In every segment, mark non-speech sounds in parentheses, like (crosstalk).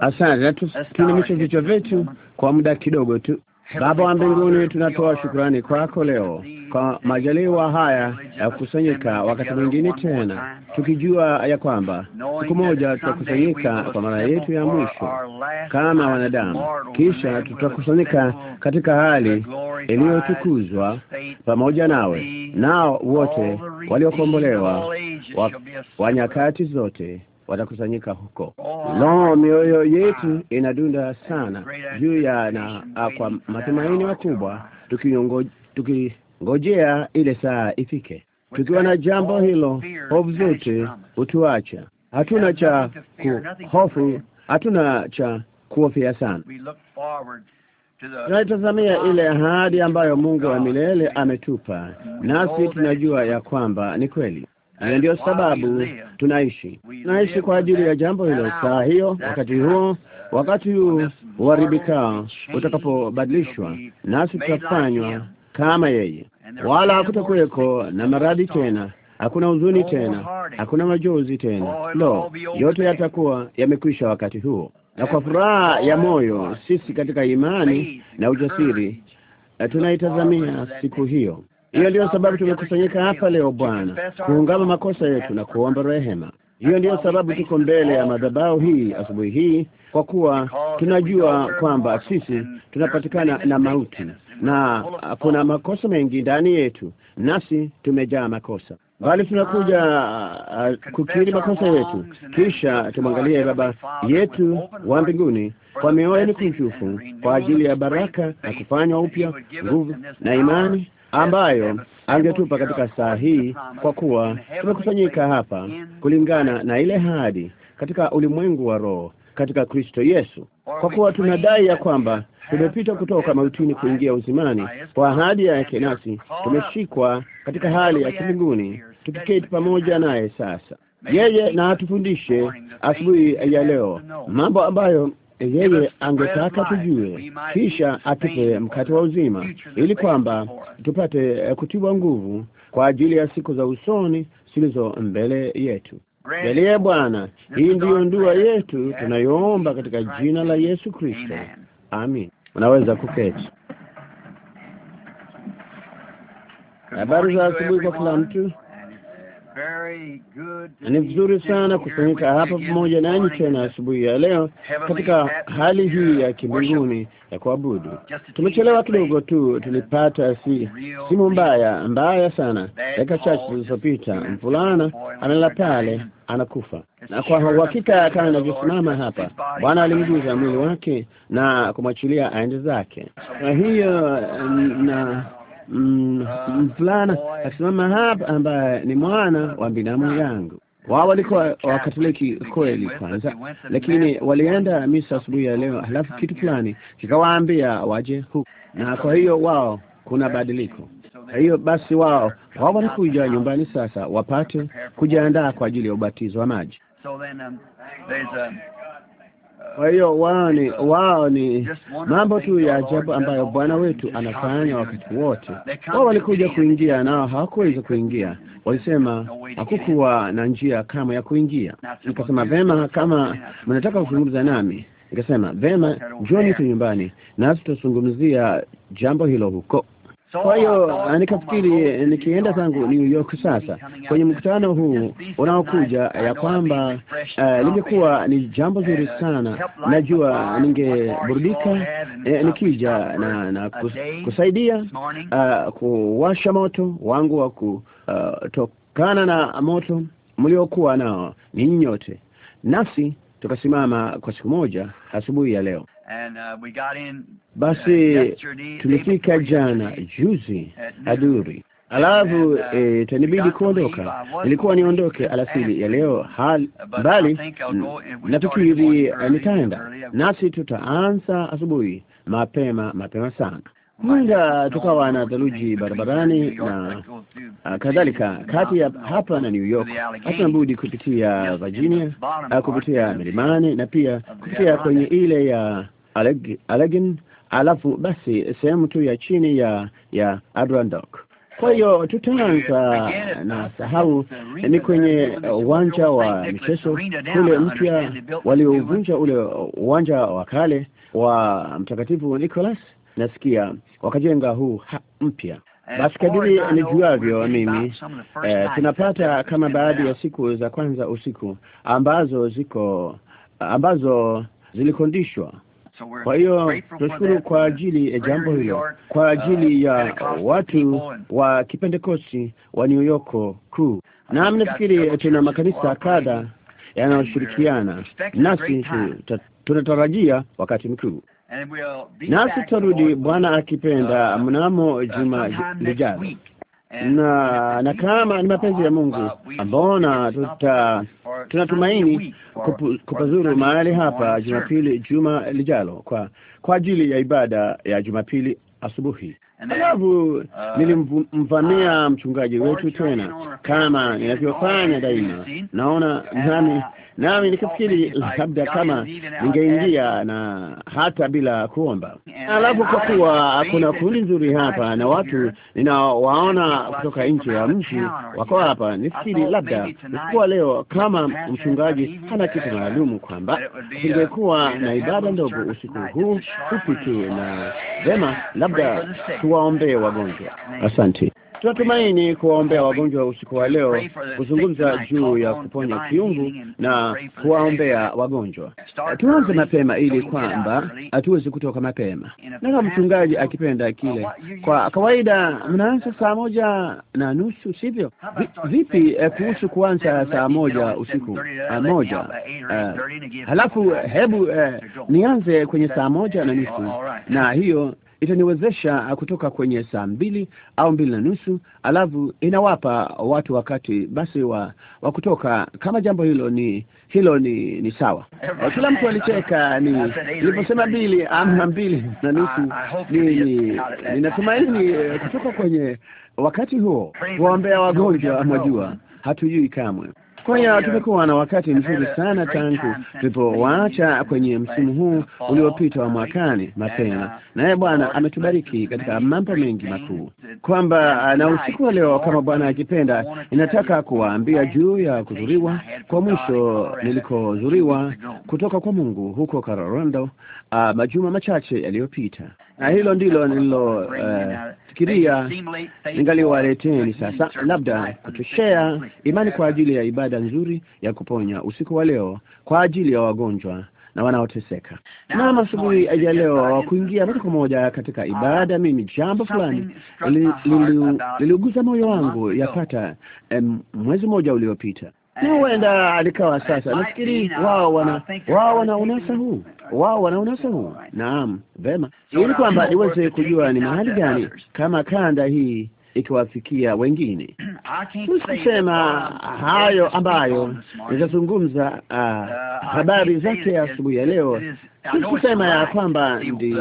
Asante, tuinamishe vichwa vyetu kwa muda kidogo tu. Baba wa mbinguni, tunatoa shukrani kwako leo kwa majaliwa haya ya kukusanyika wakati mwingine tena, tukijua ya kwamba siku moja tutakusanyika kwa mara yetu ya mwisho kama wanadamu, kisha tutakusanyika katika hali iliyotukuzwa pamoja nawe, nao wote waliokombolewa wa, wa nyakati zote watakusanyika huko. Oh. No, mioyo ah. yetu inadunda sana juu ya na ah, kwa matumaini makubwa, tukingojea ile saa ifike, tukiwa na jambo hilo, hofu zote hutuacha. Hatuna cha kuhofu, hatuna cha kuhofia sana. Tunaitazamia ile ahadi ambayo Mungu wa milele ametupa, nasi tunajua ya kwamba ni kweli. Hiyo ndiyo sababu tunaishi, tunaishi kwa ajili ya jambo hilo. Saa hiyo, wakati huo, uh, wakati huu uharibikao utakapobadilishwa, nasi tutafanywa kama yeye, wala hakutakuweko na maradhi tena, hakuna huzuni tena, hakuna majozi tena. Lo, yote yatakuwa yamekwisha wakati huo, na kwa furaha ya moyo sisi katika imani na ujasiri tunaitazamia siku hiyo. Hiyo ndiyo sababu tumekusanyika hapa leo Bwana, kuungama makosa yetu na kuomba rehema. Hiyo ndiyo sababu tuko mbele ya madhabahu hii asubuhi hii, kwa kuwa tunajua kwamba sisi tunapatikana na mauti na kuna makosa mengi ndani yetu, nasi tumejaa makosa, bali tunakuja uh, uh kukiri makosa yetu, kisha tumwangalie Baba yetu wa mbinguni kwa mioyo mikunjufu kwa ajili ya baraka na kufanywa upya nguvu na imani ambayo angetupa katika saa hii, kwa kuwa tumekusanyika hapa kulingana na ile hadi katika ulimwengu wa roho katika Kristo Yesu, kwa kuwa tunadai ya kwamba tumepita kutoka mautini kuingia uzimani kwa ahadi yake, nasi tumeshikwa katika hali ya kimbinguni tukiketi pamoja naye sasa. Yeye na atufundishe asubuhi ya leo mambo ambayo yeye angetaka tujue, kisha atupe mkate wa uzima, ili kwamba tupate eh, kutiwa nguvu kwa ajili ya siku za usoni zilizo mbele yetu. Jalie Bwana, hii ndiyo ndua yetu tunayoomba katika jina la Yesu Kristo, amin. Unaweza kuketi. Habari za asubuhi kwa kila mtu. Ni vizuri sana kusanyika hapa pamoja nanyi tena asubuhi ya leo katika hali hii ya kimbinguni ya kuabudu. Tumechelewa kidogo tu, tulipata si simu mbaya mbaya sana dakika chache zilizopita. Mvulana analala pale anakufa, na kwa uhakika kama inavyosimama hapa, Bwana alimguza mwili wake na kumwachilia aende zake. Kwa hiyo na mvulana mm, akisimama hapa ambaye ni mwana wa binamu yangu. Wao walikuwa Wakatoliki kweli kwanza, lakini walienda misa asubuhi ya leo, halafu kitu fulani kikawaambia waje huku, na kwa hiyo wao kuna badiliko. Kwa hiyo basi, wao wao walikuja nyumbani sasa wapate kujiandaa kwa ajili ya ubatizo wa maji. Um, kwa hiyo wao ni wao ni mambo tu ya ajabu ambayo Bwana wetu anafanya wakati wote. Wao walikuja kuingia, nao hawakuweza kuingia. Walisema hakukuwa na njia kama ya kuingia. Nikasema vema, kama mnataka kuzungumza nami, nikasema vema, njoni tu nyumbani, nasi tutazungumzia jambo hilo huko. Kwa hiyo nikafikiri eh, nikienda zangu New York sasa kwenye mkutano huu unaokuja, ya kwamba uh, lingekuwa ni jambo zuri sana. Najua ningeburudika eh, nikija na, na kus, kusaidia uh, kuwasha moto wangu wa kutokana uh, na moto mliokuwa nao ninyi nyote, nasi tukasimama kwa siku moja asubuhi ya leo. Uh, Basi uh, tulifika jana juzi aduri Alafu uh, eh, itanibidi e, kuondoka. Ilikuwa niondoke alasiri ya leo hali bali, nafikiri eh, nitaenda nasi tutaanza asubuhi mapema mapema sana muda tukawa na theluji barabarani na ah, kadhalika. Kati ya hapa na New York hatuna budi kupitia Virginia, ah, kupitia milimani na pia kupitia kwenye ile ya Allegheny, alafu basi sehemu tu ya chini ya ya Adirondack. Kwa hiyo tutaanza na sahau, eh, ni kwenye uwanja wa michezo kule mpya waliovunja ule uwanja wa kale wa Mtakatifu Nicholas nasikia wakajenga huu mpya. Basi kadiri nijuavyo mimi eh, tunapata kama baadhi ya siku za kwanza usiku ambazo ziko ambazo zilikondishwa. Kwa hiyo tunashukuru kwa ajili ya jambo hilo, kwa uh, ajili ya watu wa kipentekosti wa New York kuu, na mnafikiri tuna makanisa kadha yanayoshirikiana nasi, tunatarajia wakati mkuu nasi tarudi Bwana akipenda uh, mnamo uh, juma lijalo, na na kama ni mapenzi ya uh, Mungu, ambona tuta tunatumaini kupu, kupazuru mahali hapa Jumapili juma lijalo kwa kwa ajili ya ibada ya Jumapili asubuhi. Alafu nilimvamia mchungaji wetu tena, kama ninavyofanya daima. Naona nami nami nikafikiri labda kama ningeingia na hata bila kuomba. Alafu kwa kuwa kuna kundi nzuri hapa na watu ninawaona kutoka nje ya mji wako hapa, nifikiri labda nikuwa leo, kama mchungaji hana kitu maalum, kwamba ingekuwa na ibada ndogo usiku huu fupi tu, na vema, labda tuwaombee wagonjwa. Asante. Tunatumaini kuwaombea wagonjwa usiku wa leo, kuzungumza juu ya kuponya kiungu na kuwaombea wagonjwa. Tuanze mapema ili kwamba hatuwezi kutoka mapema, na mchungaji akipenda kile. Kwa kawaida uh, mnaanza saa uh, moja na nusu, sivyo? Vipi eh, kuhusu uh, kuanza saa moja usiku moja? Halafu hebu eh, nianze kwenye saa moja na nusu, na hiyo itaniwezesha ah, kutoka kwenye saa mbili au mbili na nusu, alafu inawapa watu wakati basi wa, wa kutoka. Kama jambo hilo ni hilo ni ni sawa. Kila mtu alicheka ni niliposema mbili ama mbili na nusu. Ninatumaini eh, kutoka kwenye wakati huo kuwaombea wagonjwa, mwajua hatujui kamwe. Kwa hiyo tumekuwa na wakati mzuri sana tangu tulipowaacha kwenye msimu huu uliopita wa mwakani mapema, uh, naye Bwana ametubariki katika mambo mengi makuu, kwamba na usiku wa leo, kama Bwana akipenda, inataka kuwaambia juu ya kuzuriwa kwa mwisho nilikozuriwa kutoka kwa Mungu huko karorondo uh, majuma machache yaliyopita na hilo ndilo nililofikiria eh, uh, ningaliwaleteni sasa, labda kuchochea imani kwa ajili ya ibada nzuri ya kuponya usiku wa leo kwa ajili ya wagonjwa na wanaoteseka. Na asubuhi ya leo kuingia moja kwa moja katika ibada. Mimi jambo fulani liliuguza moyo wangu yapata mwezi mmoja uliopita na huenda alikawa sasa. Nafikiri wao wana wao wana unasa huu, wao wana unasa huu. Naam, vema, ili kwamba niweze kujua ni mahali gani kama kanda hii ikiwafikia wengine. (clears throat) Sikusema um, hayo ambayo nitazungumza uh, uh habari zake asubuhi ya leo. Sikusema ya kwamba ndi,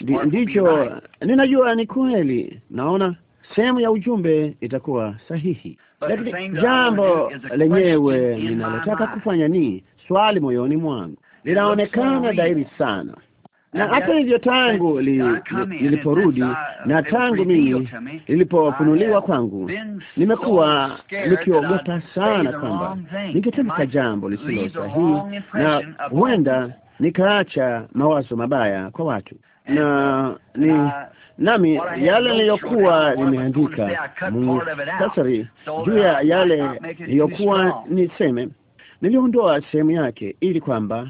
ndi, ndicho ninajua ni kweli. Naona sehemu ya ujumbe itakuwa sahihi. Lakini jambo lenyewe ninalotaka kufanya ni swali moyoni mwangu, linaonekana dhahiri sana na hata hivyo, tangu niliporudi li, uh, na tangu mimi lilipofunuliwa kwangu, nimekuwa nikiogopa sana kwamba ningetamka jambo lisilo sahihi, na huenda nikaacha mawazo mabaya kwa watu, na uh, ni nami yale niliyokuwa nimeandika muhtasari juu ya yale niliyokuwa niseme, niliondoa sehemu yake ili kwamba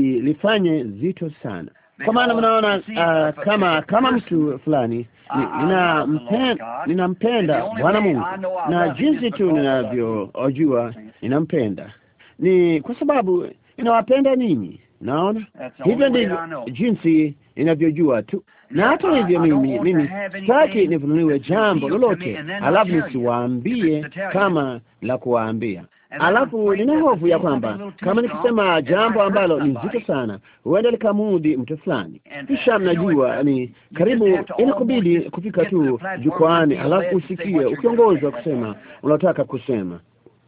lifanye zito sana, kwa maana mnaona uh, kama kama mtu fulani ah, ah, ninampenda Bwana Mungu na jinsi tu ninavyojua ninampenda ni kwa sababu inawapenda ninyi. Naona hivyo ndivyo jinsi inavyojua tu na hata hivyo, mimi mimi sitaki nifunuliwe jambo lolote, alafu nisiwaambie kama la kuwaambia. Alafu nina hofu ya kwamba kama nikisema jambo ambalo ni nzito sana, huenda likamudhi mtu fulani. Kisha uh, mnajua, ni karibu inakubidi kufika tu jukwaani, alafu usikie ukiongozwa kusema unataka kusema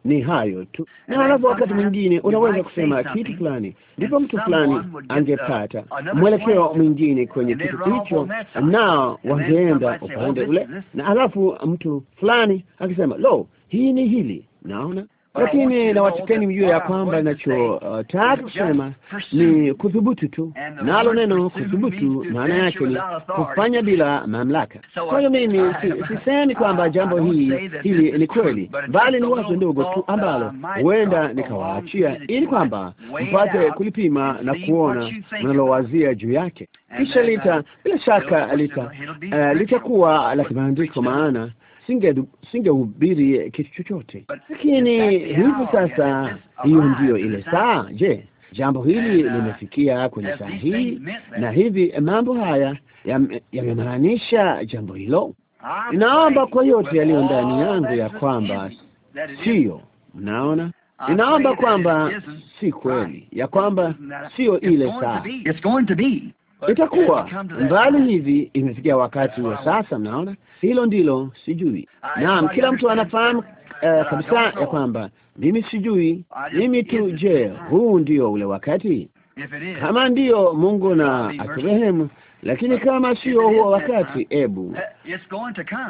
ni hayo tu, na alafu wakati mwingine unaweza kusema kitu fulani, ndipo mtu fulani uh, angepata mwelekeo mwingine kwenye kitu hicho, nao wangeenda oh, upande ule, na alafu mtu fulani akisema lo, hii ni hili, naona lakini na watikeni mjue ya kwamba ninachotaka uh, kusema ni kuthubutu tu, nalo neno kudhubutu maana yake ni kufanya bila mamlaka. Kwa hiyo uh, mimi sisemi uh, kwamba jambo hili hili ni kweli, bali ni wazo ndogo tu ambalo huenda nikawaachia, ili kwamba mpate kulipima na kuona mnalowazia juu yake, kisha lita, bila shaka lita, litakuwa la kimaandiko maana singehubiri kitu chochote. Lakini hivi sasa, hiyo ndiyo ile saa. Je, jambo hili uh, limefikia kwenye saa hii, na hivi mambo haya yamemaanisha ya jambo hilo? Ninaomba kwa yote yaliyo ndani yangu ya kwamba siyo. Mnaona, ninaomba kwamba si kweli, ya kwamba siyo ile saa itakuwa mbali hivi. Imefikia wakati wa sasa, mnaona hilo ndilo sijui. Naam, kila mtu anafahamu eh, uh, kabisa ya kwamba mimi sijui, mimi tu. Je, huu ndio ule wakati? Kama ndiyo, Mungu na aturehemu, lakini kama sio huo wakati, uh, ebu uh,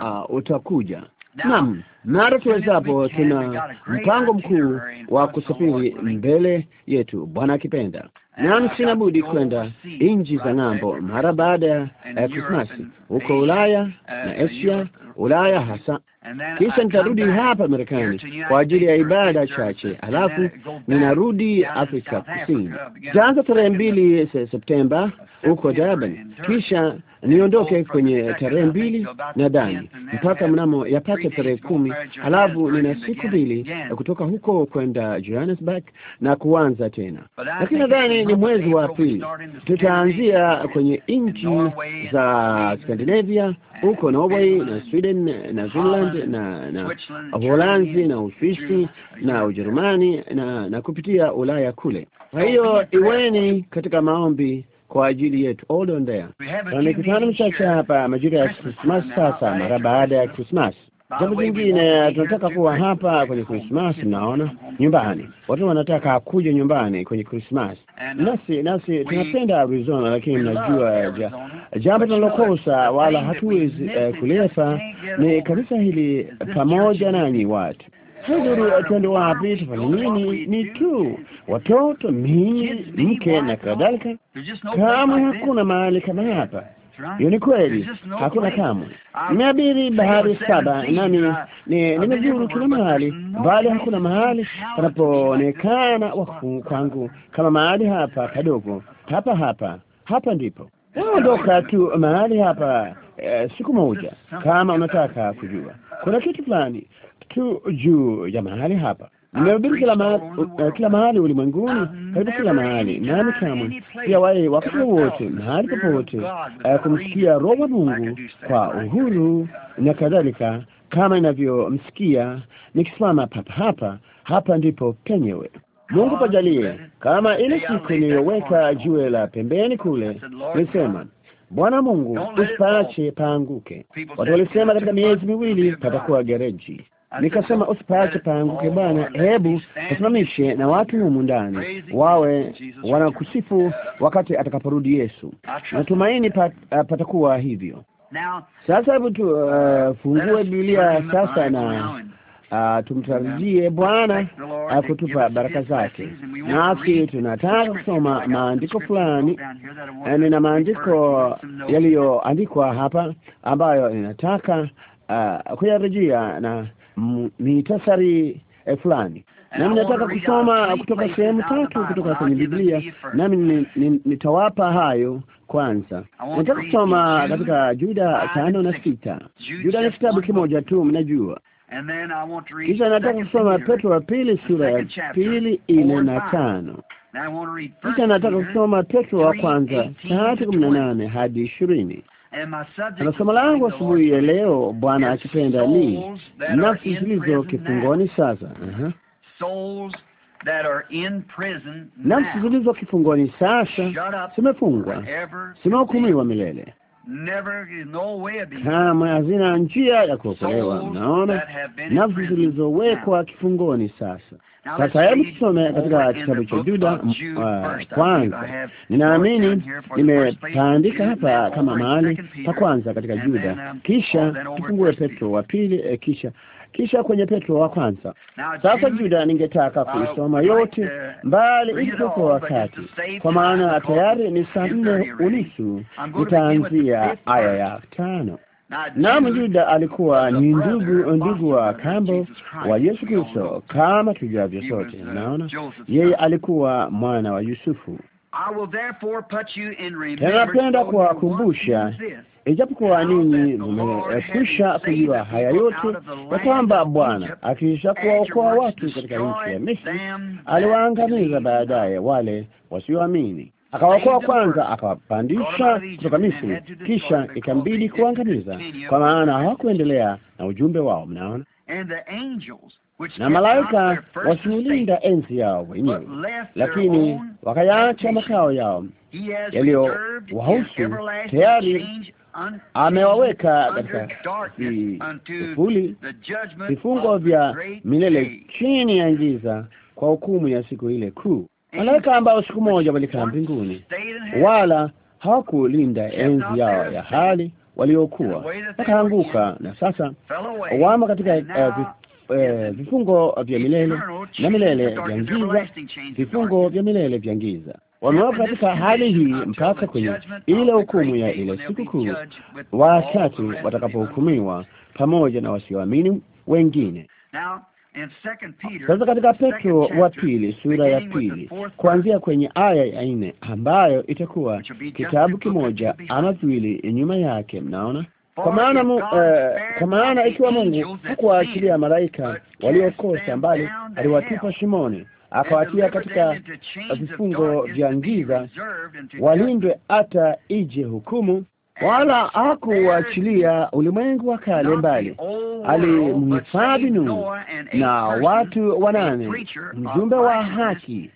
ah, utakuja. Naam, mara tuwezapo, tuna mpango mkuu wa kusafiri mbele yetu, Bwana akipenda nami sina budi kwenda nchi za ng'ambo mara baada ya Krismasi huko Ulaya na uh, Asia, Ulaya hasa. Kisha nitarudi hapa Marekani kwa ajili ya ibada chache, alafu ninarudi Afrika Kusini. Taanza tarehe mbili Septemba huko Durban, kisha niondoke kwenye tarehe mbili nadhani mpaka mnamo yapate tarehe kumi. alafu nina siku mbili kutoka huko kwenda Johannesburg na kuanza tena, lakini nadhani ni mwezi wa pili tutaanzia kwenye nchi za Scandinavia huko Norway na Sweden na Finland na na Uholanzi na Uswisi na Ujerumani na na kupitia Ulaya kule. Kwa hiyo oh, iweni katika maombi kwa ajili yetu there, na mikutano michache hapa majira ya krismas sasa, mara baada ya Krismasi. Jambo jingine tunataka kuwa hapa kwenye Krismasi, mnaona nyumbani, watu wanataka kuja nyumbani kwenye Krismasi. Nasi nasi tunapenda Arizona, lakini ja, jambo tunalokosa wala hatuwezi uh, eh, kulefa ni kanisa hili pamoja nanyi watu haidhuru twende wapi, tufanye nini, ni tu watoto, mimi, mke na kadhalika. Kama hakuna mahali kama hapa hiyo ni kweli, hakuna kamwe. Nimeabiri bahari saba, nami uh, uh, nimezuru kila mahali, bali hakuna mahali panapoonekana wafu kwangu kama mahali hapa kadogo hapa hapa hapa. Ndipo ondoka tu mahali hapa eh, siku moja, kama unataka kujua kuna kitu fulani tu juu ya mahali hapa. Nimehubiri kila mahali, eh, kila mahali ulimwenguni, karibu kila mahali, nami kamwe wai wakati wowote mahali popote eh, kumsikia Roho wa Mungu kwa uhuru na kadhalika kama inavyomsikia nikisimama papa hapa. Hapa ndipo penyewe. Mungu pajalie, kama ile siku niliyoweka jiwe la pembeni kule, nilisema Bwana Mungu usipaache paanguke. Watu walisema katika miezi miwili patakuwa gereji Nikasema usipate paanguke Bwana, hebu wasimamishe na watu humu ndani wawe wanakusifu wakati atakaporudi Yesu. Natumaini pat, uh, eh, patakuwa hivyo. Sasa hebu tufungue eh, uh, Biblia sasa na Uh, tumtarajie Bwana uh, kutupa baraka zake, nasi tunataka kusoma maandiko fulani. Nina maandiko yaliyoandikwa hapa ambayo ninataka uh, kuyarejea na mitasari eh, fulani, nami nataka kusoma kutoka sehemu tatu kutoka kwenye Biblia, nami nitawapa hayo kwanza. Nataka kusoma katika Juda tano na sita. Juda ni kitabu kimoja tu, mnajua kisha nataka kusoma Petro wa pili sura ya pili nne na tano. Kisha nataka kusoma Petro wa kwanza tatu kumi na nane hadi ishirini. Anasema langu asubuhi ya leo, Bwana akipenda, ni nafsi zilizo kifungoni sasa. uh -huh. Nafsi zilizo kifungoni sasa zimefungwa, zimehukumiwa milele, kama hazina njia ya kuokolewa. Mnaona, nafsi zilizowekwa kifungoni sasa sasa hebu tusome katika kitabu cha Juda uh, kwanza. Ninaamini nimepaandika hapa kama mahali pa kwanza katika Juda, um, kisha tufungue Petro wa pili, eh, kisha kisha kwenye Petro wa kwanza. Sasa Juda ningetaka kuisoma yote mbali kwa wakati, kwa maana tayari ni saa nne unusu. Nitaanzia aya ya tano. Naam, Yuda alikuwa ni ndugu ndugu wa kambo wa Yesu Kristo, kama tujavyo sote. Naona yeye alikuwa mwana wa Yusufu. Tunapenda kuwakumbusha ijapokuwa ninyi mmekwisha kujua haya yote, ya kwamba Bwana akiisha kuwaokoa watu katika nchi ya Misri, aliwaangamiza baadaye wale wasioamini akawakoa kwanza, akawapandisha kutoka Misri, kisha ikambidi kuangamiza, kwa maana hawakuendelea na ujumbe wao. Mnaona, na malaika wasiulinda enzi yao wenyewe, lakini wakayaacha makao yao yaliyo wahusu. Tayari amewaweka katika vifuli vifungo vya milele chini ya giza kwa hukumu ya siku ile kuu malaika ambao siku moja walikaa mbinguni, wala hawakulinda enzi yao ya hali waliokuwa wakaanguka, na sasa wamo katika uh, vifungo vya milele na milele vya giza, vifungo vya milele vya giza. Wamewekwa katika hali hii mpaka kwenye ile hukumu ya ile siku kuu, watatu watakapohukumiwa pamoja na wasioamini wengine. Sasa katika Petro wa pili sura ya pili kuanzia kwenye aya ya nne ambayo itakuwa kitabu kimoja ama viwili nyuma yake, mnaona kwa maana uh, kwa maana ikiwa Mungu hakuwaachilia malaika waliokosa, mbali aliwatupa shimoni, akawatia katika vifungo vya ngiza walindwe hata ije hukumu wala hakuachilia ulimwengu wa kale mbali, alimhifadhi Nuhu na watu wanane, mjumbe wa haki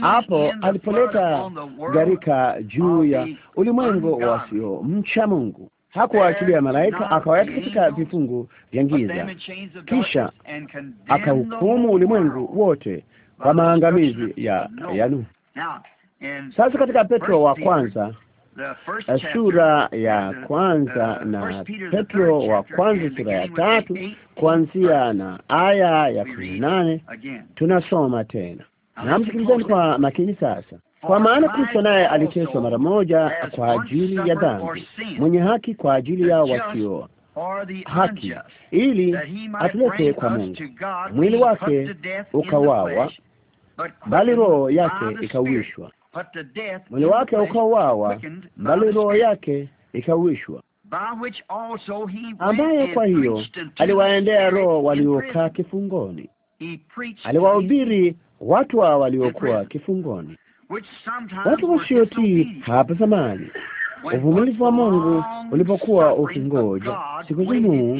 hapo alipoleta gharika juu ya ulimwengu wasiomcha Mungu. Hakuwaachilia malaika, akawaweka katika vifungu vya giza, kisha akahukumu ulimwengu wote kwa maangamizi ya ya Nuhu. Sasa katika Petro wa kwanza Uh, sura ya kwanza na Petro wa kwanza sura ya tatu kuanzia na aya ya kumi na nane tunasoma tena. Na msikilizeni kwa makini sasa. Kwa maana Kristo naye aliteswa mara moja kwa ajili ya dhambi, mwenye haki kwa ajili yao wasio haki, ili atulete kwa Mungu. Mwili wake ukawawa, bali roho yake ikawishwa mwili wake ukauawa, bali roho yake ikauishwa, ambaye kwa hiyo aliwaendea roho waliokaa kifungoni, aliwahubiri watu hao waliokuwa kifungoni, watu wasiotii hapa zamani, uvumilivu wa Mungu ulipokuwa ukingoja siku za Nuhu,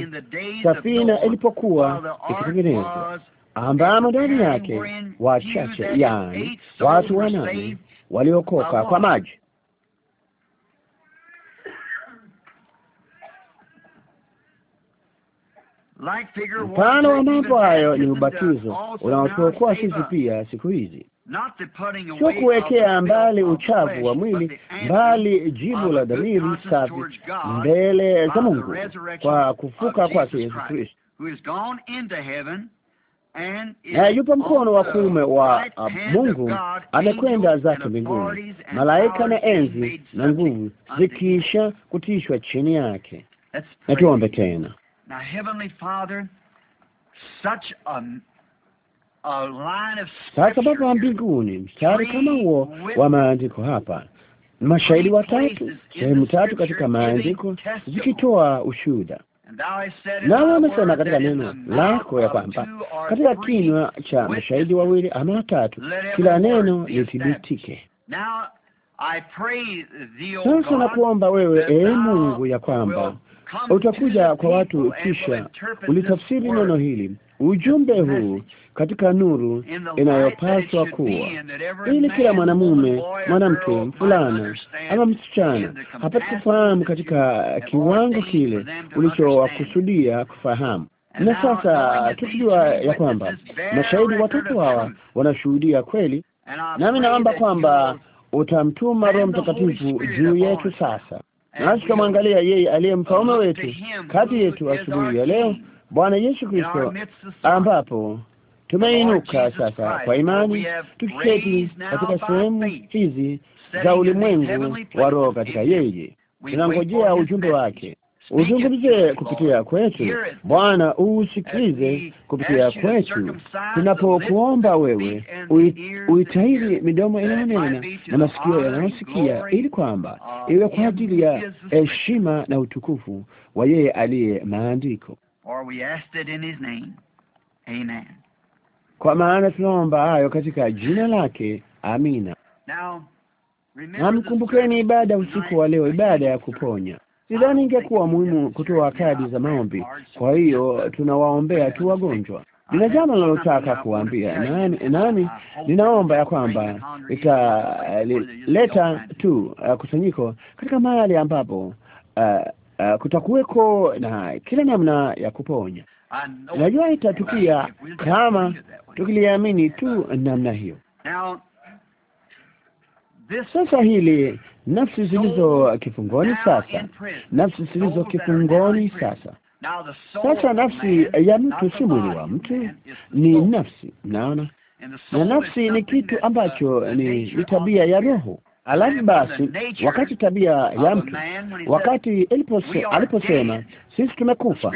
safina ilipokuwa ikitengenezwa, ambamo ndani yake wachache, yaani watu wanane waliokoka kwa maji. Mfano wa mambo hayo ni ubatizo unaotuokoa sisi pia siku hizi, sio kuwekea mbali uchafu wa mwili, bali jibu la dhamiri safi mbele za Mungu kwa kufuka kwake Yesu Kristo na yupo mkono wa kuume wa uh, Mungu, amekwenda zake mbinguni, malaika na enzi na nguvu zikiisha kutishwa chini yake. Na tuombe tena. Sasa Baba wa mbinguni, mstari kama huo wa maandiko hapa mashahidi watatu, sehemu tatu katika maandiko zikitoa ushuhuda Nawe amesema katika neno lako ya kwamba katika kinywa cha mashahidi wawili ama watatu kila neno lithibitike. Sasa nakuomba wewe, ee Mungu, ya kwamba utakuja kwa watu, kisha ulitafsiri neno hili, ujumbe huu katika nuru inayopaswa kuwa, ili kila mwanamume, mwanamke, mfulana ama msichana hapate kufahamu katika kiwango kile ulichowakusudia kufahamu. Na sasa tukijua ya kwamba mashahidi watoto hawa wanashuhudia kweli, nami naomba kwamba utamtuma Roho Mtakatifu juu yetu sasa na tukamwangalia yeye aliye mfalme wetu kati yetu asubuhi ya leo, Bwana Yesu Kristo, ambapo tumeinuka sasa kwa imani, tukiketi katika sehemu hizi za ulimwengu wa roho katika yeye, tunangojea ujumbe wake uzungumze kupitia kwetu Bwana, uusikilize kupitia kwetu, tunapokuomba wewe, uitahiri midomo inayonena na masikio yanayosikia, ili kwamba iwe kwa ajili ya heshima na utukufu wa yeye aliye maandiko. Kwa maana tunaomba hayo katika jina lake, amina. Namkumbukeni ibada usiku wa leo, ibada ya kuponya Sidhani ingekuwa muhimu kutoa kadi za maombi. Kwa hiyo tunawaombea tu wagonjwa. Nina jambo linalotaka kuambia nani, nani, ninaomba ya kwamba italeta tu uh, kusanyiko katika mahali ambapo uh, uh, kutakuweko na kila namna ya kuponya. Najua itatukia kama tukiliamini tu namna hiyo. Sasa hili nafsi zilizo kifungoni sasa, nafsi zilizo kifungoni sasa. Sasa nafsi ya mtu si mwili wa mtu, ni nafsi, naona na nafsi ni kitu ambacho ni, ni tabia ya roho. Alafu basi, wakati tabia ya mtu, wakati aliposema sisi tumekufa,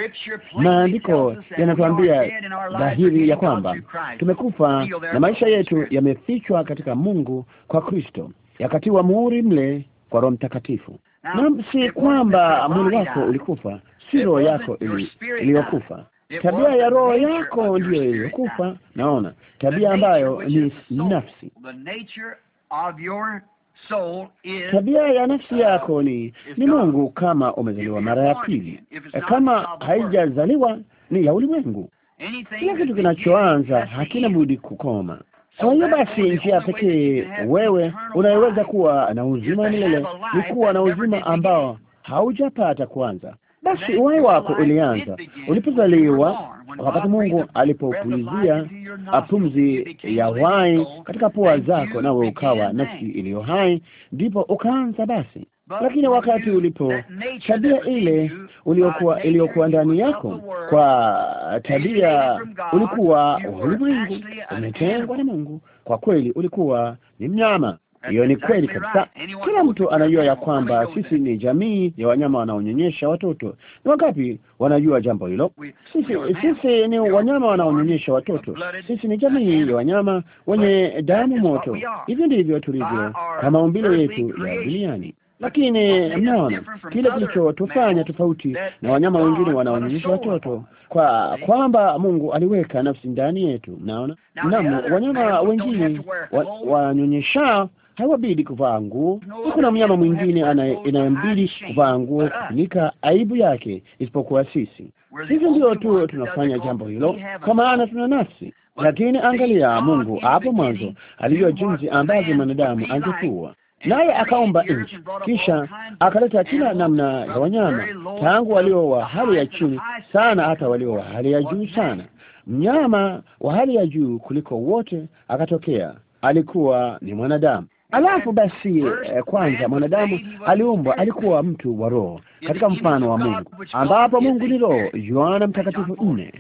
maandiko yanatuambia dhahiri ya kwamba tumekufa na maisha yetu yamefichwa katika Mungu kwa Kristo yakatiwa muhuri mle kwa Roho Mtakatifu. Na si kwamba mwili wako ulikufa, si roho yako iliyokufa tabia ya roho yako ndiyo iliyokufa. Naona tabia ambayo ni nafsi, tabia ya nafsi yako ni ni Mungu kama umezaliwa mara ya pili. E kama haijazaliwa ni ya ulimwengu. Kila kitu kinachoanza hakina budi kukoma kwa hiyo basi, njia pekee wewe unayeweza kuwa na uzima milele ni kuwa na uzima ambao haujapata kwanza. Basi uhai wako ulianza ulipozaliwa, wakati Mungu alipopulizia pumzi ya uhai katika pua zako, nawe ukawa nafsi iliyo hai, ndipo ukaanza basi lakini wakati ulipo tabia ile uliokuwa iliyokuwa ndani yako kwa tabia, ulikuwa ulimwengu, umetengwa na Mungu. Kwa kweli ulikuwa ni mnyama. Hiyo ni kweli kabisa. Kila mtu anajua ya kwamba sisi ni jamii ya wanyama wanaonyonyesha watoto. Ni wangapi wanajua jambo hilo? Sisi, sisi ni wanyama wanaonyonyesha watoto. Sisi ni jamii ya wanyama wenye damu moto. hivyo ndivyo tulivyo kama umbile yetu ya duniani. Lakini mnaona kile kilichotufanya tofauti na wanyama wengine wanaonyesha watoto, kwa kwamba Mungu aliweka nafsi ndani yetu. Mnaona, nam wanyama wengine wanyonyesha hawabidi kuvaa nguo. Hakuna mnyama mwingine inayembidi kuvaa nguo kufunika aibu yake isipokuwa sisi. Sisi ndio tu tunafanya jambo hilo, kwa maana tuna nafsi. Lakini angalia, Mungu hapo mwanzo alijua jinsi ambavyo mwanadamu angekuwa naye akaomba nchi, kisha akaleta kila namna ya wanyama, tangu walio wa hali ya chini sana hata walio wa hali ya juu sana. Mnyama wa hali ya juu kuliko wote akatokea, alikuwa ni mwanadamu. Alafu basi, eh, kwanza mwanadamu aliumbwa, alikuwa mtu wa roho katika mfano wa Mungu, ambapo Mungu ni roho, Yohana Mtakatifu nne.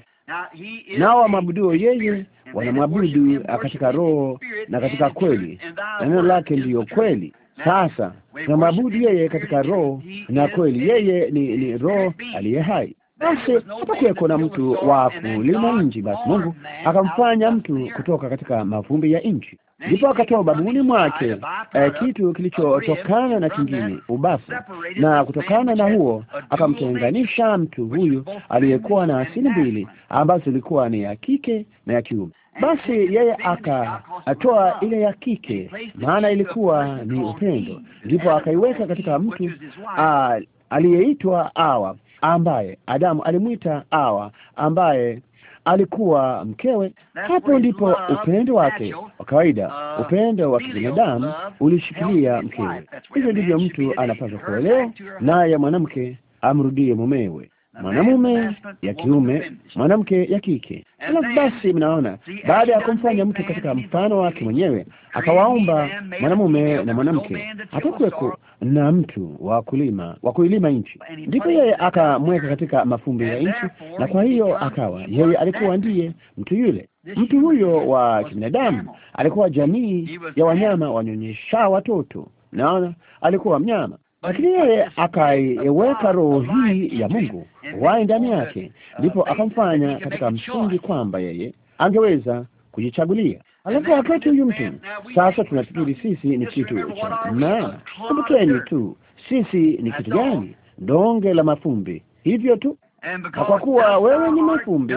Nao wamwabuduo yeye wanamwabudu katika roho na katika kweli, na neno lake ndiyo kweli. Sasa tunamwabudu yeye katika roho na kweli. Yeye ni, ni roho aliye hai. Basi hapakuweko na mtu wa kulima nchi, basi Mungu akamfanya mtu kutoka katika mavumbi ya nchi. Ndipo akatoa ubabuni mwake eh, kitu kilichotokana na kingine, ubafu, na kutokana na huo akamtenganisha mtu huyu aliyekuwa na asili mbili ambazo zilikuwa ni ya kike na ya kiume. Basi yeye akatoa ile ya kike, maana ilikuwa ni upendo, ndipo akaiweka katika mtu aliyeitwa Awa ambaye Adamu alimwita Awa ambaye alikuwa mkewe. Hapo ndipo upendo wake wa kawaida, uh, upendo wa kibinadamu ulishikilia mkewe. Hivyo ndivyo mtu anapaswa kuelewa, naye mwanamke amrudie mumewe mwanamume ya kiume, mwanamke ya kike. Halafu basi, mnaona baada ya kumfanya mtu katika mfano wake mwenyewe, akawaumba mwanamume na mwanamke, hapakuweko na mtu wa kulima wa kuilima nchi, ndipo yeye akamweka katika mafumbi ya nchi, na kwa hiyo akawa yeye alikuwa ndiye mtu yule. Mtu huyo wa kibinadamu alikuwa jamii ya wanyama wanyonyesha watoto. Naona alikuwa mnyama lakini yeye akaiweka roho hii ya Mungu wai ndani yake, ndipo akamfanya katika msingi kwamba yeye angeweza kujichagulia. Alafu wakati huyu mtu sasa, tunafikiri sisi ni kitu cha na, kumbukeni tu sisi ni kitu gani? Donge la mafumbi, hivyo tu. Na kwa kuwa wewe ni mafumbi,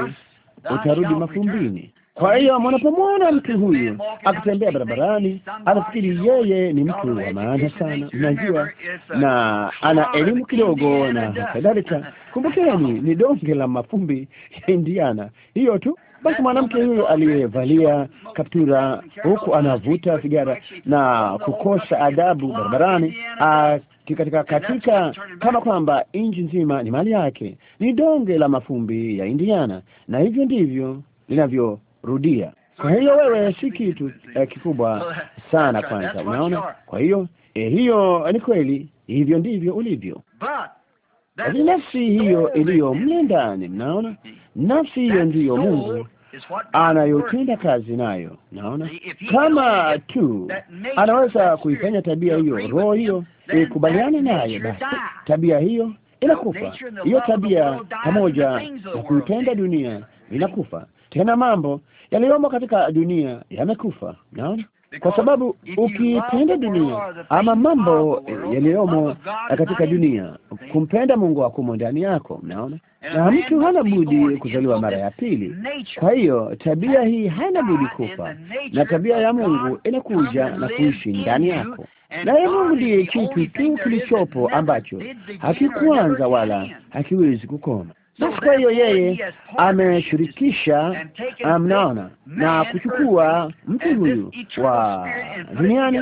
utarudi mafumbini. Kwa hiyo mwanapomwona mtu huyu akitembea barabarani, anafikiri yeye ni mtu wa maana sana, najua na ana elimu kidogo na kadhalika. Kumbukeni, ni donge la mafumbi ya Indiana, hiyo tu. Basi mwanamke huyo aliyevalia kaptura, huku anavuta sigara na kukosa adabu barabarani katika katika kama kwamba nchi nzima ni mali yake, ni donge la mafumbi ya Indiana, na hivyo ndivyo linavyo rudia. Kwa hiyo wewe si kitu eh, kikubwa sana kwanza, unaona. Kwa hiyo eh, hiyo ni kweli, hivyo ndivyo ulivyo, lakini nafsi hiyo iliyo mle ndani, mnaona, nafsi hiyo ndiyo Mungu anayotenda kazi nayo, naona kama tu anaweza kuifanya eh, tabia hiyo, roho hiyo ikubaliane naye, basi tabia hiyo inakufa. Hiyo tabia pamoja na kuitenda dunia inakufa. Tena mambo yaliyomo katika dunia yamekufa, naona kwa sababu ukipenda dunia ama mambo yaliyomo katika dunia, kumpenda Mungu akumo ndani yako, mnaona. Na mtu hana budi kuzaliwa mara ya pili. Kwa hiyo tabia hii haina budi kufa, na tabia ya Mungu inakuja na kuishi ndani yako, naye Mungu ndiye kitu tu kilichopo ambacho hakikuanza wala hakiwezi kukoma. Basi kwa hiyo yeye ameshirikisha ah, mnaona, na kuchukua mtu huyu wa duniani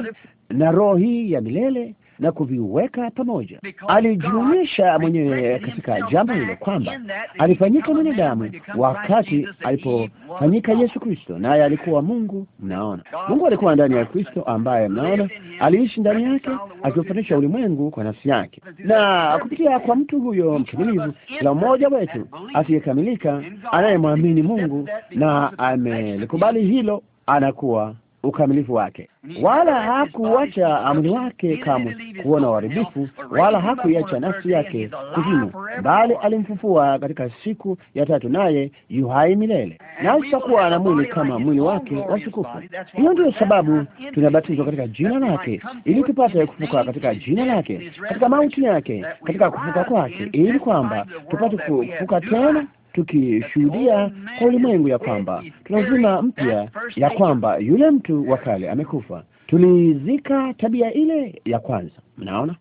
na roho hii ya milele na kuviweka pamoja. Alijionyesha mwenyewe katika jambo hilo kwamba alifanyika mwanadamu wakati alipofanyika Yesu Kristo, naye alikuwa Mungu. Mnaona, Mungu alikuwa ndani ya Kristo ambaye mnaona aliishi ndani yake, akiufanisha ulimwengu kwa nafsi yake, na kupitia kwa mtu huyo mkamilivu, kila mmoja wetu asiyekamilika anayemwamini Mungu na amelikubali hilo anakuwa ukamilifu wake, wala hakuacha amri wake kamwe kuona uharibifu, wala hakuiacha nafsi yake kuzimu, bali alimfufua katika siku ya tatu, naye yu hai milele, na tutakuwa na mwili kama mwili wake wa watukufu. Hiyo ndiyo sababu tunabatizwa katika jina lake, ili tupate kufuka katika jina lake, katika mauti yake, katika kufuka kwake, ili kwamba tupate kufuka tena tukishuhudia kwa ulimwengu ya kwamba tunazima mpya, ya kwamba yule mtu wa kale amekufa. Tulizika tabia ile ya kwanza. Mnaona,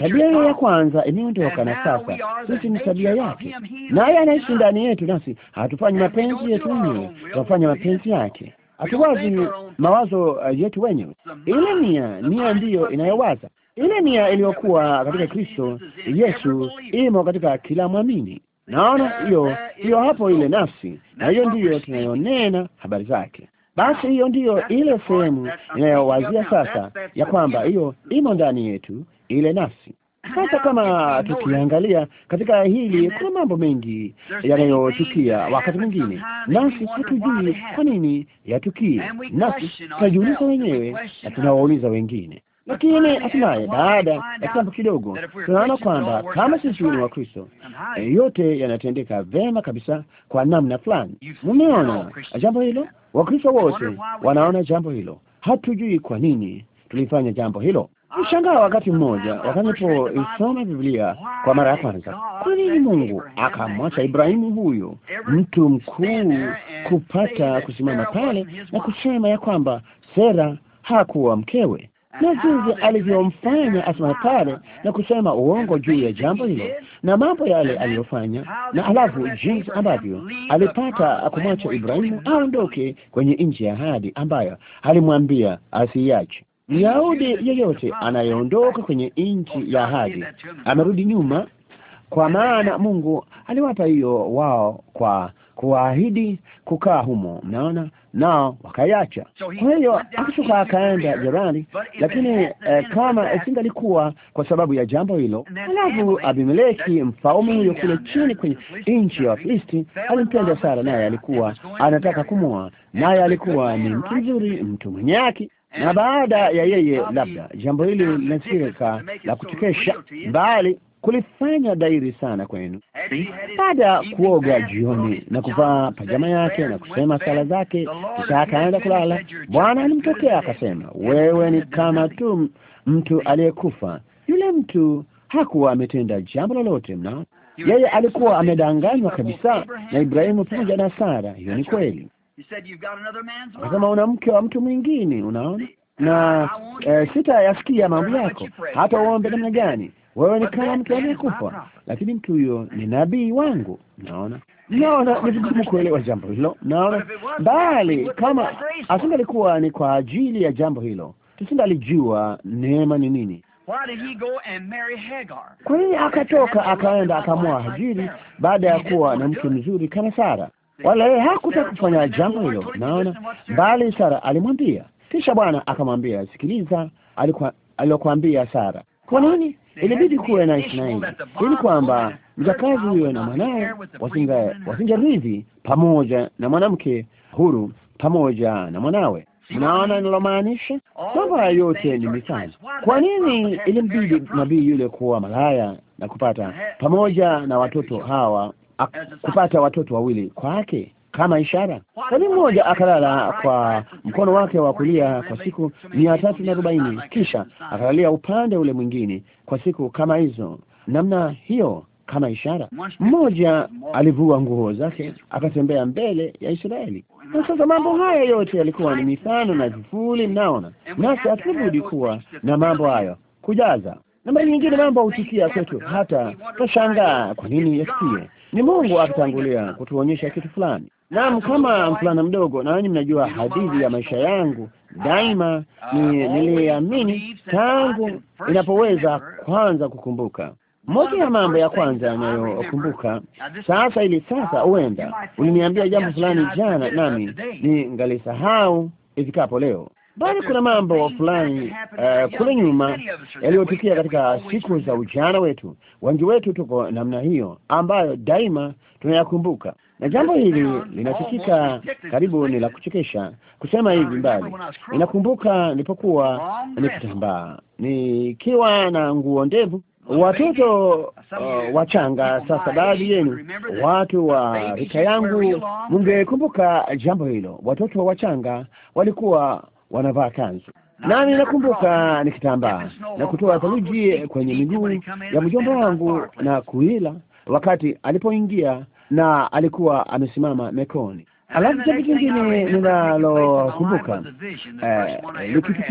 tabia ile ya kwanza imeondoka, na sasa sisi ni tabia yake, naye anaishi ndani yetu, nasi hatufanyi mapenzi uh, yetu wenyewe, tunafanya mapenzi yake. Hatuwazi mawazo yetu wenyewe, ile nia nia ndiyo inayowaza ile nia iliyokuwa katika Kristo Yesu imo katika kila mwamini. Naona eh, hiyo eh, hiyo eh, hapo, ile nafsi, na hiyo ndiyo tunayonena habari zake. Basi hiyo ndiyo ile sehemu inayowazia sasa, ya kwamba hiyo imo ndani yetu, ile nafsi. Sasa (clears throat) kama tukiangalia katika hili, kuna mambo mengi yanayotukia wakati mwingine, nasi hatujui kwa nini yatukie, nasi tunajiuliza wenyewe na tunawauliza wengine. Lakini hatimaye baada ya kitambo kidogo, tunaona kwamba kama sisi ni Wakristo, yote yanatendeka vema kabisa kwa namna fulani. Mmeona jambo hilo? Wakristo wote wanaona jambo hilo. Hatujui kwa nini tulifanya jambo hilo. Mshangaa wakati mmoja, wakanipoisoma Biblia kwa mara ya kwanza, kwa nini Mungu akamwacha Ibrahimu huyo mtu mkuu kupata kusimama pale na kusema ya kwamba Sera hakuwa mkewe? na jinsi alivyomfanya asimatare na kusema uongo juu ya jambo hilo na mambo yale aliyofanya, na alafu jinsi ambavyo alipata kumwacha Ibrahimu aondoke kwenye nchi ya ahadi ambayo alimwambia asiiache. Myahudi yeyote anayeondoka kwenye nchi ya ahadi amerudi nyuma, kwa maana Mungu aliwapa hiyo wao kwa kuwaahidi kukaa humo, mnaona, nao wakaiacha. Kwa hiyo akishuka akaenda jirani, lakini uh, kama isingalikuwa kwa sababu ya jambo hilo. Alafu Abimeleki mfalme huyo kule chini kwenye nchi ya Wafilisti alimpenda Sara, naye alikuwa anataka kumwoa, naye alikuwa ni mtu mzuri, mtu mwenye haki na baada ya yeye labda jambo hili linasirika la kuchekesha mbali kulifanya dairi sana kwenu. Baada ya kuoga jioni na kuvaa pajama yake na kusema sala zake, kisha akaenda kulala, Bwana alimtokea akasema, wewe ni kama tu mtu aliyekufa. Yule mtu hakuwa ametenda jambo lolote, mnaona yeye alikuwa amedanganywa kabisa na Ibrahimu pamoja na Sara. Hiyo ni kweli. Akasema una mke wa mtu mwingine, unaona na eh, sita yasikia mambo yako, hata uombe namna gani wewe ni kama mtu aliyekufa, lakini mtu huyo ni nabii wangu. Naona, naona ni vigumu kuelewa jambo hilo, naona mbali. Kama asingalikuwa ni kwa ajili ya jambo hilo, tusingalijua neema ni nini. Kwa nini akatoka akaenda akamwa Hajiri baada ya kuwa na mke mzuri kama Sara? Wala yeye hakutaka kufanya jambo hilo, naona mbali. Sara alimwambia, kisha Bwana akamwambia, sikiliza alilokuambia Sara. Kwa nini ilibidi kuwe na Ishmaeli ili kwamba mjakazi huyo na mwanawe ridhi pamoja na mwanamke huru pamoja na mwanawe. Mnaona inalomaanisha Mambo haya yote ni mifano. Kwa nini ilimbidi nabii yule kuwa malaya na kupata pamoja na watoto hawa kupata watoto wawili kwake? kama ishara. Tabibu mmoja akalala kwa mkono wake wa kulia kwa siku mia tatu na arobaini kisha akalalia upande ule mwingine kwa siku kama hizo namna hiyo kama ishara. Mmoja alivua nguo zake akatembea mbele ya Israeli. Na sasa mambo haya yote yalikuwa ni mifano na vivuli, mnaona, nasi hatubudi kuwa na mambo hayo kujaza, na mara nyingine mambo hutukia kwetu, hata tashangaa kwa nini yasikie ni Mungu akitangulia kutuonyesha kitu fulani. Naam, kama mfulana mdogo, na nanyi mnajua hadithi ya maisha yangu daima ni niliamini tangu inapoweza kwanza kukumbuka. Moja ya mambo ya kwanza yanayokumbuka sasa, ili sasa, huenda uliniambia jambo fulani jana, nami ni ngalisahau ifikapo leo bali kuna mambo fulani eh, kule nyuma yaliyotukia katika siku za ujana wetu. Wengi wetu tuko namna hiyo, ambayo daima tunayakumbuka, na jambo hili linasikika karibu ni la kuchekesha kusema hivi mbali. Inakumbuka nilipokuwa nikitambaa nikiwa na nguo ndevu watoto uh, wachanga. Sasa baadhi yenu watu wa rika yangu mungekumbuka jambo hilo. Watoto wachanga walikuwa wanavaa kanzu, nami nakumbuka nikitambaa na kutoa theluji kwenye miguu ya mjomba wangu na kuila wakati alipoingia, na alikuwa amesimama mekoni. Alafu jambo jingine ninalokumbuka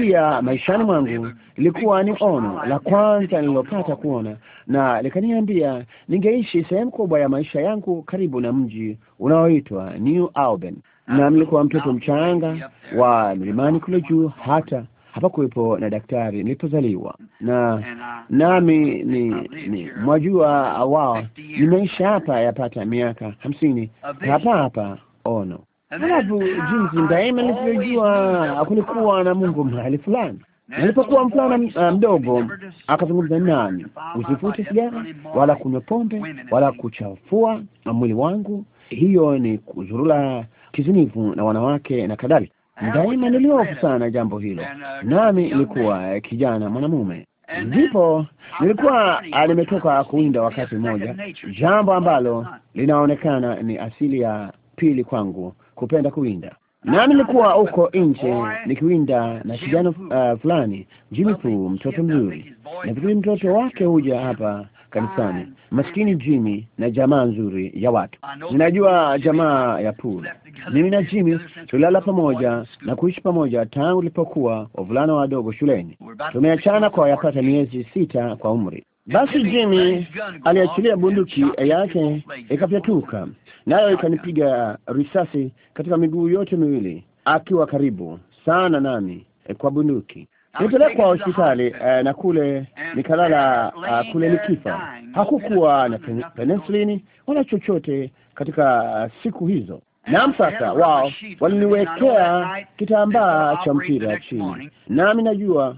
eh, maishani mwangu ilikuwa ni ono la kwanza nililopata kuona, na likaniambia ningeishi sehemu kubwa ya maisha yangu karibu na mji unaoitwa New Auburn na nilikuwa mtoto mchanga wa milimani kule juu, hata hapakuwepo na daktari nilipozaliwa, na nami ni, ni mwajua awao, nimeisha hapa yapata miaka hamsini hapa hapa ono. Halafu jinsi daima nilivyojua kulikuwa na Mungu mahali fulani. Nilipokuwa mvulana ah, mdogo, akazungumza nami, usifute sigara wala kunywa pombe wala kuchafua mwili wangu. Hiyo ni kuzurula kizinifu na wanawake na kadhalika. Daima niliofu sana jambo hilo, uh, nami nilikuwa kijana mwanamume ndipo nilikuwa nimetoka kuwinda wakati mmoja, jambo ambalo linaonekana ni asili ya pili kwangu kupenda kuwinda. Na nilikuwa huko nje nikiwinda na kijana uh, fulani Jimmy Poo, mtoto mzuri, nafikiri mtoto wake huja hapa kanisani, maskini Jimmy na jamaa nzuri ya watu. Ninajua jamaa ya Pula. Mimi na Jimmy tulala pamoja na kuishi pamoja tangu tulipokuwa wavulana wadogo shuleni. Tumeachana kwa yapata miezi sita kwa umri. Basi Jimmy aliachilia bunduki yake ikapyatuka nayo ikanipiga risasi katika miguu yote miwili, akiwa karibu sana nami kwa bunduki nilipelekwa hospitali uh, na kule nikalala uh, kule nikifa. Hakukuwa na pen penicillin wala chochote katika ah, siku hizo. Naam, sasa wao waliniwekea kitambaa cha mpira chini, nami najua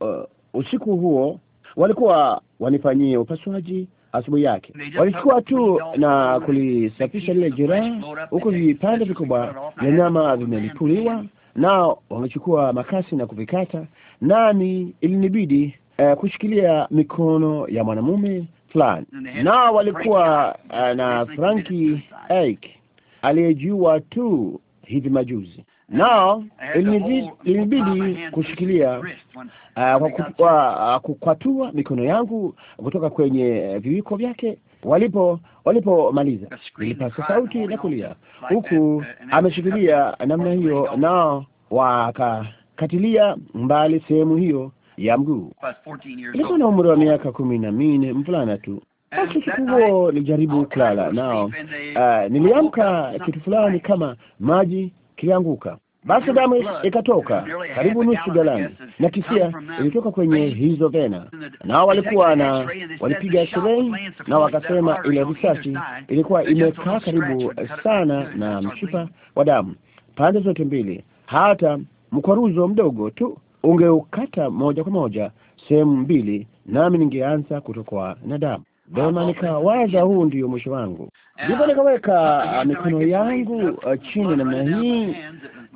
uh, usiku huo walikuwa wanifanyie upasuaji asubuhi yake walichukua tu na kulisafisha lile jeraha, huku vipande vikubwa vya nyama vimelipuliwa nao wamechukua makasi na kuvikata, nami ilinibidi uh, kushikilia mikono ya mwanamume fulani, nao walikuwa uh, na Franki Ike aliyejua tu hivi majuzi nao ilinibidi kushikilia uh, kwa kukwatua mikono yangu kutoka kwenye viwiko vyake Walipo walipomaliza ilipasa sauti na kulia, huku uh, ameshikilia namna hiyo, nao wakakatilia mbali sehemu hiyo ya mguu. Ilikuwa na umri wa miaka kumi na minne, mfulana tu. Basi kikubwa nilijaribu kulala nao. Uh, niliamka kitu fulani kama maji kilianguka basi damu ikatoka karibu nusu galani, na kisia ilitoka kwenye hizo vena, nao walikuwa na walipiga sherehi na wakasema ile risasi ilikuwa imekaa karibu sana na mshipa wa damu pande zote mbili, hata mkwaruzo mdogo tu ungeukata moja kwa moja sehemu mbili, nami ningeanza kutokwa na damu. bema nikawaza huu ndio mwisho wangu. Ndipo nikaweka mikono yangu uh, chini namna hii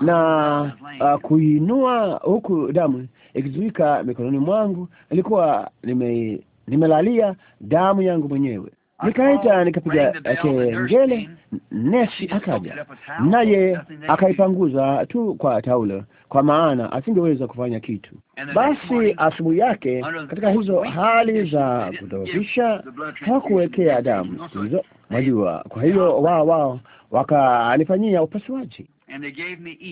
na uh, kuinua huku damu ikizuika mikononi mwangu. Nilikuwa nime, nimelalia damu yangu mwenyewe. Nikaita, nikapiga kengele, nesi akaja naye akaipanguza tu kwa taulo, kwa maana asingeweza kufanya kitu. Basi asubuhi yake, katika hizo hali za kudhoofisha, hakuwekea damu hizo, mwajua. Kwa hiyo wao wao wakanifanyia upasuaji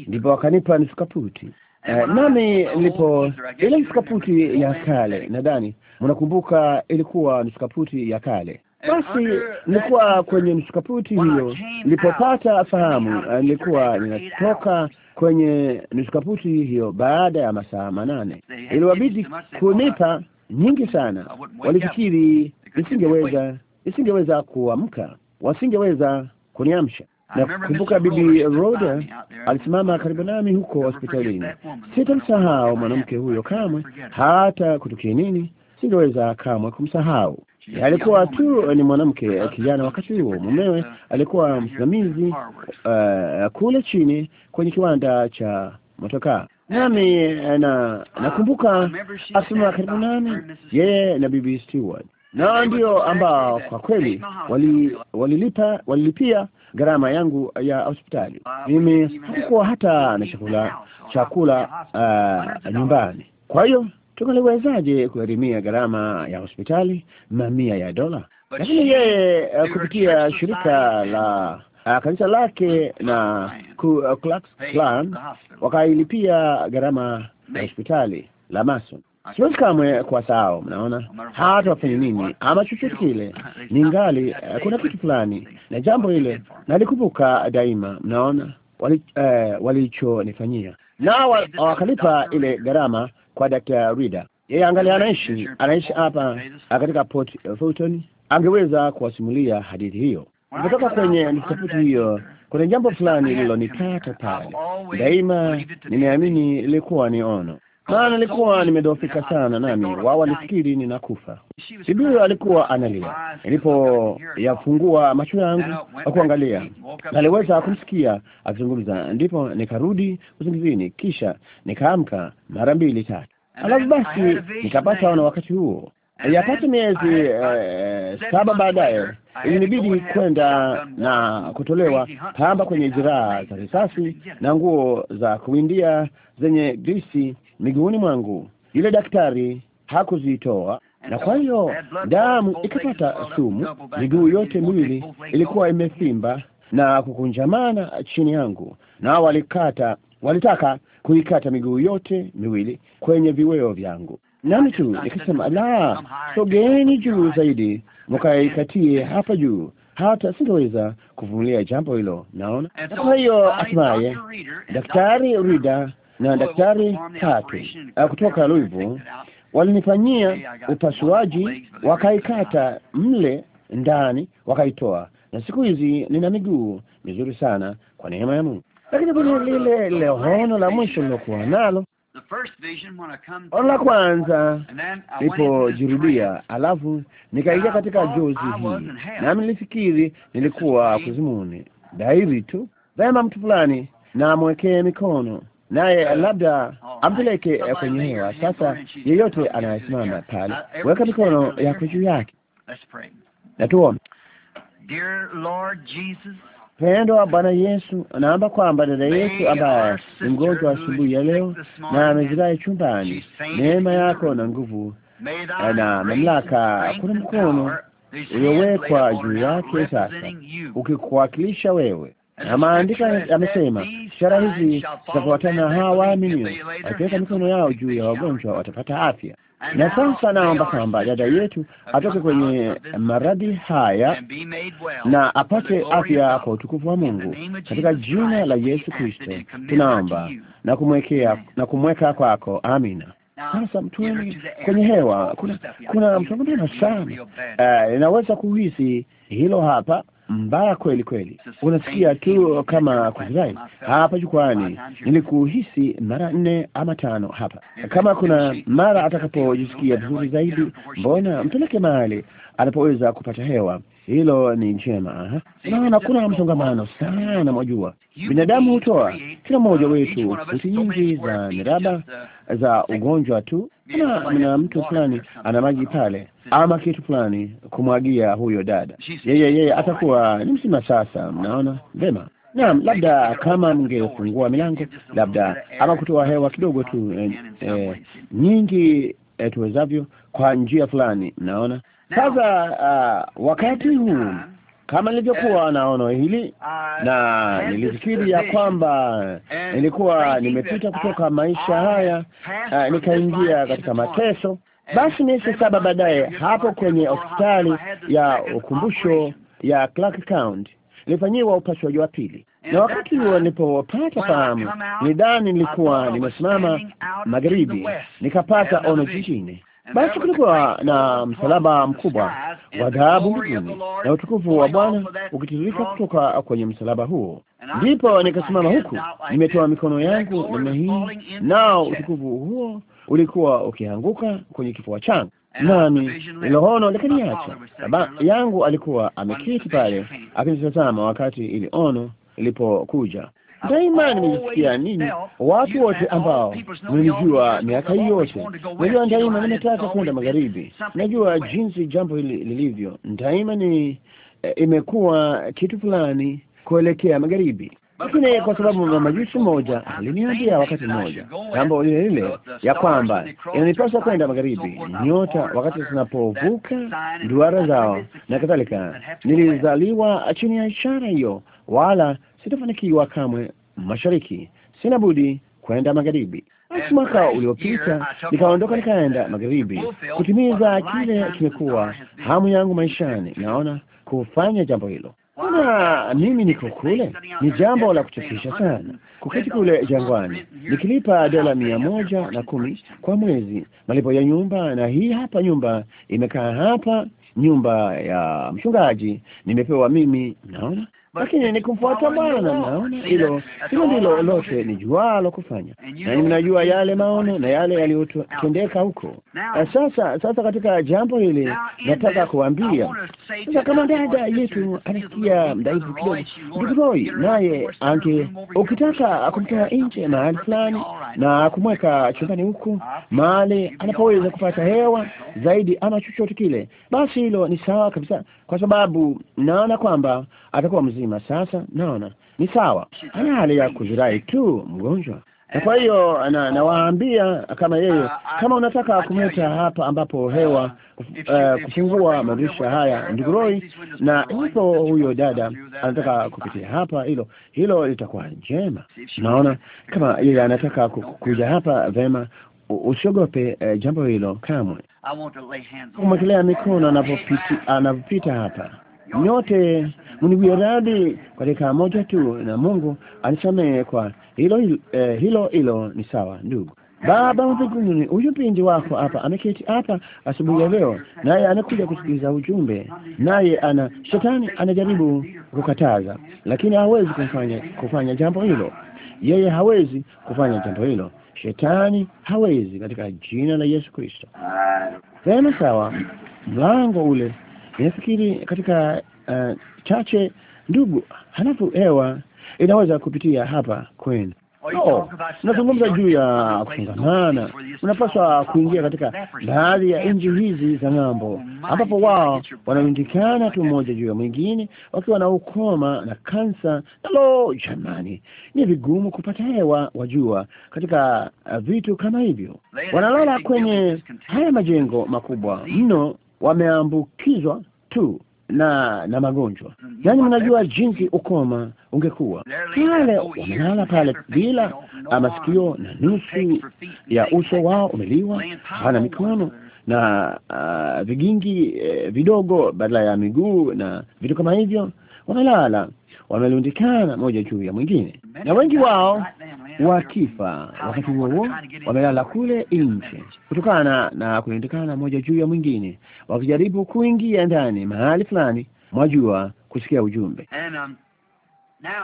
ndipo wakanipa nisukaputi uh, eh, eh, nami oh, nilipo ile nisukaputi ya kale, nadhani mnakumbuka, ilikuwa nisukaputi ya kale. Eh, Basi nilikuwa kwenye nisukaputi hiyo, nilipopata fahamu, nilikuwa ninatoka kwenye nisukaputi hiyo baada ya masaa manane. Iliwabidi kunipa nyingi sana, walifikiri nisingeweza, nisingeweza kuamka, wasingeweza kuniamsha. Nakumbuka Bibi Rhoda alisimama karibu nami huko hospitalini. Sitamsahau mwanamke huyo kamwe, hata kutukie nini, singeweza kamwe kumsahau. Alikuwa tu ni mwanamke kijana. Wakati huo mumewe alikuwa msimamizi uh, kule chini kwenye kiwanda cha motokaa, nami na nakumbuka asimama karibu nami, yeye na Bibi Stewart nao ndio ambao kwa kweli wali, walilipa walilipia gharama yangu ya hospitali. Mimi sikuwa hata na chakula chakula uh, nyumbani. Kwa hiyo tungaliwezaje kugharimia gharama ya hospitali mamia ya dola? Lakini yeye uh, kupitia shirika la uh, kanisa lake na Ku uh, Klux Klan wakailipia gharama ya hospitali la Mason siwezi kamwe kwa sahau mnaona hata wafanye nini ama chochote kile, ningali ngali eh, kuna kitu fulani na jambo ile nalikumbuka daima, mnaona walichonifanyia uh, wali eh, na wakalipa ile gharama kwa Dr. Rida. Yeye angalia, anaishi anaishi hapa ah, katika Port Fulton, angeweza kuwasimulia hadithi hiyo. Kutoka kwenye tafuti hiyo, kuna jambo fulani lililonipata pale. Daima nimeamini ilikuwa ni ono maana nilikuwa nimedhoofika sana, nami wao walifikiri ninakufa. Sibiu alikuwa analia. Nilipoyafungua macho yangu kuangalia naliweza kumsikia akizungumza. Ndipo nikarudi usingizini, kisha nikaamka mara mbili tatu, alafu basi nikapata ona wakati huo yapata miezi eh, saba baadaye ilinibidi kwenda na kutolewa pamba kwenye jeraha za risasi na nguo za kuindia zenye grisi miguuni mwangu. Yule daktari hakuzitoa na kwa hiyo damu ikapata sumu, miguu yote miwili ilikuwa imefimba na kukunjamana chini yangu, na walikata walitaka kuikata miguu yote miwili kwenye viweo vyangu, nami tu nikasema, la, sogeeni juu zaidi mkaikatie hapa juu, hata singeweza kuvumilia jambo hilo. Naona kwa hiyo hatimaye daktari Rida na daktari tatu eh, kutoka Louisville walinifanyia upasuaji, wakaikata mle ndani wakaitoa, na siku hizi nina miguu mizuri sana kwa neema ya Mungu. Lakini kuna lile lehono la mwisho lilokuwa nalo ono la kwanza uh, lipojirudia, alafu nikaingia katika oh, jozi hii, nami nilifikiri nilikuwa kuzimuni, dairi tu vema, mtu fulani namwekee mikono naye eh, labda ampeleke eh, kwenye hewa. Sasa yeyote anayesimama pale, uh, weka mikono yako juu yake na tuombe. Pendwa Bwana Yesu, naomba kwamba dada yetu ambaye ni mgonjwa asubuhi ya leo na amezirai chumbani, neema yako na nguvu eh, na mamlaka, kuna mkono uliowekwa juu yake sasa ukikuwakilisha wewe na maandiko yamesema, ishara hizi zitafuatana hawa waaminio, akiweka mikono yao juu ya wagonjwa watapata afya. Na sasa naomba kwamba dada yetu atoke kwenye maradhi haya na apate afya kwa utukufu wa Mungu, katika jina la Yesu Kristo tunaomba na kumwekea na kumweka kwako, amina. Sasa mtuni kwenye hewa kuna kuna msongamano sana, inaweza eh, kuhisi hilo hapa mbaya kweli kweli. Unasikia tu kama kuzirai hapa jukwani, nilikuhisi mara nne ama tano hapa. Kama kuna mara atakapojisikia vizuri zaidi, mbona mpeleke mahali anapoweza kupata hewa hilo ni njema, maana eh? kuna msongamano sana. Mwajua, binadamu hutoa kila mmoja wetu futi nyingi za miraba za ugonjwa tu, na mna mtu fulani ana maji pale ama kitu fulani kumwagia huyo dada, yeye yeye atakuwa ni msima. Sasa mnaona vema. Naam, labda kama mngefungua milango labda, ama kutoa hewa kidogo tu eh, eh, nyingi eh, tuwezavyo kwa njia fulani, mnaona sasa uh, wakati huu uh, kama nilivyokuwa naona hili na nilifikiri ya kwamba nilikuwa nimepita kutoka maisha haya uh, nikaingia katika mateso. Basi miezi saba baadaye, hapo kwenye hospitali ya ukumbusho ya Clark County nilifanyiwa upasuaji wa pili, na wakati huo nilipopata fahamu, nidhani nilikuwa nimesimama magharibi, nikapata ono jingine basi kulikuwa na msalaba mkubwa wa dhahabu mbinguni na utukufu wa Bwana ukitiririka kutoka kwenye msalaba huo. Ndipo nikasimama huku nimetoa mikono yangu namna hii, nao utukufu huo ulikuwa ukianguka kwenye kifua changu, nami ilohono likaniacha. Baba yangu alikuwa ameketi pale akinitazama wakati ili ono ilipokuja. Daima nimejisikia nini, watu wote ambao nilijua miaka hii yote, najua daima nimetaka kwenda magharibi, najua jinsi jambo hili lilivyo, daima ni eh, imekuwa eh, kitu fulani kuelekea magharibi lakini kwa sababu mamajusi mmoja aliniambia wakati mmoja jambo lile lile, ya kwamba inanipasa kwenda magharibi, nyota wakati zinapovuka duara zao na kadhalika. Nilizaliwa chini ya ishara hiyo, wala sitafanikiwa kamwe mashariki, sina budi kwenda magharibi. Basi mwaka uliopita nikaondoka nikaenda magharibi kutimiza kile kimekuwa hamu yangu maishani, naona kufanya jambo hilo. Mbona mimi niko kule? Ni jambo la kuchekesha sana kuketi kule jangwani, nikilipa dola mia moja na kumi kwa mwezi malipo ya nyumba, na hii hapa nyumba imekaa hapa, nyumba ya mchungaji nimepewa mimi. Naona lakini ni kumfuata Bwana. Mnaona hilo, hilo ndilo lote ni jualo kufanya, na mnajua yale maono na yale yaliyotendeka huko. Eh, sasa sasa, katika jambo hili nataka kuambia sasa, kama dada yetu anasikia mdhaifu kidogo, ndugu Roy naye ange, ukitaka kumtoa nje mahali fulani na kumweka chumbani huko mahali anapoweza kupata hewa zaidi ama chochote kile, basi hilo ni sawa kabisa kwa sababu naona kwamba atakuwa mzima sasa. Naona ni sawa, ana hali ya kuzirai tu mgonjwa, na kwa hiyo nawaambia na kama yeye, kama unataka kumleta hapa ambapo hewa uh, kufungua madirisha haya, ndugu Roy, na ipo huyo dada anataka kupitia hapa, hilo hilo litakuwa njema. Naona kama yeye anataka kuja hapa vema, usiogope uh, jambo hilo kamwe kumwekelea mikono anapopita hapa. Nyote mniwie radhi dakika moja tu, na Mungu anisamehe kwa hilo hilo. Eh, hilo hilo ni sawa, ndugu. Baba mbinguni, huyu mpindi wako hapa ameketi hapa asubuhi ya leo, naye anakuja kusikiliza ujumbe, naye ana shetani anajaribu kukataza, lakini hawezi kufanya kufanya jambo hilo. Yeye hawezi kufanya jambo hilo. Shetani hawezi katika jina la Yesu Kristo. Sema sawa, mlango ule nafikiri katika uh, chache ndugu, halafu hewa inaweza kupitia hapa kwenu. No, nazungumza juu ya kufungamana. Unapaswa kuingia katika baadhi ya nchi hizi za ng'ambo, ambapo wao wanaindikana tu mmoja juu ya mwingine, wakiwa na ukoma na kansa. Nalo jamani, ni vigumu kupata hewa, wajua, katika uh, vitu kama hivyo. Wanalala kwenye haya majengo makubwa mno, wameambukizwa tu na na magonjwa. Mm-hmm. Yani, mnajua jinsi ukoma ungekuwa pale, wamelala pale bila masikio na nusu ya uso wao umeliwa, hawana mikono na uh, vigingi eh, vidogo badala ya miguu na vitu kama hivyo, wamelala wamelundikana moja juu ya mwingine, na wengi wao wakifa wakati huo huo wamelala kule nje, kutokana na kulindikana moja juu ya mwingine, wakijaribu kuingia ndani mahali fulani, mwajua, kusikia ujumbe. Um,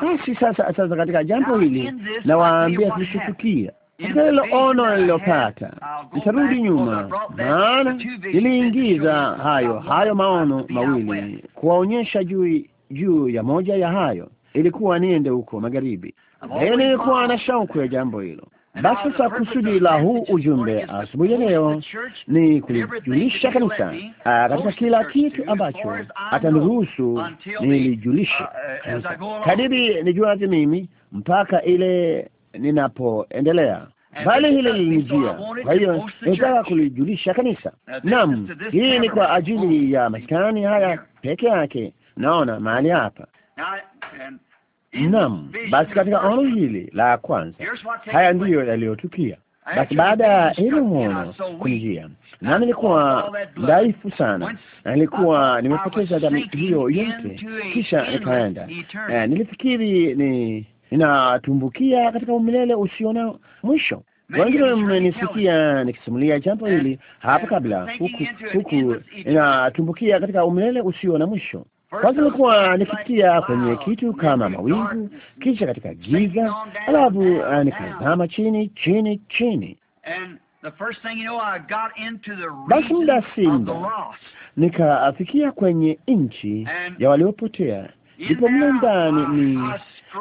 Basi sasa, sasa katika jambo hili nawaambia kilichotukia katika hilo ono nililopata, uh, nitarudi nyuma, maana niliingiza hayo hayo maono mawili kuwaonyesha juu juu ya moja ya hayo, ilikuwa niende huko magharibi Daima nilikuwa na shauku ya jambo hilo. Basi sasa kusudi la huu ujumbe asubuhi ya leo ni kulijulisha kanisa ah, katika kila kitu ambacho ataniruhusu nilijulisha kanisa kadibi nijuavyo mimi, mpaka ile ninapoendelea bali hili lilinijia, kwa hiyo nitaka kulijulisha kanisa. Naam, hii ni kwa ajili ya maskani haya peke yake, naona mahali hapa Naam, basi katika ono hili la kwanza, haya ndiyo yaliyotukia. Basi baada ya hilo mwono kunijia, na nilikuwa dhaifu sana, na nilikuwa nimepoteza damu hiyo yote, kisha nikaenda eh, nilifikiri ni ninatumbukia katika umilele usio na mwisho. Wengine mmenisikia nikisimulia jambo eh, hili hapa eh, kabla, huku huku inatumbukia katika umilele usio na mwisho. Kwanza nilikuwa nikitia kwenye kitu kama mawingu, kisha katika giza, alafu eh, nikazama chini chini chini. Basi muda si muda nikafikia kwenye nchi ya waliopotea, ndipo mle ndani ni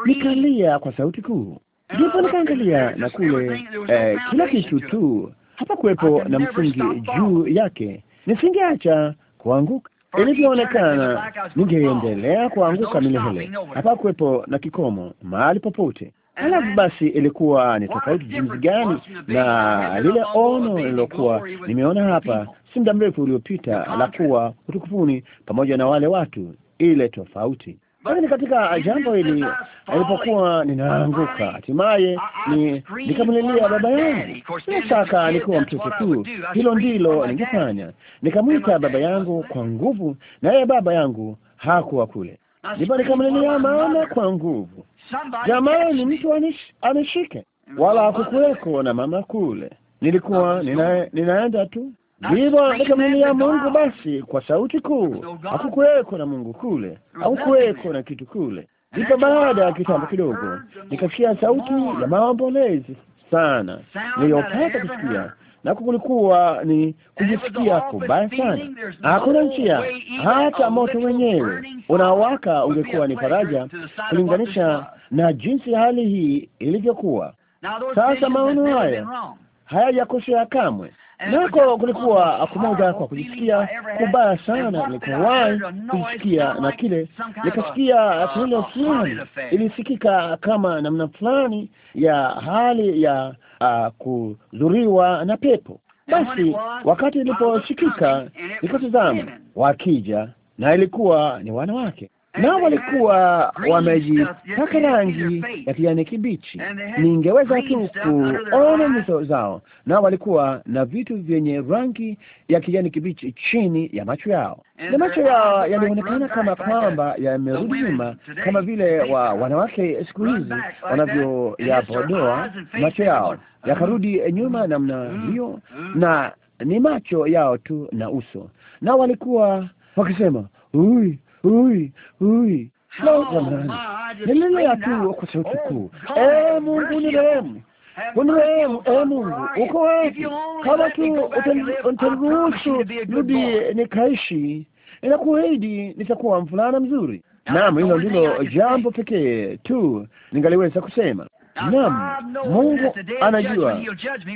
nikalia kwa sauti kuu, ndipo nikaangalia na kule eh, kila kitu tu hapa kuwepo na msingi juu yake, nisingeacha kuanguka. Ilivyoonekana ningeendelea kuanguka milele, kuwepo na kikomo mahali popote. alafu basi, ilikuwa ni tofauti jinsi gani na lile ono lilokuwa nimeona hapa si muda mrefu uliopita, la kuwa utukufuni pamoja na wale watu, ile tofauti lakini katika jambo hili alipokuwa ninaanguka, hatimaye ni nikamlilia baba yangu. Bila shaka nikuwa mtoto tu, hilo ndilo ningefanya. Nikamwita baba yangu kwa nguvu, na yeye baba yangu hakuwa kule, ndipo nikamlilia mama kwa nguvu. Jamani, mtu anishike! Wala hakukuweko na mama kule, nilikuwa ninaenda tu ndivyo nikamlilia Mungu basi kwa sauti kuu. Hakukuweko na Mungu kule, hakukuweko na kitu kule. Ndipo baada ya kitambo kidogo nikasikia sauti ya maombolezi sana niliyopata kusikia na kulikuwa ni kujisikia kubaya sana. Hakuna njia, hata moto wenyewe unaowaka ungekuwa ni faraja kulinganisha na jinsi hali hii ilivyokuwa sasa. Maono haya hayajakosea kamwe, nako kulikuwa kumoja kwa kujisikia kubaya sana. Nilikuwahi kujisikia na kile nikasikia kililo fulani, ilisikika kama namna fulani ya hali ya uh, kudhuriwa na pepo. Basi wakati iliposhikika nikatazama, wakija na ilikuwa ni wanawake nao walikuwa wamejipaka rangi ya kijani kibichi, ningeweza tu kuona nyuso zao, nao walikuwa na vitu vyenye rangi ya kijani kibichi chini ya macho yao, na macho yao yalionekana kama kwamba yamerudi nyuma, kama vile wa wanawake siku hizi wanavyoyapodoa macho yao, yakarudi nyuma namna hiyo, na ni macho yao tu na uso, nao walikuwa wakisema ui hui hui lo jamani, nililea tu kwa sauti kuu, ee Mungu ni rehemu unirehemu ee Mungu, uko wapi? Kama tu utaniruhusu rudi nikaishi, inakuahidi nitakuwa mfulana mzuri. Naam, hilo ndilo jambo pekee tu ningaliweza kusema. Naam, Mungu anajua,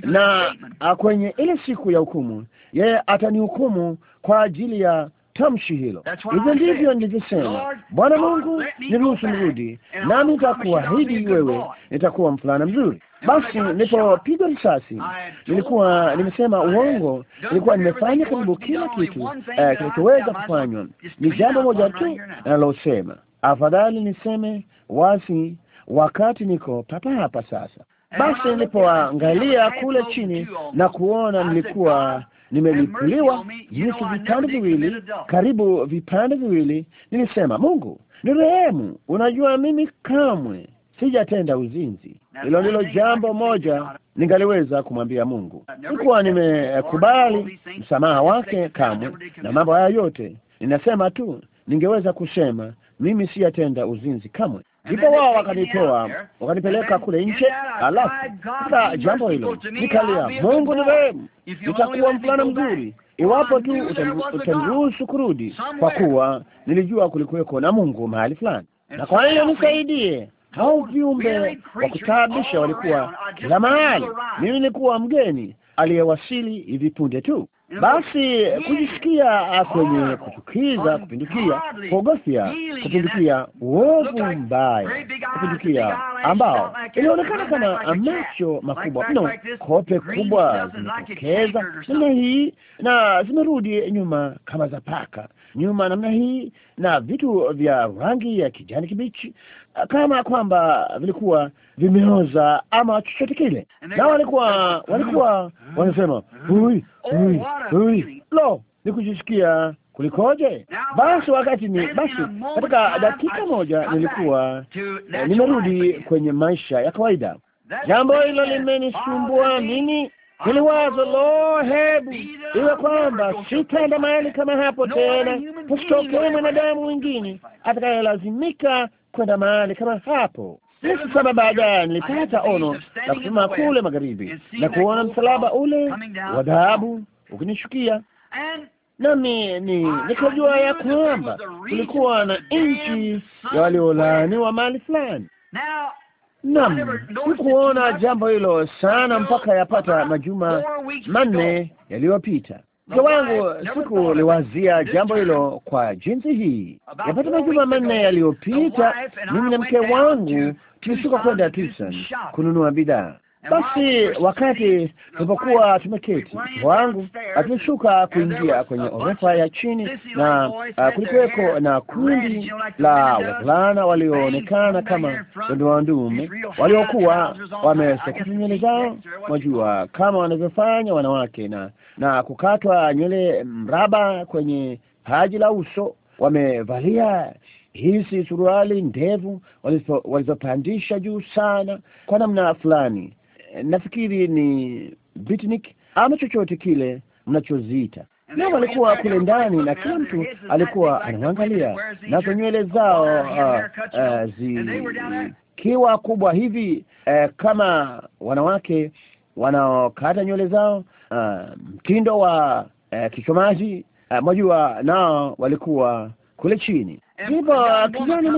na kwenye ile siku ya hukumu, yeye atanihukumu kwa ajili ya tamshi hilo. Hivyo ndivyo nilivyosema, Bwana Mungu, niruhusu nirudi, nami nitakuahidi wewe nitakuwa mfulana mzuri. Basi nilipopigwa risasi, nilikuwa nimesema uongo, nilikuwa nimefanya karibu kila kitu eh, kinachoweza kufanywa. Ni jambo moja tu nalosema, afadhali niseme wazi wakati niko papa hapa sasa. Basi nilipoangalia kule chini na kuona nilikuwa nimelipuliwa visu vipande viwili, karibu vipande viwili. Nilisema, Mungu ni rehemu, unajua mimi kamwe sijatenda uzinzi. Hilo ndilo jambo moja ningaliweza kumwambia Mungu. Sikuwa nimekubali msamaha wake kamwe, na mambo haya yote ninasema tu, ningeweza kusema mimi siyatenda uzinzi kamwe. Ndipo wao wakanitoa wakanipeleka kule nje. Alafu katika jambo hilo nikalia, Mungu nirehemu, nitakuwa mfulana mzuri iwapo tu utaniruhusu kurudi, kwa kuwa nilijua kulikuweko na Mungu mahali fulani, na kwa hiyo nisaidie. Hao viumbe wa kutaabisha walikuwa kila mahali, mimi nilikuwa mgeni aliyewasili hivi punde tu. Basi kujisikia kwenye kuchukiza kupindukia, kuogofya kupindukia, uovu mbaya kupindukia, ambao ilionekana kama macho makubwa mno, kope kubwa zimetokeza namna hii na zimerudi nyuma kama za paka nyuma namna hii, na vitu vya rangi ya kijani kibichi kama kwamba vilikuwa vimeoza ama chochote kile, na walikuwa walikuwa wanasema hui hui hui, lo, ni kujisikia kulikoje? Basi wakati ni basi, katika dakika moja nilikuwa eh, nimerudi kwenye maisha ya kawaida. Jambo hilo limenisumbua mimi niliwazo lo, hebu iwe kwamba sitaenda mahali kama hapo tena, kusitokee mwanadamu mwingine atakayelazimika kwenda mahali kama hapo. Siku saba baadaye nilipata ono la kusema kule magharibi na kuona msalaba ule wa dhahabu ukinishukia nami ni nikajua ya kwamba kulikuwa na nchi ya waliolaaniwa mahali fulani. Naam, sikuona jambo hilo sana mpaka yapata majuma manne yaliyopita. Mke wangu sikuliwazia jambo hilo kwa jinsi hii. Yapata majuma manne yaliyopita, mimi na mke wangu tulishuka kwenda Tucson kununua bidhaa basi wakati tulipokuwa tumeketi wangu akishuka kuingia kwenye orofa ya chini, na uh, kulikuweko na kundi la wavulana walioonekana kama wandume waliokuwa wamesokota nywele zao, mwajua kama wanavyofanya wanawake, na na kukatwa nywele mraba kwenye paji la uso, wamevalia hizi suruali ndevu walizopandisha juu sana kwa namna fulani nafikiri ni bitnik ama chochote kile mnachoziita na Walikuwa kule ndani na kila mtu alikuwa anaangalia, nazo nywele zao uh, uh, zikiwa kubwa hivi uh, kama wanawake wanaokata nywele zao uh, mtindo wa uh, kichomaji uh, mwajua, nao walikuwa kule chini Ndipo kijana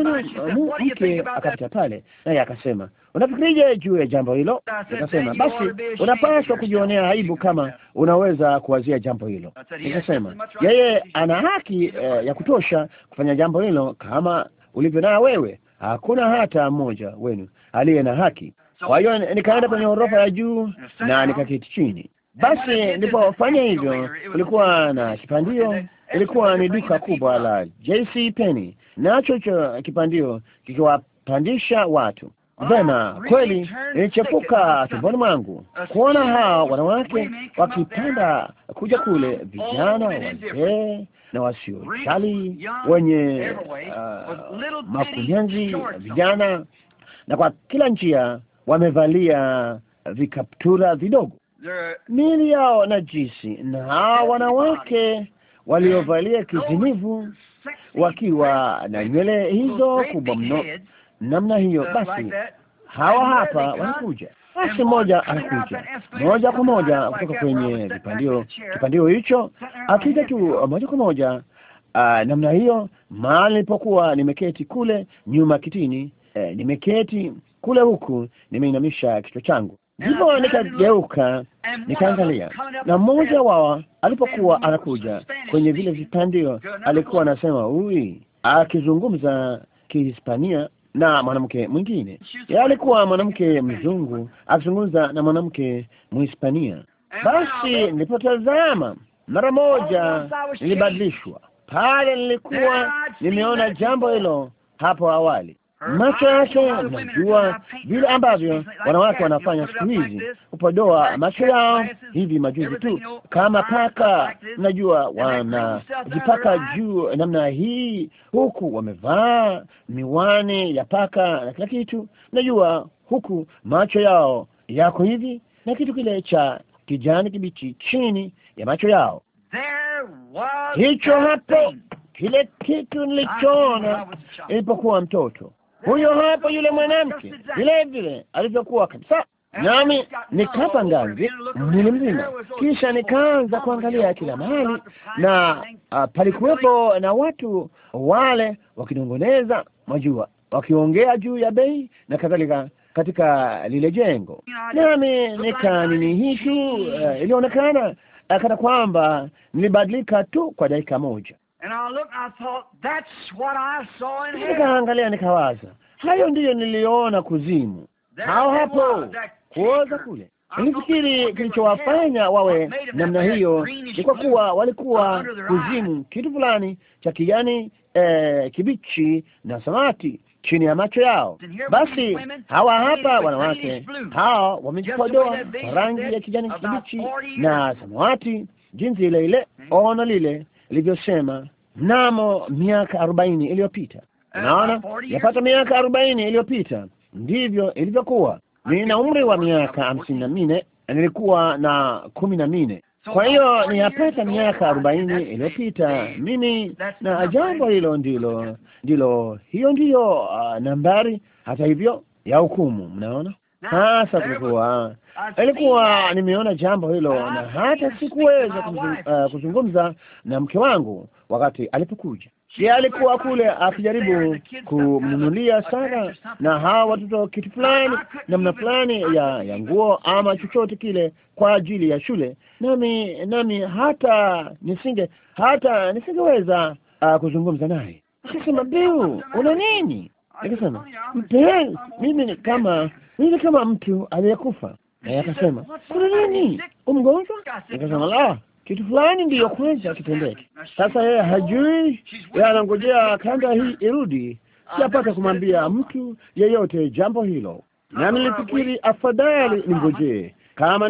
mwanamke akapita pale, naye akasema, unafikirije juu ya jambo hilo? Akasema, basi unapaswa kujionea aibu kama unaweza kuwazia jambo hilo. Nikasema, yeye ana haki eh, ya kutosha kufanya jambo hilo kama ulivyo na wewe. Hakuna hata mmoja wenu aliye na haki. Kwa hiyo nikaenda kwenye orofa ya juu na nikaketi chini. Basi nilipofanya hivyo, kulikuwa na kipandio ilikuwa ni duka kubwa la JC Penney, nacho kipandio kikiwapandisha watu Vema kweli, ilichepuka tumboni mwangu kuona hao wanawake wakipanda kuja kule, vijana wazee na wasiojali, wenye uh, makunyanzi vijana, na kwa kila njia wamevalia vikaptura vidogo, miili yao na jisi, na hao wanawake waliovalia kizinivu wakiwa na nywele hizo kubwa mno namna hiyo. Basi hawa hapa wanakuja. Basi mmoja anakuja moja kwa moja kutoka kwenye kipandio, kipandio hicho akija tu moja kwa moja ah, namna hiyo, mahali nilipokuwa nimeketi kule nyuma kitini, eh, nimeketi kule, huku nimeinamisha kichwa changu. Ndipo nikageuka nikaangalia, na mmoja wao alipokuwa anakuja kwenye vile vitandio, alikuwa anasema ui akizungumza Kihispania na mwanamke mwingine. Yeye alikuwa mwanamke mzungu akizungumza na mwanamke Mhispania. Basi nilipotazama mara moja nilibadilishwa pale. Nilikuwa nimeona jambo hilo hapo awali, macho yake. Najua vile ambavyo wanawake wanafanya siku hizi, kupodoa macho yao hivi majuzi tu, kama paka. Najua wanajipaka juu namna hii, huku wamevaa miwani ya paka na kila kitu. Najua huku macho yao yako hivi na kitu kile cha kijani kibichi chini ya macho yao. Hicho hapo kile kitu nilichoona nilipokuwa mtoto. Huyo hapo yule mwanamke vile vile alivyokuwa kabisa, nami nikapa ngazi mwili mzima, kisha nikaanza kuangalia kila mahali, na uh, palikuwepo na watu wale wakinongoneza, majua, wakiongea juu ya bei na kadhalika katika lile jengo, nami nika nini hii tu uh, ilionekana uh, kana kwamba nilibadilika tu kwa dakika moja nikaangalia nikawaza, hayo ndiyo niliona kuzimu, hao hapo kuoza kule. Nilifikiri kilichowafanya wawe namna hiyo ni kwa kuwa walikuwa kuzimu, kitu fulani cha kijani eh, kibichi na samawati chini ya macho yao. Basi hawa hapa wanawake hawa wamejipodoa rangi ya kijani kibichi na samawati, jinsi ile ile, hmm? ono lile ilivyosema mnamo miaka arobaini iliyopita. Uh, Naona yapata miaka arobaini iliyopita ndivyo ilivyokuwa. na umri wa miaka hamsini na nne nilikuwa na kumi na nne kwa hiyo niyapata miaka arobaini iliyopita mimi, na jambo hilo ndilo ndilo, hiyo ndiyo uh, nambari hata hivyo ya hukumu. Mnaona sasa kulikuwa ah. ilikuwa nimeona jambo hilo, ah, na hata sikuweza eh, kuzungumza na mke wangu wakati alipokuja. Yeye alikuwa kule akijaribu kumnunulia sana na hawa watoto kitu fulani, namna fulani ya ya nguo ama chochote kile kwa ajili ya shule, nami nami hata nisinge hata nisingeweza uh, kuzungumza naye. Akasema, biu una nini? Nikasema, mimi kama Nili kama mtu aliyekufa. Naye akasema kuna nini, umgonjwa? Nikasema la, ah, kitu fulani ndiyo kwanza kitendeke. Sasa yeye hajui, yeye anangojea kanda hii irudi. Ah, Sijapata kumwambia mtu yeyote jambo hilo, na nilifikiri afadhali ningojee kama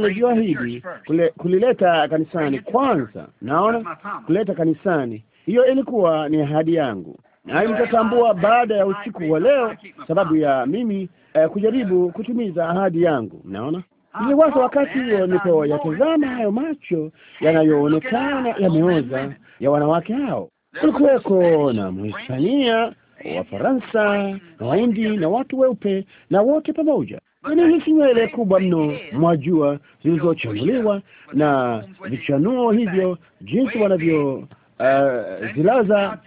kule kulileta kanisani kwanza. Naona kuleta kanisani, hiyo ilikuwa ni ahadi yangu, na mtatambua baada ya usiku wa leo sababu ya mimi eh, kujaribu kutimiza ahadi yangu. Mnaona ah, niliwaza wakati eh, huo eh. yatazama hayo macho yanayoonekana yameoza ya wanawake hao. Kulikuweko na Mhispania, Wafaransa na Wahindi na watu weupe na wote pamoja nanihisi nywele kubwa mno mwajua, zilizochanuliwa na vichanuo hivyo, jinsi wanavyo uh, zilaza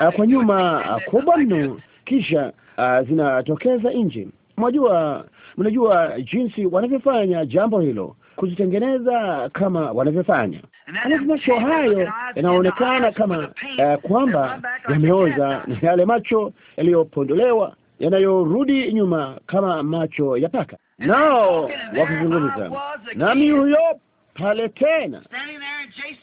uh, kwa nyuma uh, kubwa mno, kisha uh, zinatokeza nje mwajua, mnajua jinsi wanavyofanya jambo hilo, kuzitengeneza kama wanavyofanya. halafu macho hayo yanaonekana kama uh, kwamba yameoza, na yale macho yaliyopondolewa yanayorudi nyuma kama macho ya paka, nao wakizungumza nami, huyo pale tena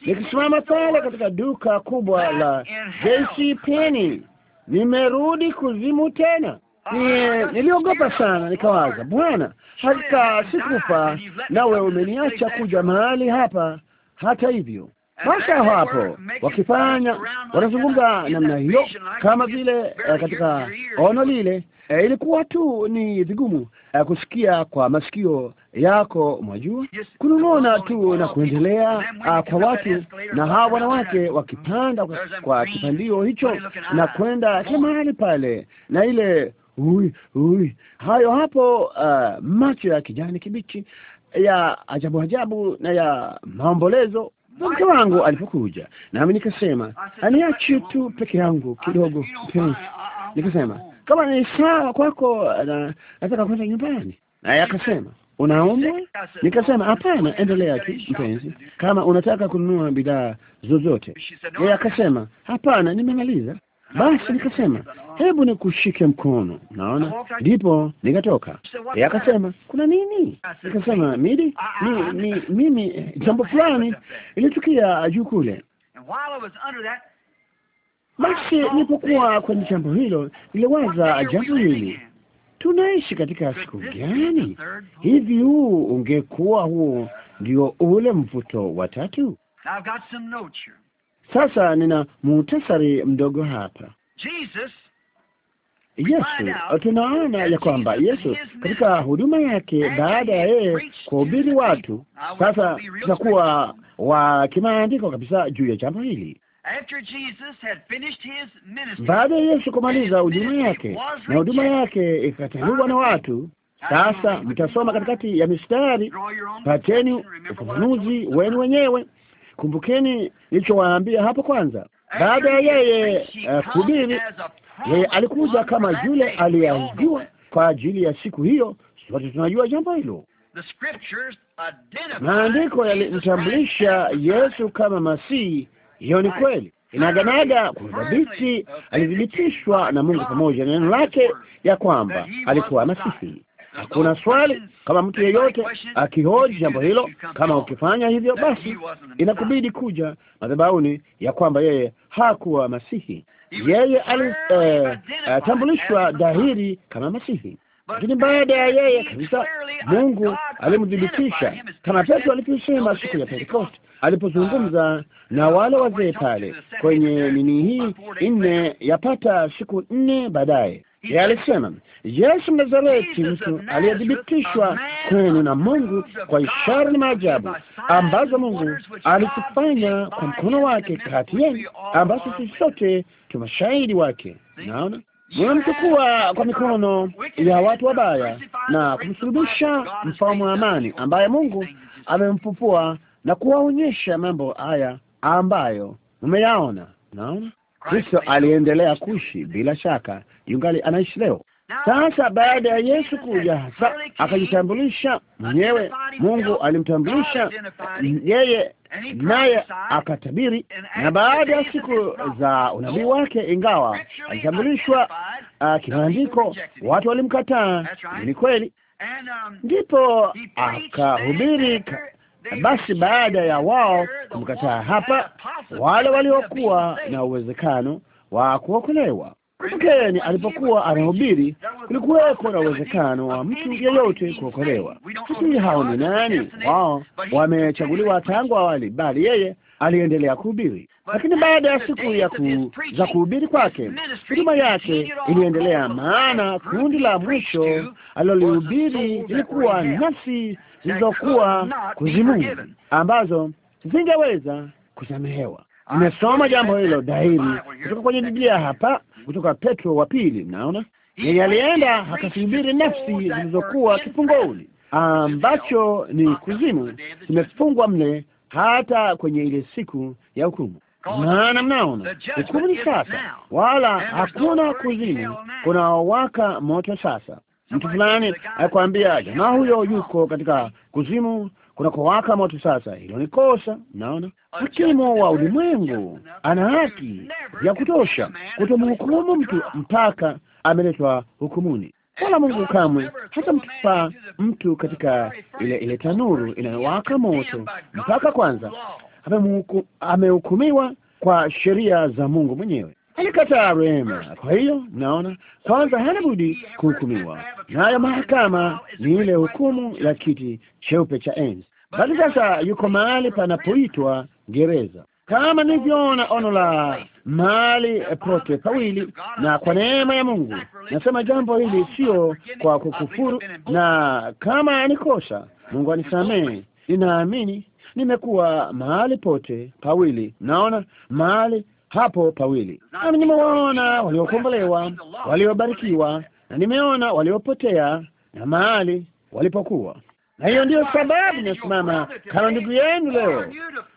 nikisimama pale katika duka kubwa la JC Penney, nimerudi kuzimu tena ni niliogopa sana, nikawaza, Bwana, hakika sikufa, nawe umeniacha kuja mahali hapa. Hata hivyo basi hapo wakifanya wanazungumza namna hiyo, kama vile eh, katika ono lile, eh, ilikuwa tu ni vigumu eh, kusikia kwa masikio yako, mwajua, kunong'ona tu na kuendelea ah, kwa watu, na hawa wanawake wakipanda kwa kipandio hicho na kwenda kila mahali pale, na ile ui, ui. Hayo hapo, uh, macho ya kijani kibichi ya ajabu ajabu na ya maombolezo. Mke wangu alipokuja nami nikasema, aniachi tu peke yangu kidogo, mpenzi. Nikasema kama ni sawa kwako, uh, na nataka kwenda nyumbani. Naye akasema unaumwa? Nikasema hapana, endelea tu mpenzi, kama unataka kununua bidhaa zozote. Yeye akasema hapana, nimemaliza. Basi nikasema hebu nikushike mkono, naona ndipo nikatoka. Yeye akasema kuna nini? Nikasema midi mi, mi, mimi eh, jambo fulani ilitukia juu kule. Basi nilipokuwa kwenye jambo hilo, niliwaza jambo hili, tunaishi katika siku gani hivi? Huu ungekuwa huo ndio ule mvuto wa tatu. Sasa nina muhtasari mdogo hapa. Yesu, uh, tunaona ya kwamba Yesu katika huduma yake, baada ya yeye kuhubiri watu, sasa tutakuwa wa kimaandiko kabisa juu ya jambo hili. Baada ya Yesu kumaliza huduma yake na huduma yake ikataliwa na watu, sasa mtasoma katikati ya mistari, pateni ufafanuzi wenu wenyewe Kumbukeni nilichowaambia hapo kwanza. Baada ya yeye eh, kuhubiri, yeye alikuja kama yule aliyeahidiwa kwa ajili ya siku hiyo. Sote tunajua jambo hilo. Maandiko yalimtambulisha Yesu kama Masihi. Hiyo ni kweli inaganaga kwa udhabiti. Alithibitishwa na Mungu pamoja na neno lake ya kwamba alikuwa Masihi hakuna swali kama mtu yeyote akihoji jambo hilo, kama ukifanya hivyo, basi inakubidi kuja madhabahuni ya kwamba yeye hakuwa Masihi. Yeye alitambulishwa eh, dhahiri kama Masihi, lakini baada ya yeye kabisa Mungu alimdhibitisha kama Petro alivyosema siku ya Pentekoste alipozungumza na wale wazee pale kwenye nini hii nne, yapata siku nne baadaye yeye alisema Yesu Mnazareti, mtu aliyethibitishwa kwenu na Mungu kwa ishara na maajabu ambazo Mungu alitufanya kwa mkono wake kati yenu, ambazo sisi sote tu mashahidi wake. Naona mnamchukua kwa mikono ya watu wabaya na kumsulubisha mfalme wa amani, ambaye Mungu amemfufua na kuwaonyesha mambo haya ambayo mmeyaona. Naona Kristo aliendelea kuishi, bila shaka yungali anaishi leo. Sasa baada ya Yesu kuja hasa, akajitambulisha mwenyewe. Mungu alimtambulisha yeye, naye akatabiri. Na baada ya siku za unabii wake, ingawa alitambulishwa uh, kimaandiko, watu walimkataa. Ni kweli, ndipo akahubiri basi baada ya wao kumkataa hapa, wale waliokuwa na uwezekano wa kuokolewa Mkeni alipokuwa anahubiri, kulikuweko na uwezekano wa mtu yeyote kuokolewa. Sisi hao ni nani? Wao wamechaguliwa tangu awali, bali yeye aliendelea kuhubiri. Lakini baada ya siku ya ku, za kuhubiri kwake, huduma yake iliendelea, maana kundi la mwisho alilolihubiri ilikuwa nafsi zilizokuwa kuzimuni ambazo zingeweza kusamehewa. Nimesoma jambo hilo dhahiri kutoka kwenye Biblia hapa, kutoka Petro wa pili. Mnaona, yeye alienda akasubiri nafsi zilizokuwa kifungouli ambacho ni kuzimu, zimefungwa mle hata kwenye ile siku ya hukumu. Maana mnaona hukumu ni sasa, wala hakuna kuzimu kunaowaka moto sasa, mtu fulani akwambia jamaa huyo yuko katika kuzimu kunakowaka moto. Sasa hilo ni kosa. Naona hakimu wa ulimwengu ana haki ya kutosha kutomhukumu mtu mpaka ameletwa hukumuni, wala Mungu kamwe hata mtupa mtu katika ile ile tanuru inayowaka moto mpaka kwanza amehukumiwa kwa sheria za Mungu mwenyewe alikataa rehema. Kwa hiyo naona kwanza hana budi kuhukumiwa, nayo mahakama ni ile hukumu ya kiti cheupe cha enzi. Basi sasa yuko mahali panapoitwa gereza, kama nilivyoona ono la mahali pote pawili, na kwa neema ya Mungu nasema jambo hili sio kwa kukufuru, na kama nikosa, Mungu anisamehe. Ninaamini nimekuwa mahali pote pawili, naona mahali hapo pawili, nami nimewaona waliokombolewa, waliobarikiwa, na nimeona waliopotea na mahali walipokuwa. Na hiyo ndiyo sababu nasimama kama ndugu yenu leo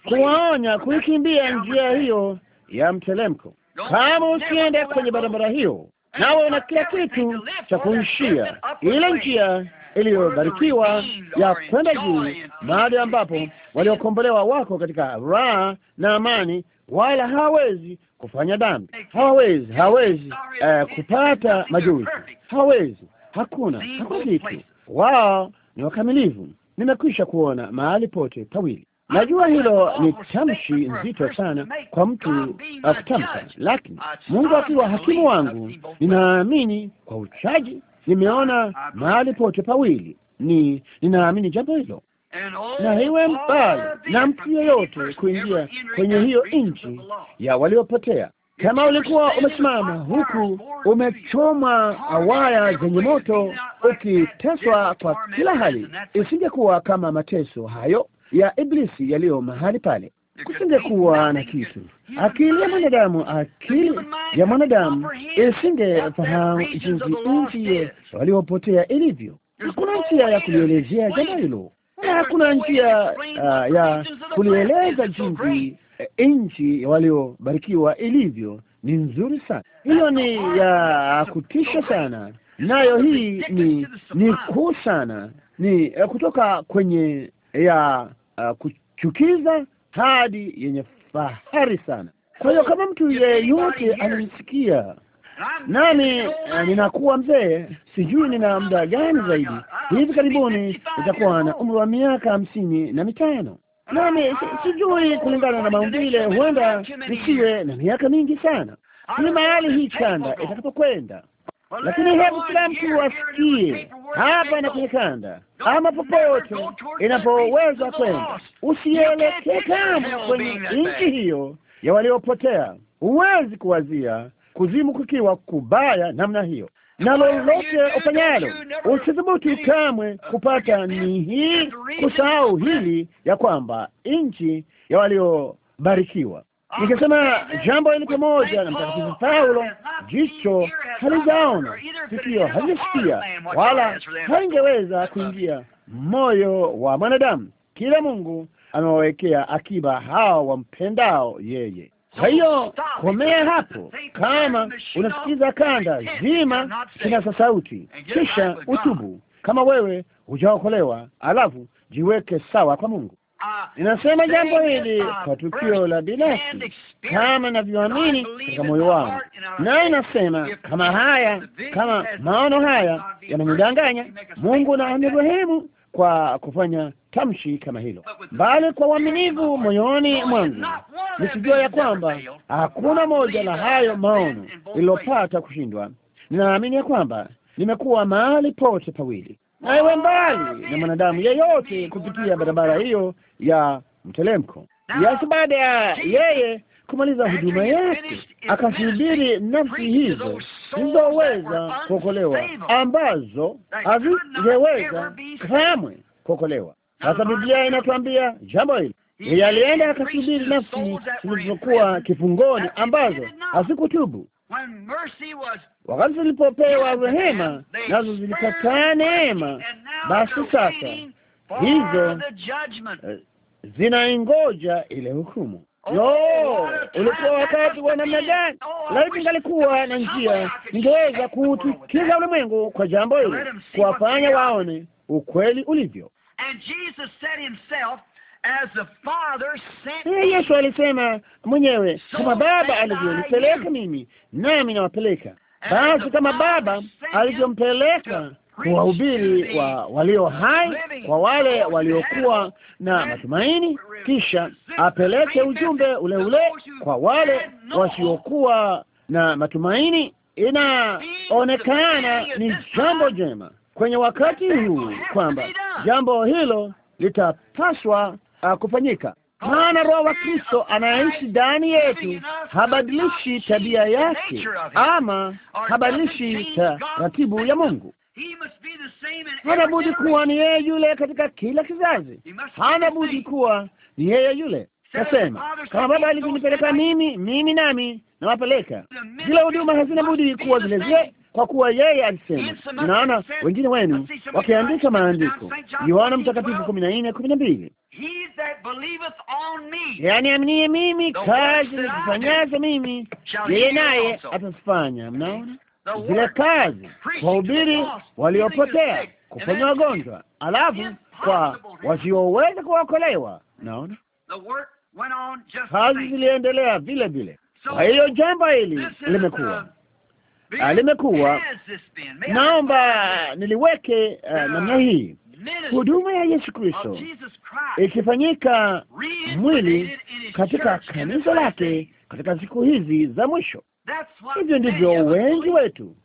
kuwaonya kuikimbia njia hiyo ya mtelemko. Kama usiende kwenye barabara hiyo, nawe una kila kitu cha kuishia ile njia iliyobarikiwa ya kwenda juu, mahali ambapo waliokombolewa wako katika raha na amani wala hawezi kufanya dhambi, hawezi hawezi uh, kupata majuzi, hawezi hakuna hakuna kitu. Wao ni wakamilivu. Nimekwisha kuona mahali pote pawili. Najua hilo ni tamshi nzito sana kwa mtu akutamka, lakini Mungu akiwa hakimu wangu, ninaamini kwa uchaji. Nimeona mahali pote pawili, ni ninaamini jambo hilo na iwe mbali na mtu yeyote kuingia kwenye hiyo nchi ya waliopotea. Kama ulikuwa umesimama huku umechoma awaya zenye moto, ukiteswa kwa kila hali, isingekuwa kama mateso hayo ya Iblisi yaliyo mahali pale. Kusingekuwa na kitu. Akili ya mwanadamu, akili ya mwanadamu isingefahamu jinsi nchi waliopotea ilivyo. Hakuna njia ya kulielezea jambo hilo na njia uh, ya kulieleza jinsi eh, nchi waliobarikiwa ilivyo. Ni nzuri sana, hiyo ni ya kutisha sana, nayo hii ni ni kuu sana, ni eh, kutoka kwenye ya uh, kuchukiza hadi yenye fahari sana. Kwa hiyo kama mtu yeyote alimsikia nami eh, ninakuwa mzee, sijui nina muda gani zaidi. Hivi karibuni nitakuwa na umri wa miaka hamsini na mitano, nami sijui, kulingana na maumbile, huenda nisiwe na miaka mingi sana. Ni mahali hii kanda itakapokwenda, lakini hebu kila mtu asikie hapa na kwenye kanda, ama popote inapoweza kwenda, usielekee kama kwenye nchi hiyo ya waliopotea. Huwezi kuwazia kuzimu kukiwa kubaya namna hiyo, na lolote ufanyalo usithubutu kamwe kupata ni hii kusahau hili ya kwamba nchi ya waliobarikiwa. Nikisema jambo hili pamoja na Mtakatifu Paulo, jicho halijaona, sikio halijasikia, wala haingeweza kuingia moyo wa mwanadamu, kila Mungu amewawekea akiba hao wampendao yeye. Kwa hiyo komea hapo, kama unasikiza kanda zima kinasa sauti, kisha utubu kama wewe hujaokolewa, alafu jiweke sawa kwa Mungu. Ninasema jambo hili kwa tukio la binafsi kama ninavyoamini katika moyo wangu, naye nasema kama haya, kama maono haya yananidanganya, Mungu na anirehemu kwa kufanya tamshi kama hilo, bali kwa uaminivu moyoni mwangu nikijua ya kwamba hakuna moja la hayo maono lililopata kushindwa. Ninaamini ya kwamba nimekuwa mahali pote pawili, naiwe mbali na mwanadamu yeyote kupitia barabara hiyo ya mtelemko. Yesu baada ya yeye kumaliza huduma yake akasubiri nafsi hizo zisizoweza kuokolewa, ambazo hazingeweza kamwe kuokolewa. Sasa Biblia inatuambia jambo hili yalienda akasubiri nafsi zilizokuwa kifungoni ambazo hazikutubu. Wakati zilipopewa rehema, nazo zilikataa neema. Basi sasa hizo eh, zinaingoja ile hukumu. No, ulikuwa wakati wa namna gani? Laiti ngalikuwa na njia, ningeweza kuutukiza ulimwengu kwa jambo hili, kuwafanya waone ukweli ulivyo. Eh, Yesu alisema mwenyewe, kama Baba alivyonipeleka mimi, nami nawapeleka. Basi kama Baba alivyompeleka kuwahubiri wa walio hai kwa wale waliokuwa na matumaini, kisha apeleke ujumbe ule ule kwa wale wasiokuwa na matumaini. Inaonekana ni jambo jema kwenye wakati huu kwamba jambo hilo litapaswa ah, kufanyika, maana Roho wa Kristo anayeishi ndani yetu habadilishi tabia yake ama habadilishi taratibu ya Mungu hana budi kuwa ni yeye yule katika kila kizazi, hana budi kuwa ni yeye yule. Nasema kama Baba alivyonipeleka mimi, mimi nami nawapeleka. Zile huduma hazina budi kuwa zile zile, kwa kuwa yeye alisema. Naona wengine wenu wakiandika maandiko, Yohana Mtakatifu kumi na nne kumi na mbili yaani mimi, kazi nizifanyazo mimi, yeye naye atazifanya. Mnaona zile kazi, kuhubiri waliopotea, kuponya wagonjwa, alafu kwa wasioweza kuokolewa. Naona kazi ziliendelea vile vile. Kwa hiyo jambo hili limekuwa uh, ah, limekuwa, naomba niliweke uh, namna hii huduma ya Yesu Kristo ikifanyika mwili katika kanisa lake katika siku hizi za mwisho. Hivyo ndivyo wengi wetu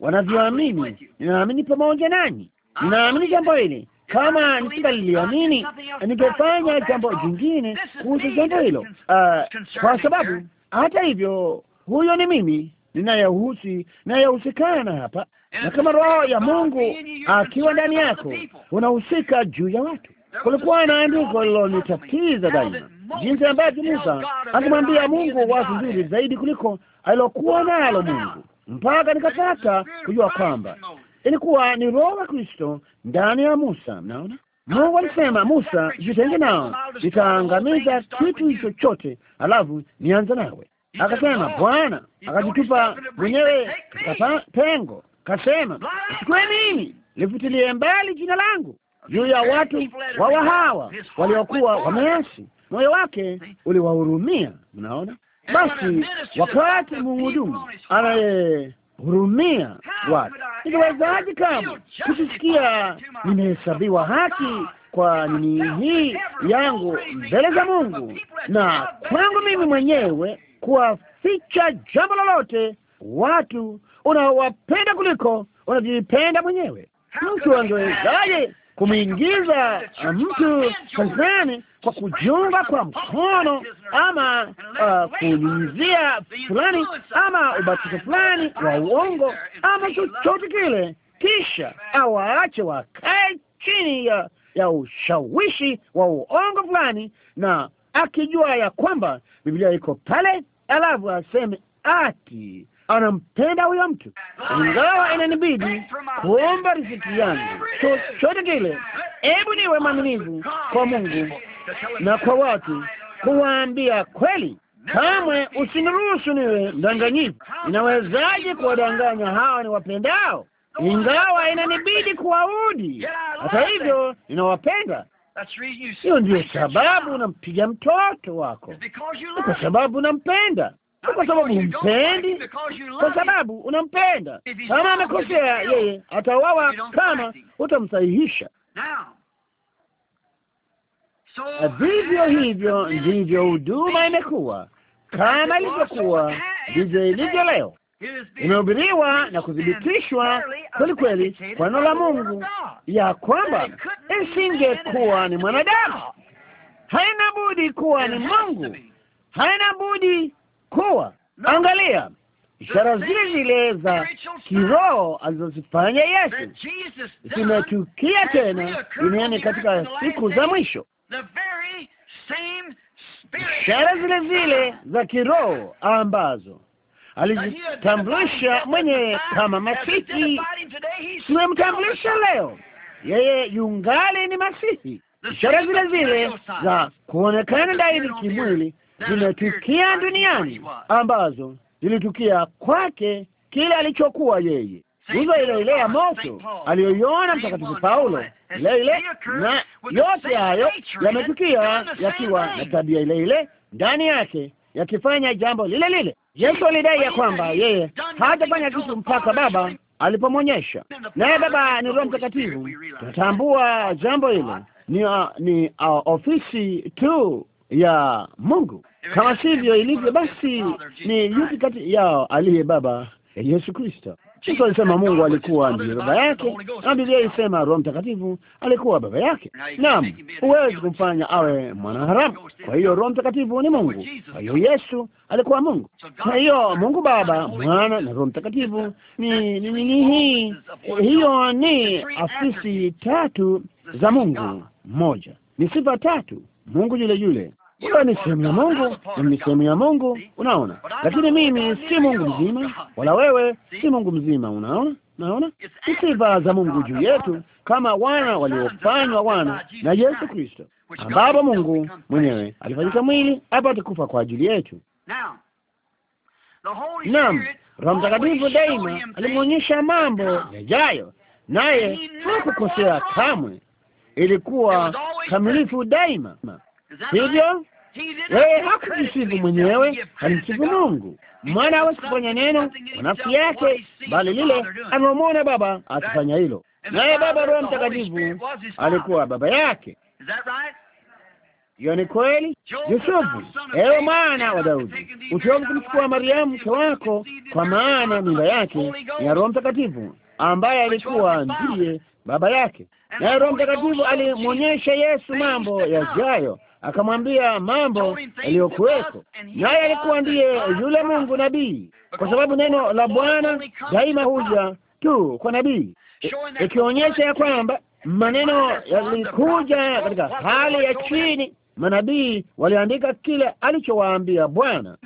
wanavyoamini. Ninaamini pamoja nanyi, ninaamini jambo hili. Kama nisingaliliamini, ningefanya jambo jingine kuhusu jambo hilo, ah, kwa sababu hata hivyo, huyo ni mimi ninayehusi nayehusikana hapa, na kama Roho ya Mungu akiwa ndani yako, unahusika juu ya watu. Kulikuwa na andiko lilonitatiza daima jinsi ambavyo Musa alimwambia Mungu wazi nzuri zaidi kuliko alilokuwa nalo Mungu, mpaka nikapata kujua kwamba ilikuwa ni Roho wa Kristo ndani ya Musa. Mnaona, Mungu alisema, Musa, jitenge nao, nitaangamiza kitu hicho chote, alafu nianze nawe. Akasema Bwana, akajitupa mwenyewe katika pengo, kasema, chukue mimi livutilie mbali jina langu juu ya watu wawa hawa waliokuwa wameasi moyo wake uliwahurumia. Mnaona, basi wakati muhudumu anayehurumia watu, niliwezaje kama kusikia nimehesabiwa haki kwa nini hii yangu mbele za Mungu na kwangu mimi mwenyewe kuwaficha jambo lolote watu unaowapenda kuliko unajipenda mwenyewe. Mtu angewezaje kumwingiza uh, mtu kazani kwa kujiunga kwa mkono ama uh, kunyunyizia fulani ama ubatizo fulani wa uongo ama chochote kile, kisha awaache wakae chini ya, ya ushawishi wa uongo fulani, na akijua ya kwamba Biblia iko pale, alafu aseme ati anampenda huyo mtu, ingawa inanibidi kuomba riziki yangu, chochote kile. Hebu niwe mwaminifu kwa Mungu na kwa watu, kuwaambia kweli. Kamwe usiniruhusu niwe mdanganyifu. Inawezaje kuwadanganya hawa ni wapendao Ingawa inanibidi kuwaudi, hata hivyo ninawapenda. Hiyo ndiyo sababu unampiga mtoto wako, kwa sababu unampenda kwa sababu humpendi, kwa sababu unampenda. Kama amekosea yeye, atawawa kama utamsahihisha. Vivyo hivyo ndivyo huduma imekuwa, kama ilivyokuwa ndivyo ilivyo leo. Imehubiriwa na kuthibitishwa kweli kweli kwa neno la Mungu ya kwamba isingekuwa ni mwanadamu, haina budi kuwa ni Mungu, haina budi kuwa, angalia ishara zile zile za ah. kiroho alizozifanya Yesu zimetukia tena duniani katika siku za mwisho. Ishara zile zile za kiroho ambazo alizitambulisha mwenyewe kama Masihi zimemtambulisha leo, yeye yungali ni Masihi. Ishara zile zile za kuonekana dairi kimwili zimetukia duniani ambazo zilitukia kwake kile alichokuwa yeye nguzo ile ile ya moto aliyoiona Mtakatifu Paulo, ile ile na yote hayo yametukia yakiwa na tabia ile ile ndani yake, yakifanya jambo lile lile. Yesu alidai ya kwamba yeye hatafanya kitu mpaka Baba alipomwonyesha, naye Baba ni Roho Mtakatifu. Tunatambua jambo hilo ni, ni uh, ofisi tu ya Mungu kama sivyo ilivyo, basi ni yupi kati yao aliye baba ya Yesu Kristo? Yesu alisema Mungu alikuwa ndiye baba yake, na Biblia ilisema Roho Mtakatifu alikuwa baba yake. Naam, huwezi kumfanya awe mwanaharamu. Kwa hiyo Roho Mtakatifu ni Mungu, kwa hiyo Yesu alikuwa Mungu. Kwa hiyo Mungu Baba, Mwana na Roho Mtakatifu ni ni hii hiyo, ni afisi tatu za Mungu mmoja, ni sifa tatu, Mungu yule yule hiyo ni sehemu ya Mungu, ni sehemu ya Mungu, unaona. Lakini mimi si Mungu mzima, wala wewe si Mungu mzima, unaona. Naona ni sifa za Mungu juu yetu kama wana waliofanywa wana na Yesu Kristo, ambapo Mungu mwenyewe alifanyika mwili apate kufa kwa ajili yetu. Naam, Roho Mtakatifu daima alimwonyesha mambo yajayo, naye hakukosea kamwe. Ilikuwa kamilifu daima, sivyo? yeye hakumsifu mwenyewe, alimsifu Mungu. Mwana hawezi kufanya neno kwa nafsi yake, bali lile amemwona Baba akifanya hilo, naye Baba Roho Mtakatifu alikuwa baba yake. Hiyo ni kweli. Yusufu, ewe mwana wa Daudi, usihofu kumchukua Mariamu mke wako, kwa maana mimba yake ni ya Roho Mtakatifu ambaye alikuwa ndiye baba yake, naye Roho Mtakatifu alimwonyesha Yesu mambo yajayo akamwambia mambo yaliyokuweko, naye alikuwa ndiye yule Mungu nabii, kwa sababu neno la Bwana daima huja tu kwa nabii, e, ikionyesha ya kwamba maneno yalikuja katika hali ya chini. Manabii waliandika kile alichowaambia Bwana,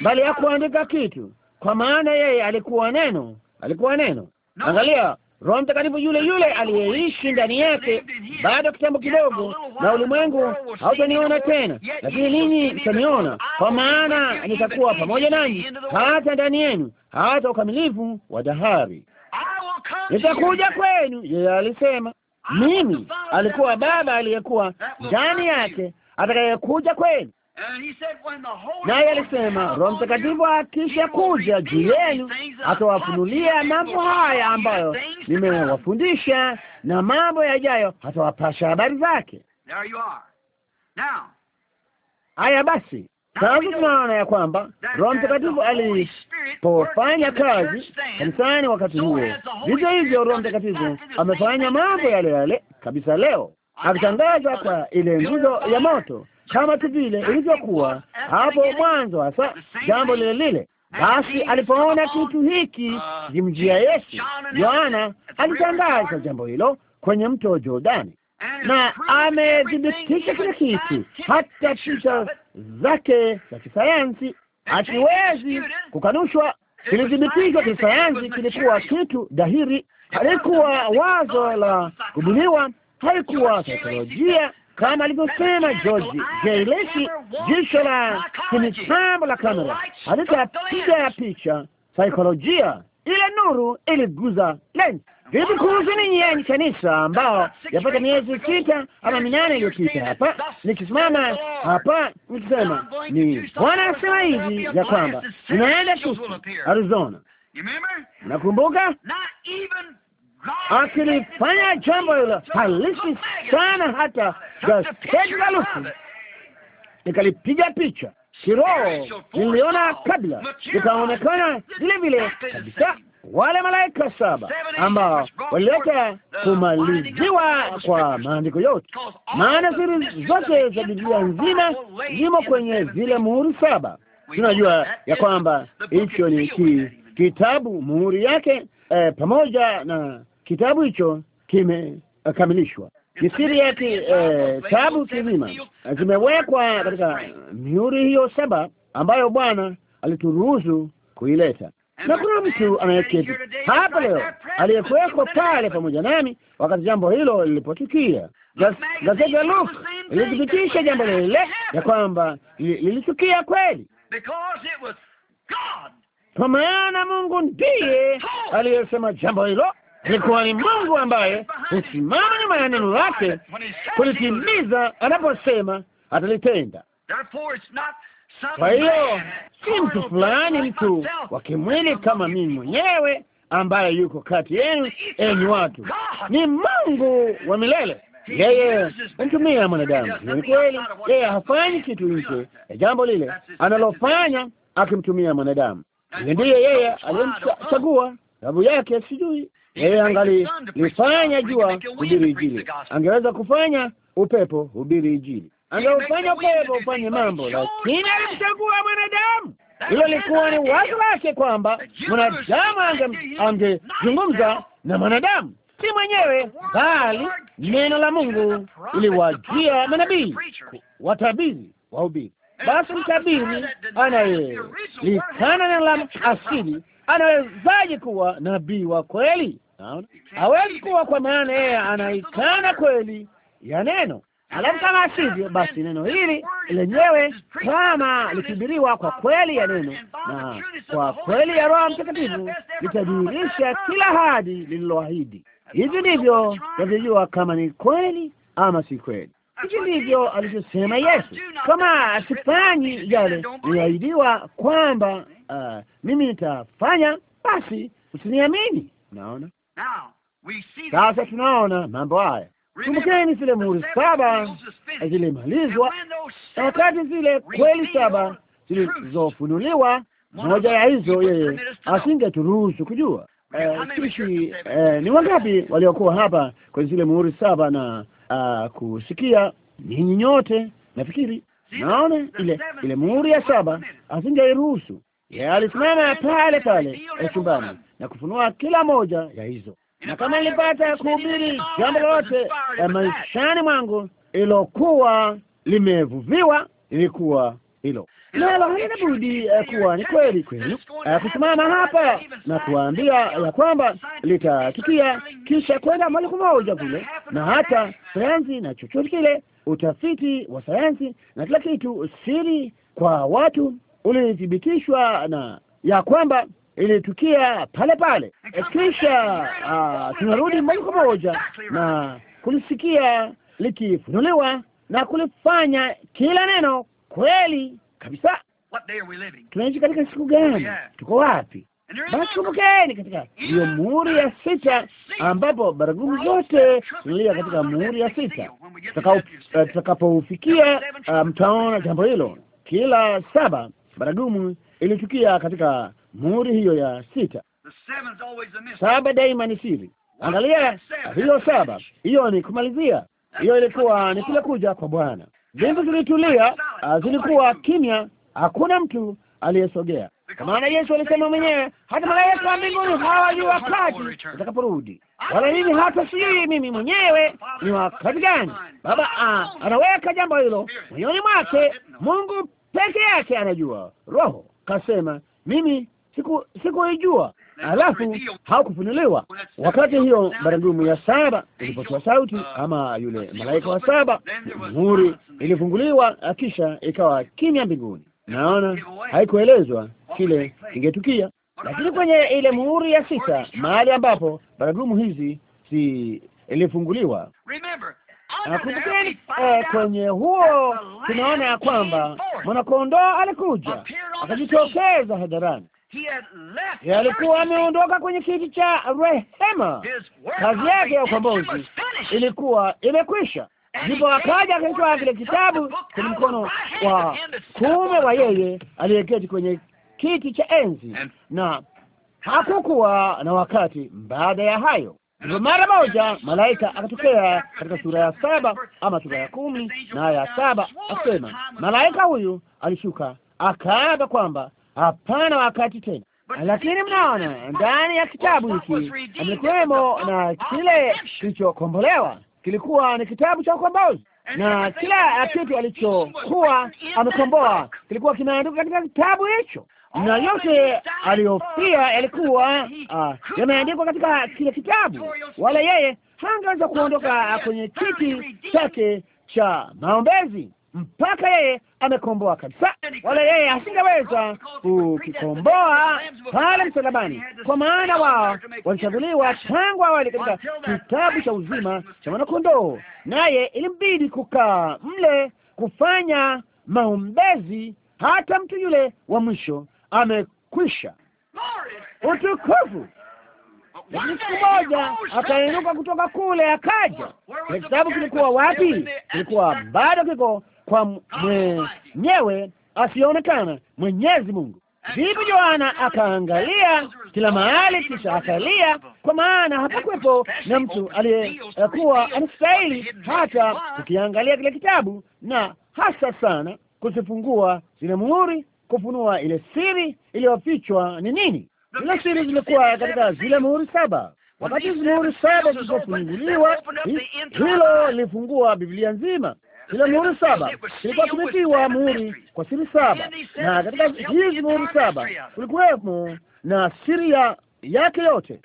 bali hakuandika kitu, kwa maana yeye alikuwa neno, alikuwa neno. Angalia Roho Mtakatifu yule yule aliyeishi ndani yake bado kitambo kidogo, na ulimwengu hautaniona tena, lakini ninyi mtaniona, kwa maana nitakuwa pamoja nanyi hata ndani yenu, hata ukamilifu wa dahari. Nitakuja kwenu, yeye alisema. Mimi alikuwa Baba aliyekuwa ndani yake atakayekuja kwenu Naye alisema Roho Mtakatifu akisha kuja juu yenu atawafunulia mambo haya ambayo nimewafundisha, na mambo yajayo atawapasha habari zake. Haya basi, sasa tunaona ya kwamba Roho Mtakatifu alipofanya kazi kanisani wakati huo, vivyo hivyo Roho Mtakatifu amefanya mambo yale yale kabisa leo, akitangaza kwa ile nguzo ya moto kama tu vile ilivyokuwa hapo mwanzo, hasa jambo lile lile. Basi alipoona kitu hiki kimjia Yesu, Yohana alitangaza jambo hilo kwenye mto Jordani, na amethibitisha kila kitu, hata picha zake za kisayansi akiwezi kukanushwa. Kilithibitishwa kisayansi, kilikuwa kitu dhahiri, halikuwa wazo la kubuniwa, haikuwa teknolojia kama alivyosema George Jaileshi, jicho la kimitambo la kamera halitapiga picha saikolojia. Ile nuru iliguza lens. Hivi kuhusu ninyi yenye kanisa ambao yapata miezi sita ama minane iliyopita, hapa nikisimama hapa nikisema ni Bwana asema hivi ya kwamba inaenda Arizona. Nakumbuka akilifanya jambo hilo halisi sana, hata gazeti la nikalipiga picha kiroho, niliona kabla, nikaonekana vile vile kabisa wale malaika saba ambao walileta kumaliziwa kwa maandiko yote, maana siri zote za Biblia nzima zimo kwenye zile muhuri saba. Tunajua ya kwamba hicho ni ki, kitabu muhuri yake eh, pamoja na Kitabu hicho kimekamilishwa. Misiri yake eh, tabu kizima zimewekwa katika mihuri hiyo saba ambayo Bwana alituruhusu kuileta, na kuna mtu anayeketi hapa leo aliyekuwekwa pale pamoja nami wakati jambo hilo lilipotukia. Gazeti ya Luka ilithibitisha jambo lile ya kwamba lilitukia kweli, kwa maana Mungu ndiye aliyesema jambo hilo ni ni Mungu ambaye husimama nyuma ya neno lake kulitimiza anaposema atalitenda. Kwa hiyo si mtu fulani, mtu wa kimwili kama mimi mwenyewe ambaye yuko kati yenu, enyi watu, ni Mungu wa milele. Yeye mtumia mwanadamu, hiyo ni kweli. Yeye hafanyi kitu nje ya jambo lile analofanya akimtumia mwanadamu. Ndiye yeye aliyemchagua, sababu yake sijui yeye angalifanya jua hubiri Injili, angeweza kufanya upepo hubiri Injili, angeufanya upepo ufanye mambo, lakini alimchagua mwanadamu. Hilo likuwa ni wazo lake kwamba mwanadamu angezungumza na mwanadamu, si mwenyewe, bali neno la Mungu iliwajia manabii, watabiri, wahubiri. Basi mtabiri anayelikana neno la asili anawezaje kuwa nabii wa kweli? hawezi kuwa, kwa maana yeye anaikana kweli ya neno. Alafu kama sivyo, basi neno hili lenyewe kama likihubiriwa kwa kweli ya neno na kwa kweli ya Roho Mtakatifu litadhihirisha kila hadi lililoahidi. Hivi ndivyo tavyojua kama ni kweli ama si kweli. Hivi ndivyo alivyosema Yesu, kama asifanyi yale niliahidiwa kwamba uh, mimi nitafanya, basi usiniamini. no. Sasa tunaona mambo haya. Kumbukeni zile muhuri saba zilimalizwa, na wakati zile kweli saba zilizofunuliwa, moja ya hizo yeye asingeturuhusu kujua. Eh, sisi eh, ni wangapi waliokuwa hapa kwenye zile muhuri saba na ah, kusikia? Ninyi nyote nafikiri. Naona ile ile muhuri ya saba asingeiruhusu. Yeye alisimama pale pale chumbani na kufunua kila moja ya hizo, na kama nilipata kuhubiri jambo lolote ya eh, maishani mwangu ilokuwa limevuviwa, ilikuwa hilo nalo halina budi eh, kuwa ni kweli kwenu, eh, kusimama hapa na kuambia ya kwamba litatukia, kisha kwenda moja kwa moja kule, na hata sayansi na chochote kile, utafiti wa sayansi na kila kitu, siri kwa watu ulithibitishwa na ya kwamba ilitukia pale pale, kisha uh, tunarudi moja kwa moja na kulisikia likifunuliwa na kulifanya kila neno kweli kabisa. Tunaishi katika siku gani? Oh, Tuko wapi? Basi kumbukeni, katika hiyo muhuri ya sita ambapo baragumu zote zinalia katika muhuri ya sita, eh, tutakapoufikia eh, mtaona jambo hilo. Kila saba baragumu ilitukia katika muhuri hiyo ya sita. Saba daima ni siri. Angalia hiyo saba, hiyo ni kumalizia. Hiyo ilikuwa ni kile kuja kwa Bwana. Mbingu zilitulia, ah, zilikuwa kimya, hakuna mtu aliyesogea, kwa maana Yesu alisema mwenyewe, hata malaika wa mbinguni hawajui wakati atakaporudi, wala mimi hata sijui mimi mwenyewe ni wakati gani. Baba ah, anaweka jambo hilo moyoni mwake, Mungu peke yake anajua. Roho kasema mimi siku sikuijua, alafu hakufunuliwa. Wakati hiyo baragumu ya saba ilipotoa sauti, ama yule malaika wa saba, muhuri ilifunguliwa, kisha ikawa kimya mbinguni. Naona haikuelezwa kile kingetukia, lakini kwenye ile muhuri ya sita, mahali ambapo baragumu hizi si ilifunguliwa Kumbukeni, eh, kwenye huo tunaona ya kwamba mwanakondoo alikuja akajitokeza hadharani, alikuwa ameondoka kwenye kiti cha rehema. Kazi yake ya ukombozi ilikuwa imekwisha. Ndipo akaja akitoa kile kitabu kwenye mkono wa kuume wa yeye aliyeketi kwenye kiti cha enzi, na hakukuwa na wakati baada ya hayo. Ndipo mara moja malaika akatokea katika sura ya saba ama sura ya kumi na ya saba, akasema malaika huyu alishuka akaaga kwamba hapana wakati tena. Lakini mnaona ndani ya kitabu hiki amekwemo na kile kilichokombolewa, kilikuwa ni kitabu cha ukombozi na kila kitu alichokuwa amekomboa kilikuwa kinaandikwa katika kitabu hicho, na yote aliyofia yalikuwa ah, yameandikwa katika kile kitabu. Wala yeye hangeweza kuondoka kwenye kiti chake cha maombezi mpaka yeye amekomboa kabisa, wala yeye asingeweza kukikomboa pale msalabani, kwa maana wao walichaguliwa tangu awali katika kitabu cha uzima cha mwanakondoo, naye ilimbidi kukaa mle kufanya maombezi hata mtu yule wa mwisho amekwisha. Utukufu! Lakini siku moja akainuka kutoka kule, akaja. kitabu kilikuwa wapi? Kilikuwa bado kiko kwa mwenyewe asiyoonekana, Mwenyezi Mungu. Ndipo Yohana akaangalia kila mahali, kisha akalia, kwa maana hapakuwepo na mtu aliyekuwa anastahili hata kukiangalia kile kitabu, na hasa sana kuzifungua zile muhuri, kufunua ile siri iliyofichwa ni nini. Zile siri zilikuwa katika zile muhuri saba. Wakati muhuri saba zilizofunguliwa, hilo lilifungua Biblia nzima kila muhuri saba kilikuwa kimetiwa muhuri kwa siri saba, na katika hizi muhuri saba kulikuwemo na siri ya yake yote,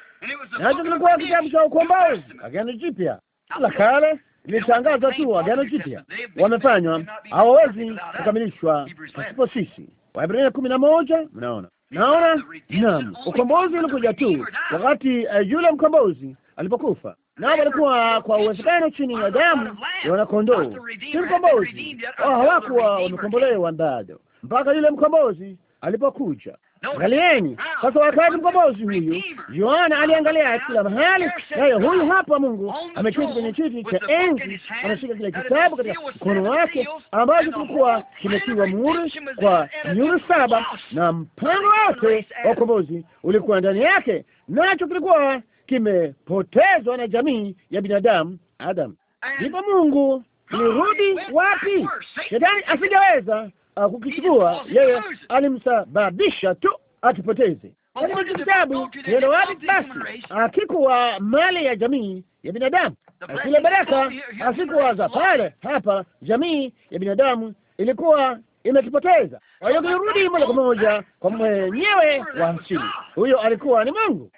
nacho kilikuwa kitabu cha ukombozi, Agano Jipya. La Kale lilitangaza tu Agano Jipya, wamefanywa hawawezi kukamilishwa pasipo sisi. Waebrania kumi na moja. Mnaona, naona, naam, ukombozi ulikuja tu wakati eh, yule mkombozi alipokufa nao walikuwa kwa uwezekano chini ya damu ya wanakondoo, si mkombozi. Ah, hawakuwa wamekombolewa bado mpaka yule mkombozi alipokuja. Angalieni sasa, wakati mkombozi huyu Yohana aliangalia kila mahali, naye huyu hapa Mungu ameketi kwenye kiti cha enzi, ameshika kile kitabu katika mkono wake, ambacho kilikuwa kimetiwa muhuri kwa nyuru saba, na mpango wake wa ukombozi ulikuwa ndani yake, nacho kilikuwa kimepotezwa na jamii ya binadamu Adam. Ndipo Mungu nirudi wapi? Shetani asingeweza uh, kukichukua yeye, alimsababisha tu akipoteze. Katika kitabu neno wapi basi, akikuwa mali ya jamii ya binadamu, zile baraka asikuwa za pale hapa, jamii ya binadamu ilikuwa imekipoteza. Kwa hiyo kirudi moja kwa moja kwa mwenyewe wa asili, huyo alikuwa ni Mungu.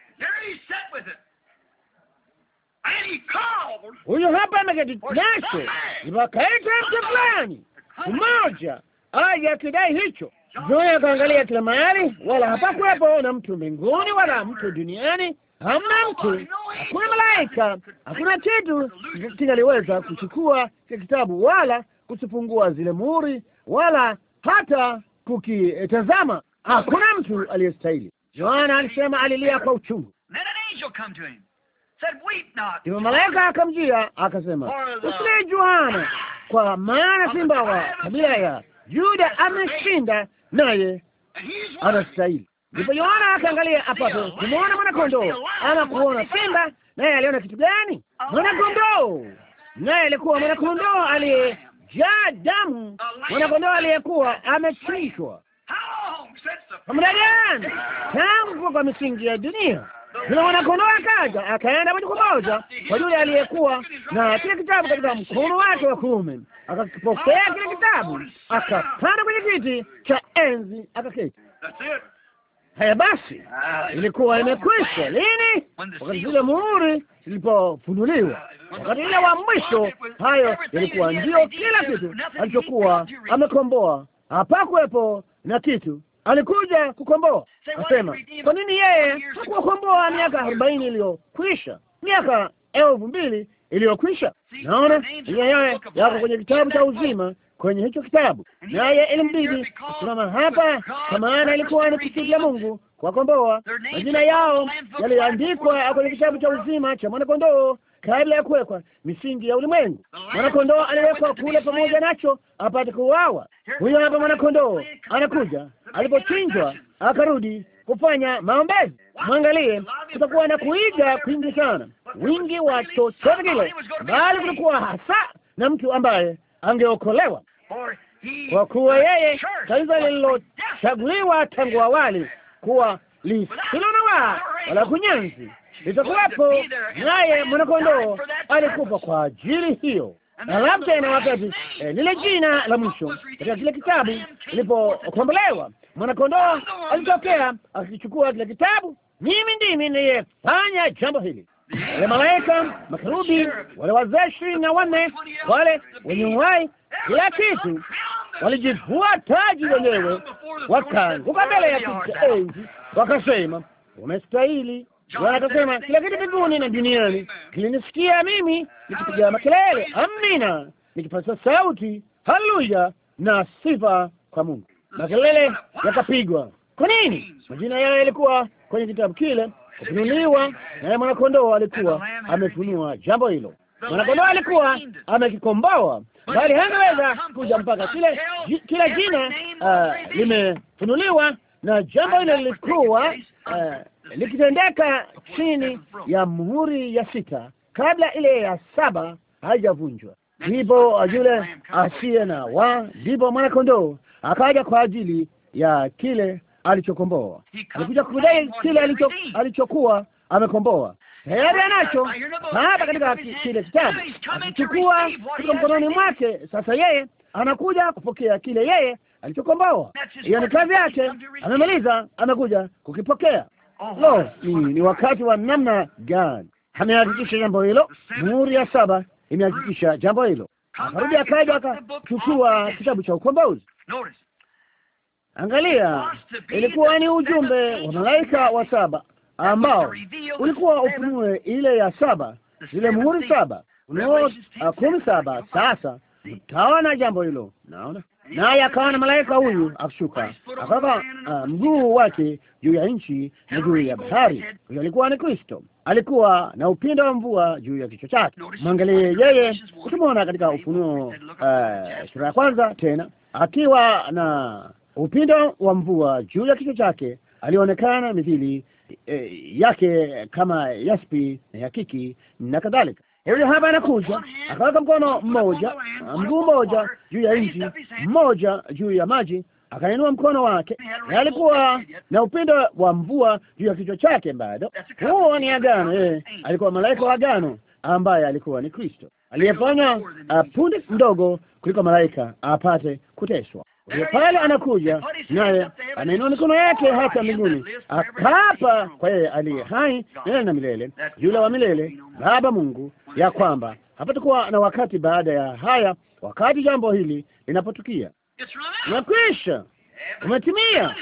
Huyo hapa ameketi nacho ipakaita mtu fulani mmoja aje akidai hicho. Joya akaangalia kila mahali, wala hapakuwepo na mtu mbinguni wala mtu duniani, hamna mtu, hakuna malaika, hakuna kitu kingaliweza kuchukua cha kitabu wala kuzifungua zile muhuri wala hata kukitazama. Hakuna mtu aliyestahili. Yohana alisema alilia kwa uchungu, ndipo malaika akamjia akasema, usile Yohana, kwa maana simba wa kabila ya Yuda ameshinda, naye anastahili. Ndipo Yohana akaangalia apate kumwona mwanakondoo ama kuona simba, naye aliona kitu gani? Mwanakondoo, naye alikuwa mwanakondoo aliyejaa damu, mwanakondoo aliyekuwa amechinjwa kwa muda gani? Tangu kwa misingi ya dunia bila mwanakondoo akaja akaenda moja kwa moja kwa yule aliyekuwa na kile kitabu katika mkono wake wa kuume, akakipokea kile kitabu, akapanda kwenye kiti cha enzi, akaketi. Haya basi, ilikuwa imekwisha lini? Wakati zile muhuri zilipofunuliwa, wakati ile wa mwisho. Hayo yalikuwa ndio kila kitu alichokuwa amekomboa. Hapakuwepo na kitu alikuja kukomboa. Asema kwa nini yeye hakuwakomboa miaka arobaini iliyokwisha, miaka elfu mbili iliyokwisha? Naona nia yeye yako kwenye kitabu cha uzima, kwenye hicho kitabu, naye ilimbidi kusimama hapa, kwa maana ilikuwa ni kusudi la Mungu kuwakomboa. Majina yao yaliyoandikwa kwenye kitabu cha uzima cha mwanakondoo kabla ya kuwekwa misingi ya ulimwengu. Mwanakondoo aliwekwa kule pamoja nacho apate kuuawa. Huyo hapa mwanakondoo anakuja, alipochinjwa akarudi kufanya maombezi. Mwangalie, kutakuwa na kuiga kwingi sana, wingi wa chochote kile, bali kulikuwa hasa na mtu ambaye angeokolewa kwa kuwa yeye kanisa lililochaguliwa tangu awali kuwa lisilo na waa wala kunyanzi litakuwapo, naye mwanakondoo alikufa kwa ajili hiyo. Na labda ina wakati eh, lile jina la mwisho katika kile kitabu lilipokombolewa, mwanakondoo alitokea akichukua kile kitabu. Mimi ndimi niliyefanya jambo hili. Wale malaika, makerubi, wale wazee ishirini na wanne, wale wenye uhai, kila kitu, walijivua taji wenyewe, wakaanguka mbele ya kiti cha enzi, wakasema umestahili akasema kila kitu mbinguni na duniani kilinisikia mimi nikipiga makelele, amina, nikipasa sauti haleluya na sifa kwa Mungu. Makelele yakapigwa. Kwa nini? Majina yao yalikuwa kwenye kitabu kile kufunuliwa, naye mwanakondoo alikuwa amefunua jambo hilo. Mwanakondoo alikuwa amekikomboa, bali hangeweza kuja mpaka kile kila jina uh, limefunuliwa, na jambo hilo lilikuwa uh, likitendeka chini ya muhuri ya sita kabla ile ya saba haijavunjwa. Ndipo yule asiye na wa, ndipo mwanakondoo akaja kwa ajili ya kile alichokomboa. Alikuja kudai kile alicho, alichokuwa amekomboa tayari anacho hapa katika kile kitabu, akichukua kutoka mkononi mwake. Sasa yeye anakuja kupokea kile yeye alichokomboa. Hiyo ni kazi yake, amemaliza, amekuja kukipokea. Lo, ni, ni wakati wa namna gani! Amehakikisha jambo hilo. Muhuri ya saba imehakikisha jambo hilo. Akarudi akaja akachukua kitabu cha ukombozi. Angalia, ilikuwa ni ujumbe wa malaika wa saba ambao ulikuwa ufunue ile ya saba, zile muhuri saba, unaona eh, kumi saba. Sasa utaona jambo hilo, naona naye akaona malaika huyu akushuka akaweka uh, mguu wake juu ya nchi na juu ya bahari. Huyo alikuwa ni Kristo, alikuwa na upinde wa mvua juu ya kichwa chake. Mwangalie yeye, utamwona katika Ufunuo uh, sura ya kwanza tena, akiwa na upinde wa mvua juu ya kichwa chake. Alionekana mithili eh, yake kama yaspi na yakiki na kadhalika. Yeye hapa anakuja, akaweka mkono mmoja mguu mmoja juu ya nchi, mmoja juu ya maji, akainua mkono wake, na alikuwa na upinde wa mvua juu ya kichwa chake. Bado huo ni agano. eh, alikuwa malaika wa agano ambaye alikuwa ni Kristo aliyefanya ah, punde mdogo kuliko malaika apate kuteswa. Ndiyo pale anakuja naye, anainua mikono yake hata mbinguni, hapa kwa yeye aliye hai milele na milele, yule wa milele, Baba Mungu, ya kwamba hapatakuwa na wakati baada ya haya, wakati jambo hili linapotukia. Umekwisha, umetimia,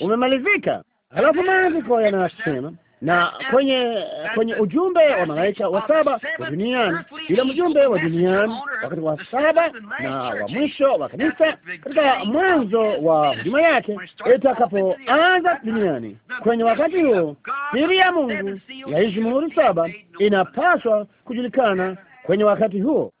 umemalizika. Halafu maandiko yanasema na kwenye kwenye ujumbe wa malaika wa saba wa duniani, yule mjumbe wa duniani wakati wa saba na wa mwisho wa kanisa katika mwanzo wa huduma yake itakapoanza duniani. Kwenye wakati huo, siri ya Mungu ya hizi muhuri saba inapaswa kujulikana kwenye wakati huo.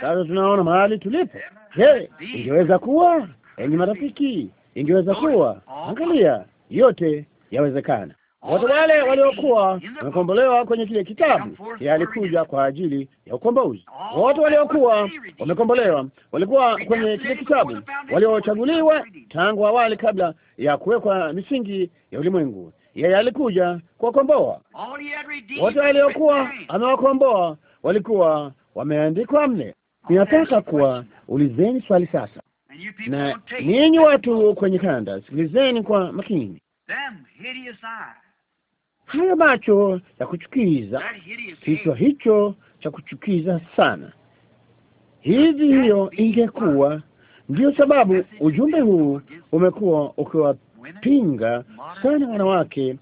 Sasa tunaona mahali tulipo. Je, ingeweza kuwa, enye marafiki, ingeweza kuwa? Angalia, yote yawezekana. Wote wale waliokuwa wamekombolewa kwenye kile kitabu, yeye alikuja kwa ajili ya ukombozi. Wote waliokuwa wamekombolewa walikuwa kwenye kile kitabu, waliochaguliwa tangu awali, kabla ya kuwekwa misingi ya ulimwengu, yeye alikuja kuwakomboa. Wote waliokuwa amewakomboa walikuwa wameandikwa mle. Ninataka kuwa ulizeni swali sasa, na ninyi watu kwenye kanda, sikilizeni kwa makini hayo macho ya kuchukiza, kichwa hicho cha kuchukiza sana. Hivi hiyo ingekuwa ndiyo sababu ujumbe huu umekuwa ukiwapinga sana wanawake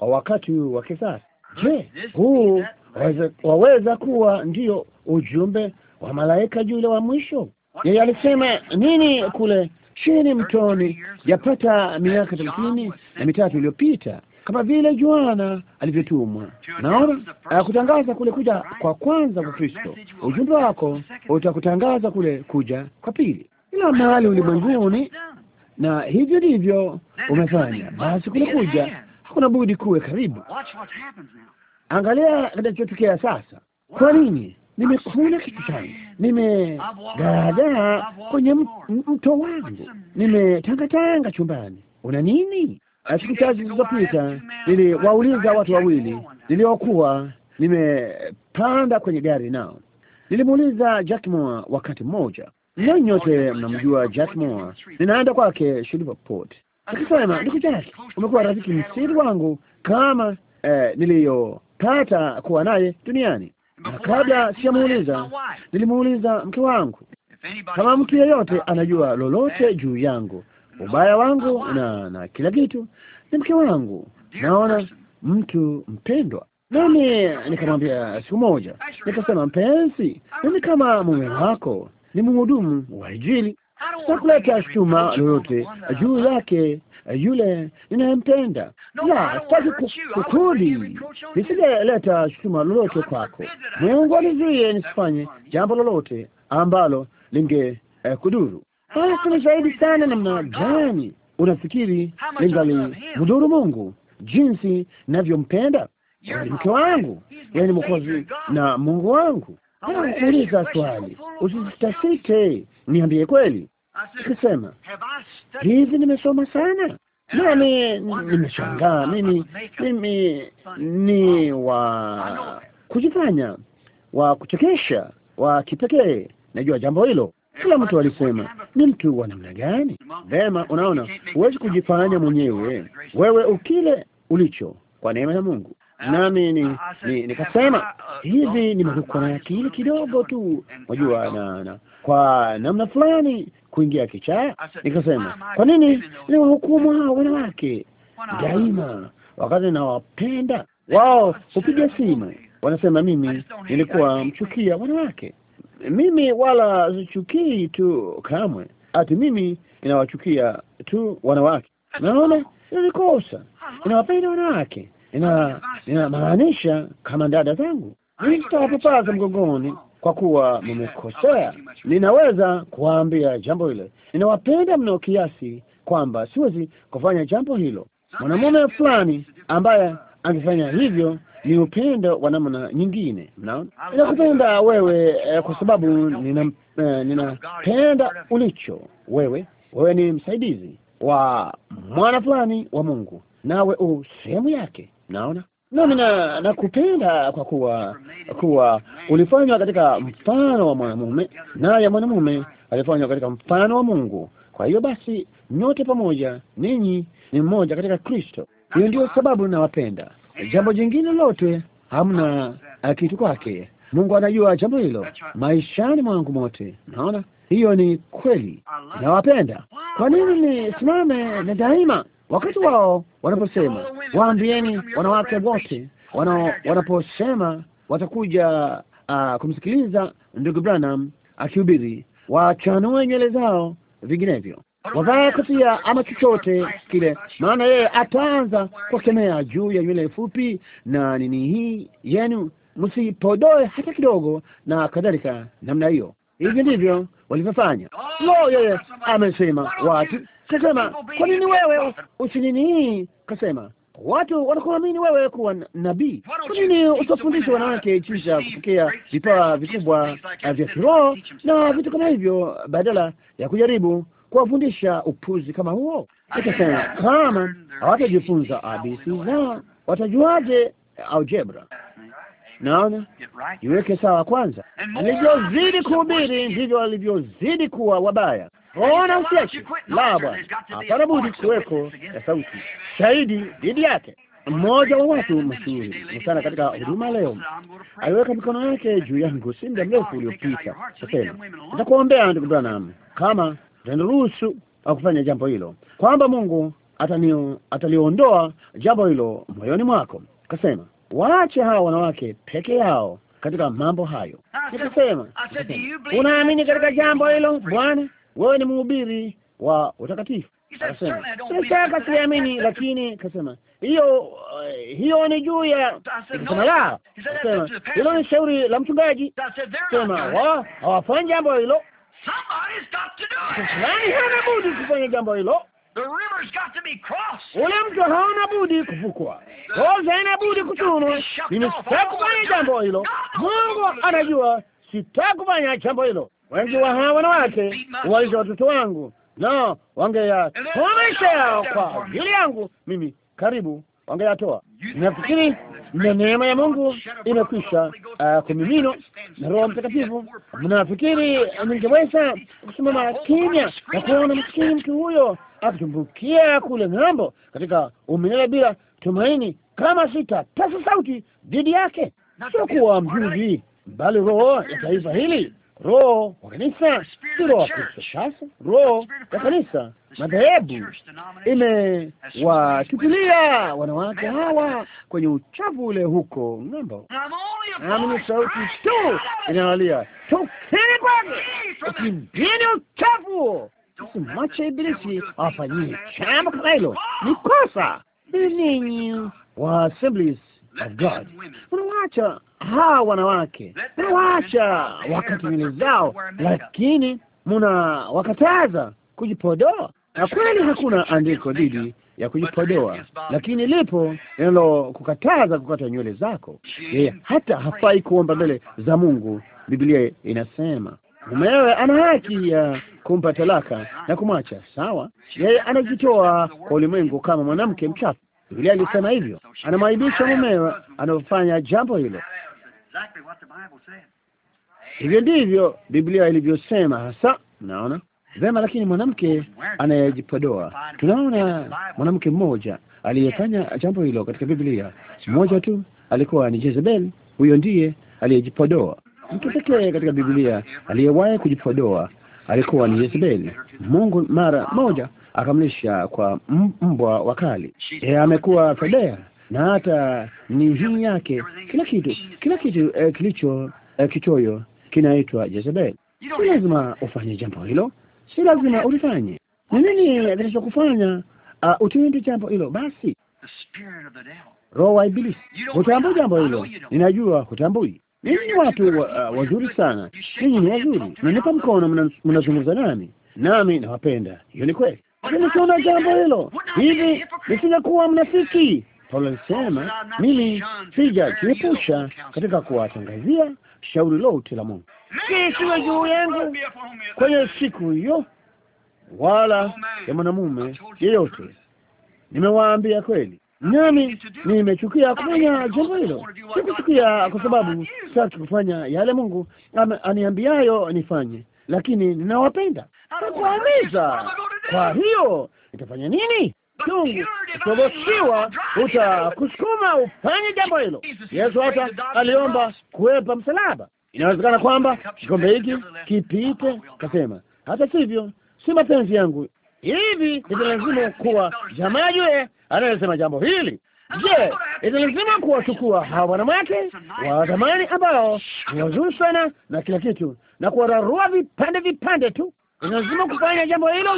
wa wakati huu wa kisasa. Je, huu waweza, waweza kuwa ndiyo ujumbe wa malaika yule wa mwisho? Yeye alisema nini kule chini mtoni yapata miaka thelathini na mitatu iliyopita? kama vile Yohana alivyotumwa. Naona kutangaza kule kuja kwa kwanza kwa Kristo, ujumbe wako utakutangaza kule kuja kwa pili, ila mahali ulimwenguni, na hivyo ndivyo umefanya. Basi kule kuja hakuna budi kuwe karibu. Angalia kinachotokea sasa. Kwa nini nimekula kitu changu, nimegaagaa kwenye mto wangu, nimetangatanga chumbani, una nini? siku chache zilizopita niliwauliza watu wawili niliokuwa nimepanda kwenye gari nao. Nilimuuliza Jack Moore wakati mmoja, ninyi nyote mnamjua Jack Moore, ninaenda kwake Shreveport. Nikasema, ndugu Jack, umekuwa rafiki msiri wangu kama eh, niliyopata kuwa naye duniani. Na kabla sijamuuliza, nilimuuliza mke wangu kama mtu yeyote anajua lolote juu yangu ubaya wangu na na kila kitu, ni mke wangu, naona mtu mpendwa. Nami nikamwambia siku moja, nikasema, mpenzi, mimi kama mume wako ni mhudumu wa Injili, sakuleta shutuma lolote juu yake yule ninayempenda, la, sitaki kukudi, nisijaleta shutuma lolote kwako. Mungu alizuie nisifanye jambo lolote ambalo linge eh, kuduru basi ni zaidi sana namna gani unafikiri ningalimdhuru Mungu jinsi navyompenda mke wangu, yaani mwokozi na Mungu wangu. Nauliza swali, usisitasite, niambie kweli. Nikasema hivi, nimesoma sana nami nimeshangaa. Mimi mimi ni wa kujifanya, wa kuchekesha, wa kipekee. Najua jambo hilo. Kila mtu alisema ni mtu wa namna gani? Vema, unaona, huwezi kujifanya mwenyewe, wewe ukile ulicho kwa neema ya Mungu. Nami ni, ni, hivi, nimekuwa na akili kidogo tu, unajua na, na kwa namna fulani kuingia kichaa. Nikasema, kwa nini niwahukumu hao wanawake daima, wakati nawapenda wao? Hupiga simu wanasema mimi nilikuwa mchukia wanawake mimi wala zichukii tu kamwe, ati mimi inawachukia tu wanawake. Naona nilikosa, inawapenda wanawake, ina inamaanisha kama dada zangu, nitawapapaza mgongoni kwa kuwa mmekosea. Ninaweza kuwaambia jambo hilo, ninawapenda mno kiasi kwamba siwezi kufanya jambo hilo. Mwanamume fulani ambaye angefanya hivyo ni upendo wa namna nyingine. Mnaona, ninakupenda wewe eh, kwa sababu nina eh, ninapenda ulicho wewe. Wewe ni msaidizi wa mwana fulani wa Mungu, nawe u sehemu yake. Mnaona, nami na nakupenda kwa kuwa kuwa ulifanywa katika mfano wa mwanamume, naye mwanamume alifanywa katika mfano wa Mungu. Kwa hiyo basi, nyote pamoja ninyi ni mmoja katika Kristo. Hiyo ndio sababu ninawapenda jambo jingine lote hamna kitu kwake. Mungu anajua jambo hilo maishani mwangu mote. Naona hiyo ni kweli, nawapenda. Kwa nini nisimame na daima wakati wao wanaposema, waambieni wanawake wote wana, wanaposema watakuja uh, kumsikiliza ndugu Branham akihubiri, wachanue nywele zao vinginevyo wavaa kofia ama chochote kile, maana yeye ataanza kukemea juu ya nywele fupi na nini hii yenu, msipodoe hata kidogo, na kadhalika namna hiyo. Hivi ndivyo walivyofanya. Lo, yeye amesema watu, kasema kwa nini wewe usinini hii, kasema watu wanakuamini wewe kuwa nabii. Kwa nini usifundishe wanawake jinsi ya kupokea vipawa vikubwa vya kiroho na vitu kama hivyo, badala ya kujaribu kuwafundisha upuzi kama huo? Utasema kama hawatajifunza abisi zao watajuaje algebra? Naona iweke sawa kwanza. Alivyozidi kuhubiri ndivyo alivyozidi kuwa wabaya. Ona usiache la Bwana, hapana budi kuweko ya sauti shahidi dhidi yake. Mmoja wa watu mashuhuri sana katika huduma leo aliweka mikono yake juu yangu si muda mrefu uliopita, kasema, nitakuombea ndugu Branham, kama ataniruhusu kufanya jambo hilo, kwamba Mungu atani, ataliondoa jambo hilo moyoni mwako. Kasema waache hawa wanawake peke yao katika mambo hayo. Nikasema, unaamini katika jambo hilo Bwana? Wewe ni mhubiri wa utakatifu. Akasema nataka siamini, lakini kasema hiyo hiyo ni juu ya kasema la, kasema hilo ni shauri la mchungaji. Kasema hawafanyi jambo hilo nani hana budi kufanya jambo hilo. Ule mtu haona budi kuvukwa, koza haina budi kutunwa. Mimi sitakufanya jambo hilo. Mungu anajua kufanya jambo hilo. Wengi wa hawa wanawake waliza watoto wangu no, wangeyatoa maisha yao kwa ajili yangu mimi, karibu wangeyatoa Nafikiri na neema ya Mungu imekwisha uh, kumimino na Roho Mtakatifu. Mnafikiri ningeweza kusimama kimya na kuona maskini mtu huyo akitumbukia kule ng'ambo katika umilele bila tumaini, kama sitapasa sauti dhidi yake? Sio kuwa mjuzi, bali roho ya taifa hili roho wa kanisa, si roho ya Kinshasa, roho ya kanisa. Madhehebu imewatupilia wanawake hawa kwenye uchafu ule huko ng'ambo, nami ni sauti tu inayolia, tokeni kwake, ukimbini uchafu, usimwache Ibilisi awafanyie jambo kama hilo. Ni kosa ninyi wa Assemblies of God, unawaacha hawa wanawake unawaacha wakati nywele zao, lakini munawakataza kujipodoa. Na kweli hakuna andiko dhidi ya kujipodoa, lakini lipo linalokukataza kukata nywele zako. Yeye hata hafai kuomba mbele za Mungu. Biblia inasema mumewe ana haki ya kumpa talaka na kumwacha. Sawa, yeye anajitoa kwa ulimwengu kama mwanamke mchafu. Biblia ilisema hivyo, anamwaibisha mumewe anapofanya jambo hilo. Hivyo ndivyo Biblia ilivyosema hasa. Naona vema, lakini mwanamke anayejipodoa, tunaona mwanamke mmoja aliyefanya jambo hilo katika Biblia, mmoja tu alikuwa ni Jezebel. Huyo ndiye aliyejipodoa. Mtu pekee katika Biblia aliyewahi kujipodoa alikuwa ni Jezebeli. Mungu mara moja akamlisha kwa mbwa wakali. Yeye amekuwa fedea na hata ni hii yake, kila kitu, kila kitu eh, kilicho eh, kichoyo kinaitwa Jezebel. Si lazima ufanye jambo hilo, si lazima ulifanye. Ni nini kinachokufanya uh, utende jambo hilo? Basi roho wa Ibilisi, hutambui jambo hilo. Ninajua hutambui. Ninyi ni watu uh, wazuri sana, ninyi ni wazuri, mnanipa mkono, mnazungumza nami, nami nawapenda. Hiyo ni kweli, lakini jambo hilo hivi, nisingekuwa mnafiki Paulo alisema mimi sijajiepusha katika kuwatangazia shauri lote la Mungu, isiwe juu yangu kwenye siku hiyo, wala ya mwanamume yeyote. Nimewaambia kweli, nami nimechukia kufanya jambo hilo. Sikuchukia kwa sababu sitaki kufanya yale Mungu aniambiayo nifanye, lakini ninawapenda kukuamiza. Kwa hiyo nitafanya nini? chungu kutobosiwa utakusukuma ufanye jambo hilo. Yesu hata aliomba kuwepa msalaba. Inawezekana kwamba kikombe hiki kipite, kasema hata sivyo, si mapenzi yangu hivi italazimu kuwa jamaa yule anayesema jambo hili. Je, italazimu kuwachukua hawa wanawake wa zamani ambao ni wazuri sana na kila kitu na kuwararua vipande vipande tu Inalazimu kufanya jambo hilo,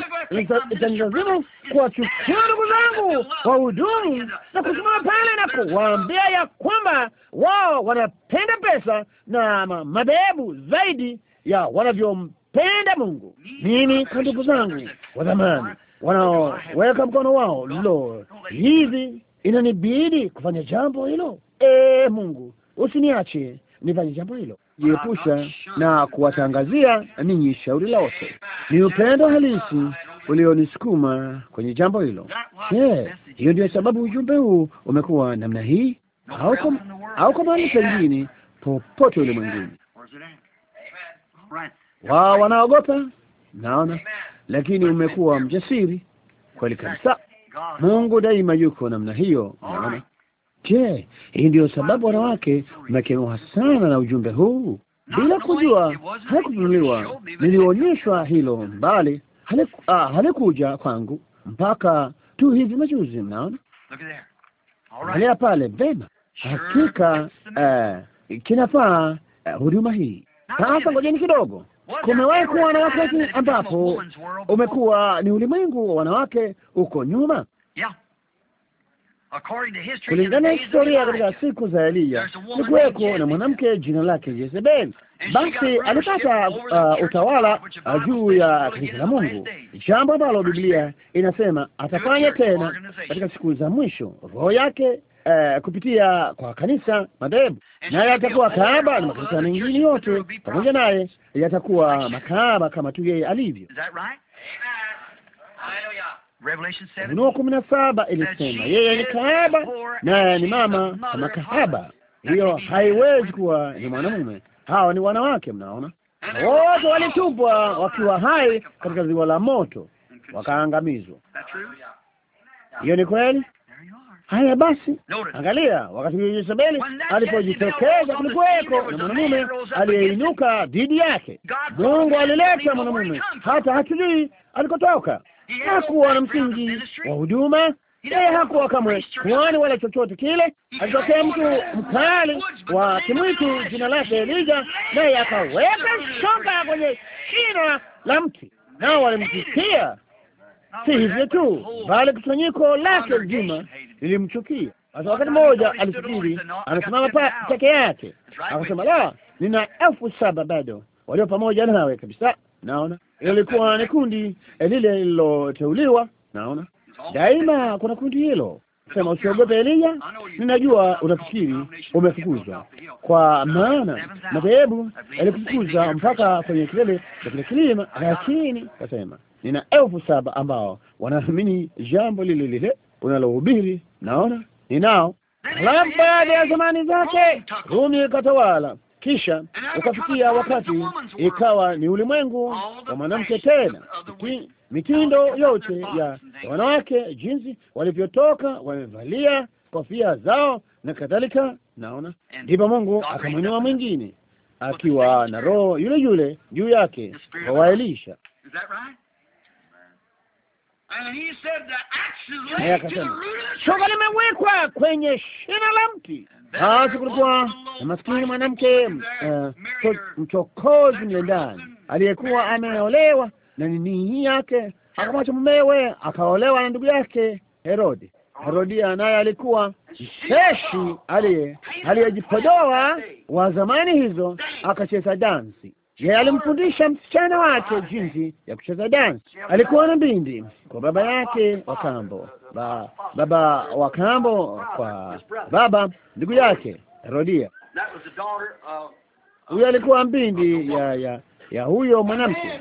itanilazimu kuwachukia ndugu zangu wahudumu na kusimama pale na kuwaambia ya kwamba wao wanapenda pesa na madhehebu zaidi ya wanavyompenda Mungu. Mimi kwa ndugu zangu wa zamani wanaoweka mkono wao, lo, hivi inanibidi kufanya jambo hilo. E Mungu, usiniache nifanye jambo hilo kujiepusha na kuwatangazia ninyi shauri lote. Ni upendo halisi ulionisukuma kwenye jambo hilo. Je, hiyo ndio sababu ujumbe huu umekuwa namna hii au kwa mahali pengine popote ulimwenguni? Wao wanaogopa, naona, lakini umekuwa mjasiri kweli kabisa. Mungu daima yuko namna hiyo, naona Je, hii ndiyo sababu wanawake mnakemewa sana na ujumbe huu? Bila kujua, haikufunuliwa, nilionyeshwa hilo, mbali ah, halikuja kwangu mpaka tu hivi majuzi. Mnaona, right. pale vema, hakika uh, kinafaa uh, huduma hii. Sasa ngojeni kidogo. Kumewahi kuwa wanawake ambapo umekuwa ni ulimwengu wa wanawake huko nyuma? Kulingana na historia, katika siku za Eliya kuweko na mwanamke jina lake Yezebeli. Basi alipata uh, utawala uh, juu ya kanisa la Mungu, jambo ambalo Biblia inasema atafanya tena katika siku za mwisho, roho yake Uh, kupitia kwa kanisa madhehebu, naye atakuwa kahaba na makanisa mengine yote pamoja naye yatakuwa makahaba kama tu yeye alivyo. Ufunuo kumi na saba ilisema yeye ni kahaba naye ni mama kama kahaba. Hiyo haiwezi kuwa ni mwanamume, hawa ni wanawake. Mnaona, wote walitupwa wakiwa hai katika ziwa la moto, wakaangamizwa. Hiyo ni kweli. Haya basi, angalia, wakati Yezebeli alipojitokeza kulikuweko na mwanamume aliyeinuka dhidi yake. Mungu alileta mwanamume, hata hatujui alikotoka hakuwa na msingi wa huduma. Yeye hakuwa kamwe kwani wala chochote kile. Alitokea mtu mkali wa kimwitu, jina lake Elija, naye akaweka shoka kwenye shina la mti, nao walimchukia. Si hivyo tu, bali kusanyiko lake zima lilimchukia. Sasa wakati mmoja alifikiri amesimama peke yake, akasema la, nina elfu saba bado walio pamoja nawe kabisa. Naona ilikuwa ni kundi eh, lile lililoteuliwa. Naona daima kuna kundi hilo. Sema, usiogope elia ninajua utafikiri umefukuzwa, kwa maana madhehebu yalikufukuza mpaka kwenye kilele cha kile kilima, lakini kasema nina elfu saba ambao wanaamini jambo lile lile unalohubiri. Naona ninao. Halafu baada ya zamani zake Rumi ikatawala kisha ukafikia wakati ikawa ni ulimwengu wa mwanamke tena, mitindo yote ya wanawake, jinsi walivyotoka wamevalia kofia zao na kadhalika. Naona ndipo Mungu akamwinua mwingine akiwa na roho yule yule juu yake, wawaelisha naye akasema shoka limewekwa kwenye shina la mti basi ah, kulikuwa na maskini mwanamke eh, mchokozi mle ndani aliyekuwa ameolewa na nini yake, akamwacha mumewe, akaolewa na ndugu yake Herodi. Herodia naye alikuwa mcheshi aliye aliyejipodoa wa zamani hizo, akacheza dansi. Yeye alimfundisha msichana wake jinsi ya kucheza dansi. Alikuwa na bindi kwa baba yake wa kambo, ba, baba wa kambo kwa baba ndugu yake Herodia. Huyo alikuwa mbindi ya, ya, ya huyo mwanamke.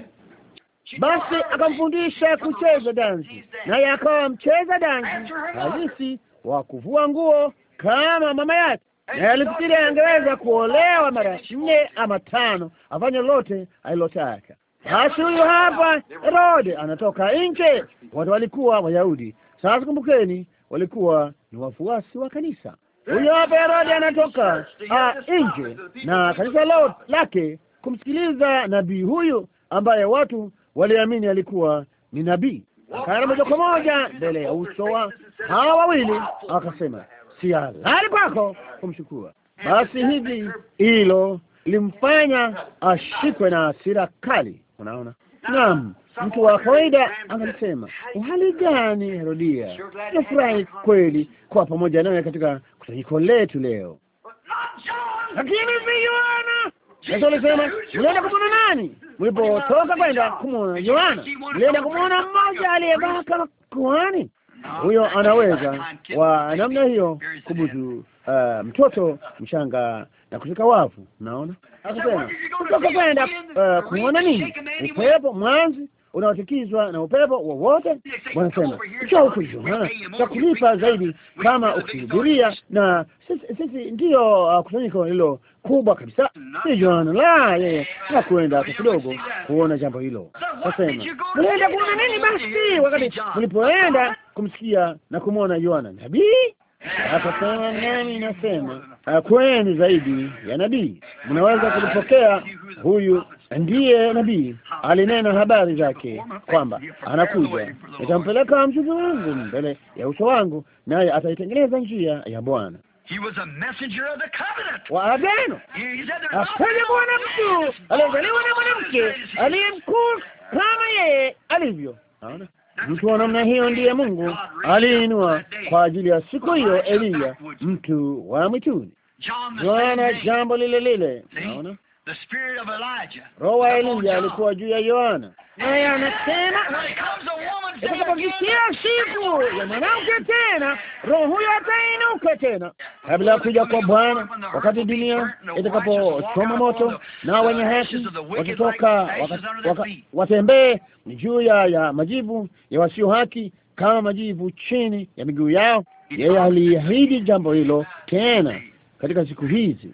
Basi akamfundisha kucheza dansi, naye akawa mcheza dansi halisi wa kuvua nguo kama mama yake, na alifikiri angeweza kuolewa mara nne ama tano, afanye lolote alilotaka. Basi huyu hapa Herode anatoka nje. Watu walikuwa Wayahudi sasa kumbukeni, walikuwa ni wafuasi wa kanisa. Huyo hapa Herodi anatoka ah, nje na kanisa lao lake kumsikiliza nabii huyu ambaye watu waliamini alikuwa ni nabii. Akaenda moja kwa moja mbele ya uso wa hawa wawili, akasema si halali kwako kumchukua. Basi hivi hilo limfanya ashikwe na hasira kali. Unaona? Naam, mtu wa kawaida anasema hali gani, Herodia? Nafurahi kweli kwa pamoja nawe katika kusanyiko letu leo. Lakini Yohana, Yesu alisema mlienda kumwona nani mlipotoka kwenda kumwona Yohana? Mlienda kumwona mmoja aliyevaa kama kuhani. Huyo anaweza wa namna hiyo kubutu uh, mtoto mchanga na kushika wavu. Naona akasema kutoka kwenda kuona nini? Upepo mwanzi unaotikizwa na upepo wowote. Wanasema njoo huku Ijumaa, zaidi kama ukihudhuria. Na sisi, sisi ndiyo uh, ah, kusanyiko hilo kubwa kabisa. Si Yohana la yeye hakwenda kidogo kuona jambo hilo. Nasema mlienda kuona nini basi wakati mlipoenda kumsikia na kumwona Yohana nabii? Hapa sasa nani nasema ah, kweni zaidi ya nabii, mnaweza kulipokea huyu ndiye nabii alinena habari zake kwamba anakuja, nitampeleka mjumbe wangu mbele ya uso wangu, naye ataitengeneza njia ya Bwana wa agano. bwana mtu aliyezaliwa na mwanamke aliye mkuu kama yeye alivyo. Naona Mtu wa namna hiyo ndiye Mungu aliinua kwa ajili ya siku hiyo elia mtu wa mwituni. Yohana jambo lile lile, naona Roho wa Elia alikuwa juu ya Yohana, naye anasema itakapokisia siku ya mwanamke tena, roho huyo atainuka tena kabla ya kuja kwa Bwana, wakati dunia itakapochoma moto na wenye haki wakitoka watembee juu ya ya majivu ya wasio haki kama majivu chini ya miguu yao. Yeye aliahidi jambo hilo tena katika siku hizi.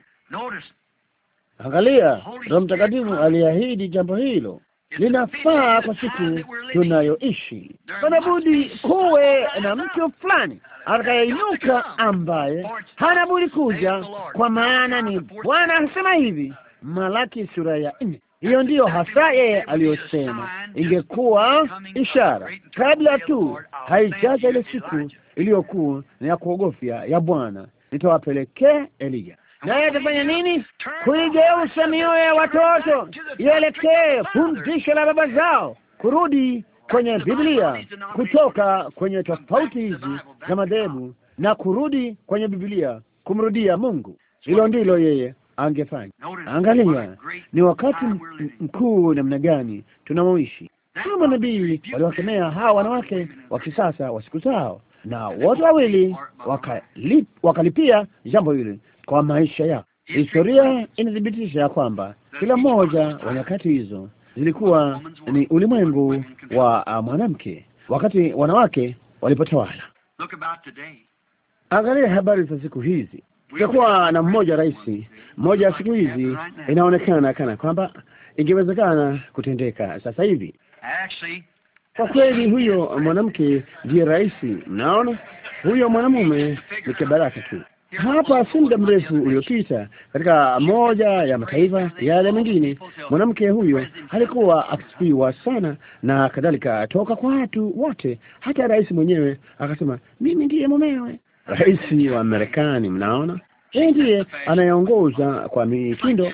Angalia, Roho Mtakatifu aliahidi jambo hilo linafaa kwa siku tunayoishi. Pana budi kuwe na mtu fulani atakayeinuka ambaye hana budi kuja, kwa maana ni Bwana asema hivi, Malaki sura ya nne. Hiyo ndiyo hasa yeye aliyosema ingekuwa ishara kabla tu haijaja ile siku iliyokuwa na ya kuogofya ya Bwana, nitawapelekea elia naye atafanya nini? kuigeusa mioyo ya watoto ielekee fundisho la baba zao, kurudi kwenye Biblia, kutoka kwenye tofauti hizi za madhehebu na kurudi kwenye Biblia, kumrudia Mungu. Hilo ndilo yeye angefanya. Angalia, ni wakati mkuu namna gani tunaoishi. Kama nabii waliwakemea hawa wanawake wa kisasa wa siku zao, na wote wawili wakalipia jambo hili kwa maisha yao. Historia inathibitisha ya kwamba kila mmoja wa nyakati hizo zilikuwa ni ulimwengu wa mwanamke, wakati wanawake walipotawala. Angalia habari za siku hizi, itakuwa na mmoja rais mmoja ya siku hizi. Inaonekana kana kwamba ingewezekana kutendeka sasa hivi. Kwa kweli, huyo mwanamke ndiye rais. Mnaona, huyo mwanamume ni kibaraka tu. Hapa si muda mrefu uliopita, katika moja ya mataifa yale mengine, mwanamke huyo alikuwa akisifiwa sana na kadhalika, toka kwa watu wote, hata rais mwenyewe akasema, mimi ndiye mumewe. Rais wa Marekani, mnaona, yeye ndiye anayeongoza kwa mitindo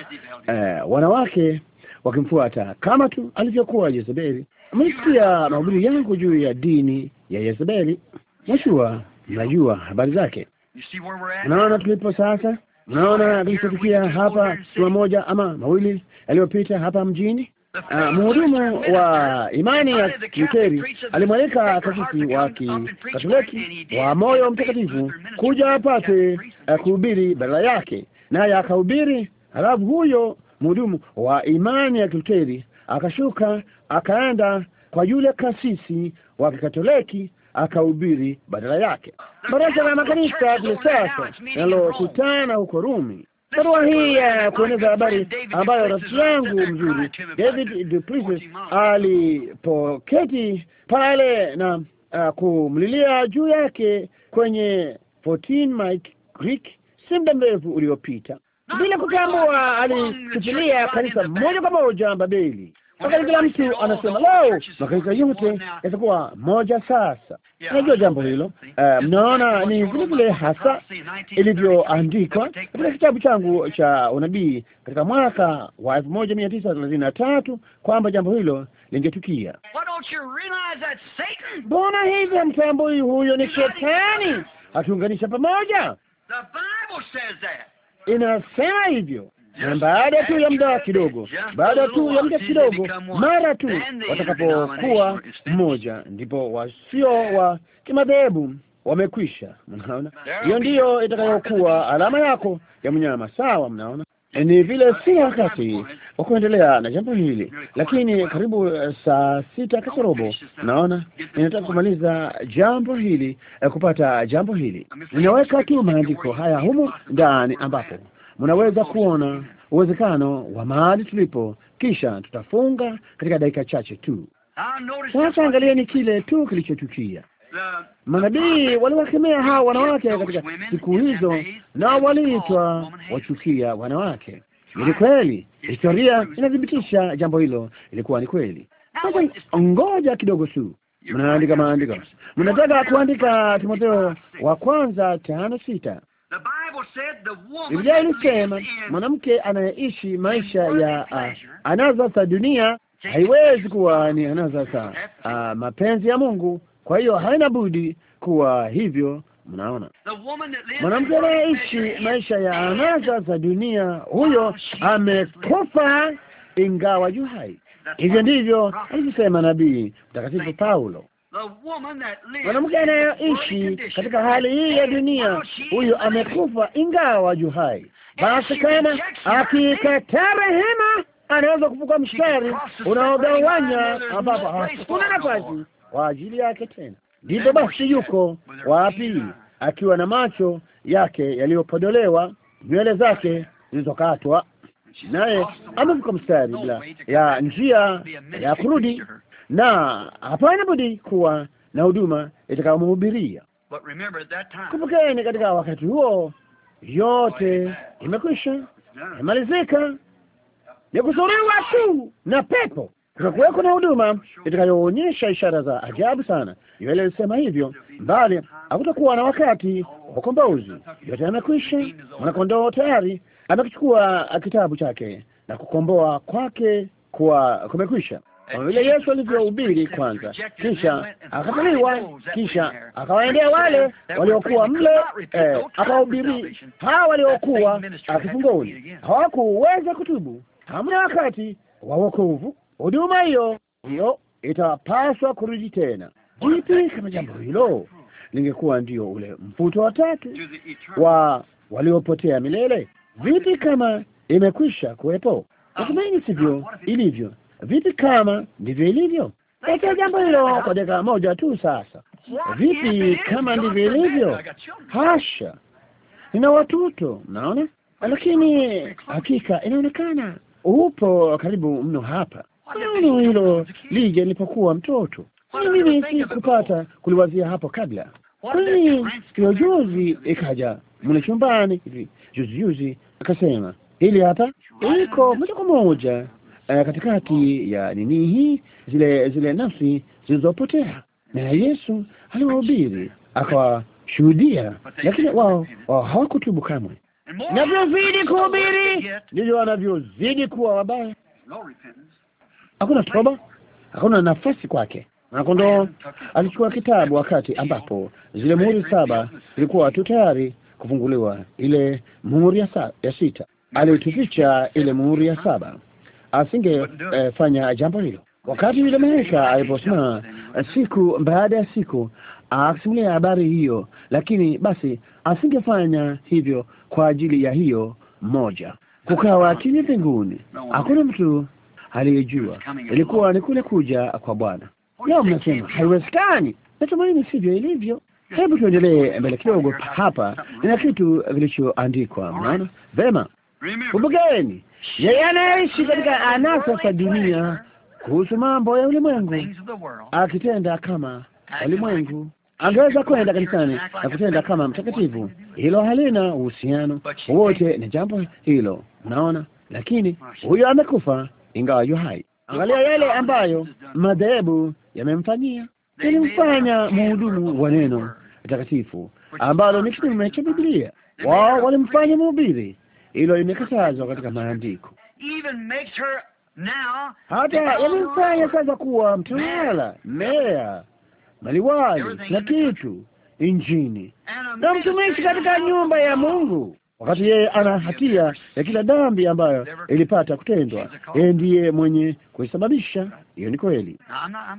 eh, wanawake wakimfuata kama tu alivyokuwa Yezebeli. Mlisikia mahubiri yangu juu ya dini ya Yezebeli, najua mnajua habari zake. Unaona tulipo sasa? Unaona alichofikia hapa juma moja ama mawili yaliyopita hapa mjini. Uh, mhudumu wa imani ya Luteri alimwalika kasisi wa Kikatoliki wa Moyo Mtakatifu kuja apate uh, kuhubiri badala yake, naye akahubiri. Halafu huyo mhudumu wa imani ya Kiluteri akashuka akaenda kwa yule kasisi wa Kikatoliki akahubiri badala yake. Baraza la makanisa sasa linalokutana huko Rumi. Barua hii ya kueneza habari ambayo rafiki yangu mzuri David Duplessis alipoketi pale na uh, kumlilia juu yake kwenye 14 Mike Creek si muda mrefu uliopita, bila kutambua alitupilia kanisa moja kwa moja Babeli wakati kila mtu anasema lao makanisa yote yatakuwa moja. Sasa unajua jambo hilo, eh, mnaona ni vile vile hasa ilivyoandikwa katika kitabu changu cha unabii katika mwaka wa elfu moja mia tisa thelathini na tatu kwamba jambo hilo lingetukia. Mbona hivyo mtambui? Huyo ni shetani, hatuunganisha pamoja. Inasema hivyo na baada tu ya muda kidogo, baada tu ya muda kidogo, mara tu watakapokuwa mmoja, ndipo wasio wa kimadhehebu wamekwisha. Mnaona, hiyo ndiyo itakayokuwa alama yako ya mnyama. Sawa, mnaona. Ni vile si wakati wa kuendelea na jambo hili, lakini karibu eh, saa sita kasorobo, naona ninataka kumaliza jambo hili, eh, kupata jambo hili. Ninaweka tu maandiko haya humu ndani ambapo mnaweza kuona uwezekano wa mahali tulipo, kisha tutafunga katika dakika chache tu. Sasa angalieni kile tu kilichotukia. Manabii waliwakemea hawa wanawake katika siku hizo, na waliitwa wachukia wanawake. Ni kweli, historia inathibitisha jambo hilo, ilikuwa ni kweli. Sasa ngoja kidogo tu, mnaandika maandiko, mnataka kuandika Timotheo wa kwanza tano sita Biblia ilisema mwanamke anayeishi maisha ya uh, ah, za dunia haiwezi kuwa ni anasa uh, ah, mapenzi ya Mungu. Kwa hiyo haina budi kuwa hivyo. Mnaona, mwanamke anayeishi maisha ya anaza za dunia, huyo amekufa ingawa yu hai. Hivyo ndivyo alivyosema nabii mtakatifu Paulo mwanamke anayeishi katika hali hii ya dunia, huyu amekufa ingawa juhai hai. Basi kama akikataa rehema, anaweza kuvuka mstari unaogawanya, ambapo hakuna nafasi kwa ajili yake tena. Ndipo basi yuko wa pili, akiwa na macho yake yaliyopodolewa, nywele zake zilizokatwa, naye amevuka mstari bila ya njia ya kurudi na hapana budi kuwa na huduma itakayomhubiria. Kumbukeni, katika wakati huo yote imekwisha, imalizika, ni kuzuriwa tu na pepo. Kutakuweko na huduma itakayoonyesha ishara za ajabu sana. Yule alisema hivyo, mbali hakutakuwa na wakati wa ukombozi. Yote amekwisha, mwanakondoo tayari amekichukua kitabu chake na kukomboa kwake kuwa kumekwisha kama vile Yesu alivyohubiri kwanza, kisha akataliwa, kisha akawaendea wale waliokuwa mle, eh, akahubiri hawa waliokuwa kifungoni, hawakuweza kutubu. Hamna wakati wa wokovu. Huduma hiyo hiyo itapaswa kurudi tena. Vipi kama jambo hilo lingekuwa ndio ule mvuto wa tatu wa waliopotea milele? Vipi kama imekwisha kuwepo? Natumaini sivyo ilivyo. Vipi kama ndivyo ilivyo? Pekea jambo hilo kwa dakika moja tu sasa. Vipi kama ndivyo ilivyo? Hasha, nina watoto, naona lakini hakika inaonekana upo karibu mno hapa. Neno hilo lije nilipokuwa mtoto, mimi sikupata kuliwazia hapo kabla. Kwani juzi ikaja mule chumbani hivi juzi juzi, akasema hili hapa iko moja kwa moja Eh, katikati ya nini hii, zile zile nafsi zilizopotea, na Yesu aliwahubiri akawashuhudia, lakini wao wao hawakutubu kamwe. Navyozidi kuhubiri ndivyo wanavyozidi kuwa wabaya. Hakuna toba, hakuna nafasi kwake. Mwanakondoo alichukua kitabu wakati ambapo zile muhuri saba zilikuwa tu tayari kufunguliwa. Ile muhuri ya, ya sita alituficha ile muhuri ya saba asingefanya eh, jambo hilo. Wakati yule maisha aliposema siku baada ya siku akisimulia habari hiyo, lakini basi asingefanya hivyo kwa ajili ya hiyo moja. Kukawa kimya mbinguni, hakuna mtu aliyejua. Ilikuwa ni kule kuja kwa Bwana. Leo mnasema haiwezekani. Natumaini sivyo ilivyo. Hebu tuendelee mbele kidogo. Hapa nina kitu kilichoandikwa, mana vema, kumbukeni yeye anaishi katika anasa za dunia kuhusu mambo ya ulimwengu, akitenda kama ulimwengu. Angeweza kwenda kanisani na kutenda kama mtakatifu, hilo halina uhusiano wowote na jambo hilo, unaona. Lakini huyo amekufa ingawa yu hai. Angalia yale ambayo madhehebu yamemfanyia. Ilimfanya mhudumu wa neno mtakatifu ambalo ni kinyume cha Biblia. Wao walimfanya mhubiri hilo limekatazwa katika maandiko. Hata yamemfanya sasa kuwa mtawala, meya, maliwali na kitu injini na mtumishi katika nyumba ya Mungu, wakati yeye ana hatia ya kila dhambi ambayo ilipata kutendwa. Yeye ndiye mwenye kuisababisha. Hiyo ni kweli.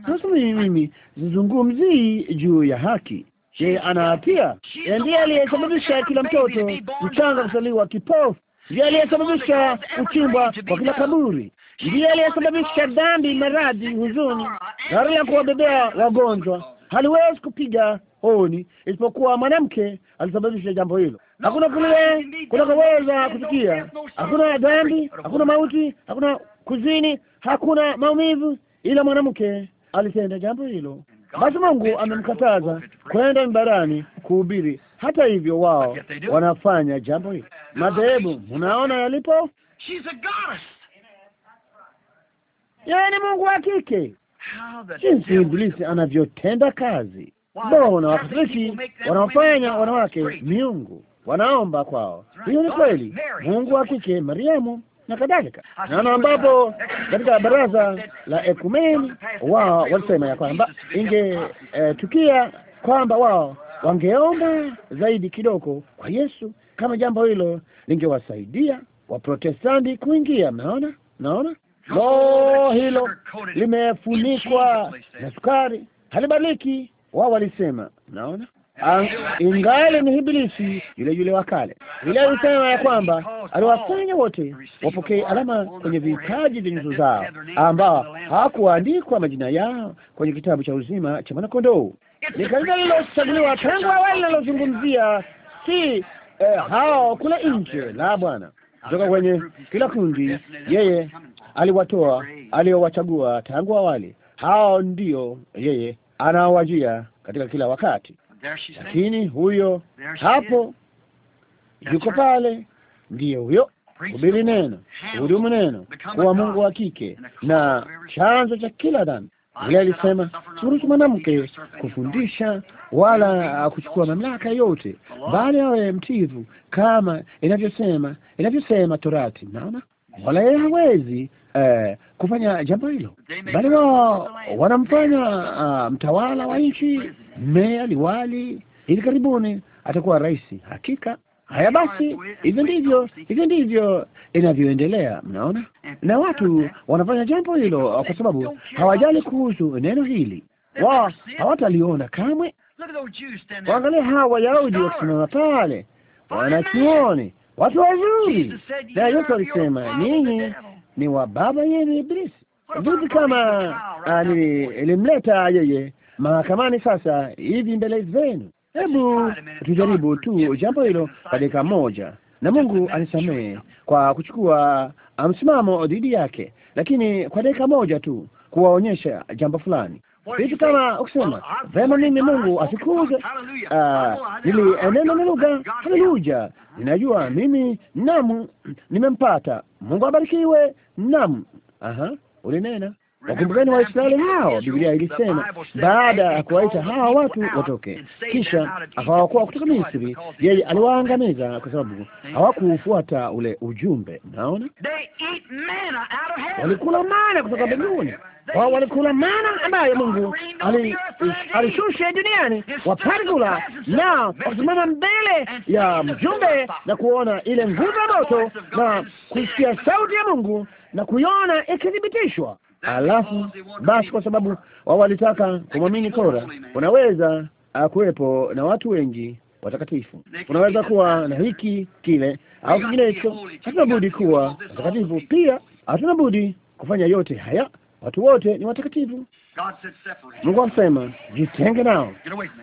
Sasa mimi sizungumzii juu ya haki Je, ana hatia? Ndiye aliyesababisha kila mtoto mchanga kuzaliwa kipofu. Ndiye aliyesababisha kuchimbwa kwa kila kaburi. Ndiye aliyesababisha dhambi, maradhi, huzuni, gari la kuwabebea wagonjwa. Haliwezi kupiga honi isipokuwa mwanamke alisababisha jambo hilo. Hakuna kule kunakoweza kufikia, hakuna dhambi, hakuna mauti, hakuna kuzini, hakuna maumivu, ila mwanamke alitenda jambo hilo. Basi Mungu amemkataza kwenda mbarani kuhubiri. Hata hivyo, wao wanafanya jambo hili. Madhehebu, unaona yalipo. Yeye ni mungu wa kike. Jinsi Iblisi anavyotenda kazi. Bona Wakatoliki wanaofanya wanawake miungu, wanaomba kwao. Hiyo ni kweli, mungu wa kike Mariamu na kadhalika, naona ambapo katika baraza la ekumeni wao walisema ya kwamba ingetukia eh, kwamba wao wangeomba zaidi kidogo kwa Yesu kama jambo hilo lingewasaidia Waprotestanti kuingia. naona naona lo, hilo limefunikwa na sukari, halibadiliki. Wao walisema, naona Ah, ingali ni Ibilisi yule yule wa kale. ile alisema ya kwamba aliwafanya wote wapokee alama kwenye vipaji vya nyuso zao, ambao hawakuandikwa majina yao kwenye kitabu cha uzima cha mwanakondoo. Ni kanisa lililochaguliwa tangu awali linalozungumzia si eh, hao kule nje, la Bwana kutoka kwenye kila kundi. Yeye aliwatoa aliowachagua tangu awali, hao ndio yeye anaowajia katika kila wakati lakini huyo hapo yuko pale, ndiye huyo hubiri neno, hudumu neno, kuwa Mungu wa kike na chanzo cha kila dhambi. ile alisema siruhusu mwanamke kufundisha wala kuchukua mamlaka yote, bali awe mtivu kama inavyosema inavyosema Torati. Naona wala yeye hawezi eh, kufanya jambo hilo, bali wao wanamfanya uh, mtawala wa nchi, meya, liwali. Hivi karibuni atakuwa rais. Hakika haya, basi, hivyo ndivyo, hivyo ndivyo inavyoendelea. Mnaona, na watu wanafanya jambo hilo kwa sababu hawajali kuhusu neno hili, wao hawataliona kamwe. Waangalie hawa Wayahudi wakisimama pale, wanachuoni, watu wazuri, na Yesu alisema ninyi ni wa baba yenu Ibilisi. Vipi kama ah, nilimleta yeye mahakamani sasa hivi mbele zenu? Hebu tujaribu tu jambo hilo kwa dakika moja, na Mungu anisamehe kwa kuchukua ah, msimamo dhidi yake, lakini kwa dakika moja tu kuwaonyesha jambo fulani vitu kama ukisema vema, mimi Mungu asikuze, nilinena na lugha, haleluya, ninajua mimi namu nimempata, Mungu abarikiwe, Naam, aha, ulinena. Wakumbukeni Waisraeli hao, Biblia ilisema baada ya kuwaita hawa watu watoke, kisha akawaokoa kutoka Misri. Yeye aliwaangamiza kwa sababu hawakuufuata ule ujumbe. Naona walikula mana kutoka mbinguni, wao walikula mana ambayo Mungu alishusha duniani, wapate kula na wakasimama mbele ya mjumbe na kuona ile nguvu ya moto na kusikia sauti ya Mungu na kuiona ikithibitishwa. Alafu basi, kwa sababu wao walitaka kumwamini Kora, unaweza ah, kuwepo na watu wengi watakatifu, unaweza kuwa na hiki kile au kingine hicho. Hatuna budi kuwa watakatifu pia, hatuna budi kufanya yote haya. Watu wote ni watakatifu. Mungu amsema jitenge nao,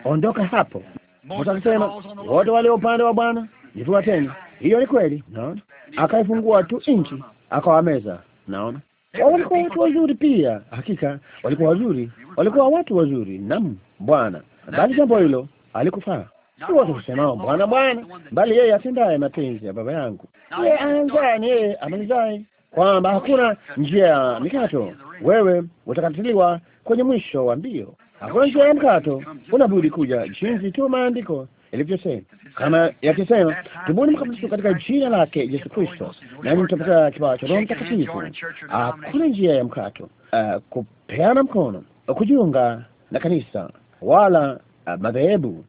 ondoka hapo. Musa akasema, wote walio upande wa Bwana tena Hiyo ni kweli, naona akaifungua tu nchi akawameza. Naona walikuwa watu wazuri pia, hakika walikuwa wazuri, walikuwa watu wazuri. Naam Bwana, bali jambo hilo alikufaa si watu kusemao oh, Bwana Bwana, bali yeye atendaye mapenzi ya Baba yangu. Yeye aanzaye ni yeye amalizaye, kwamba hakuna njia ya mikato, wewe utakatiliwa kwenye mwisho wa mbio. Hakuna njia ya mkato, unabudi kuja jinsi tu maandiko ilivyosema, kama yakisema, tubuni mkabatizo katika jina lake Yesu Kristo, nani mtapata kipawa cha Roho Mtakatifu. Hakuna njia ya mkato, uh, kupeana mkono, kujiunga na kanisa wala uh, madhehebu.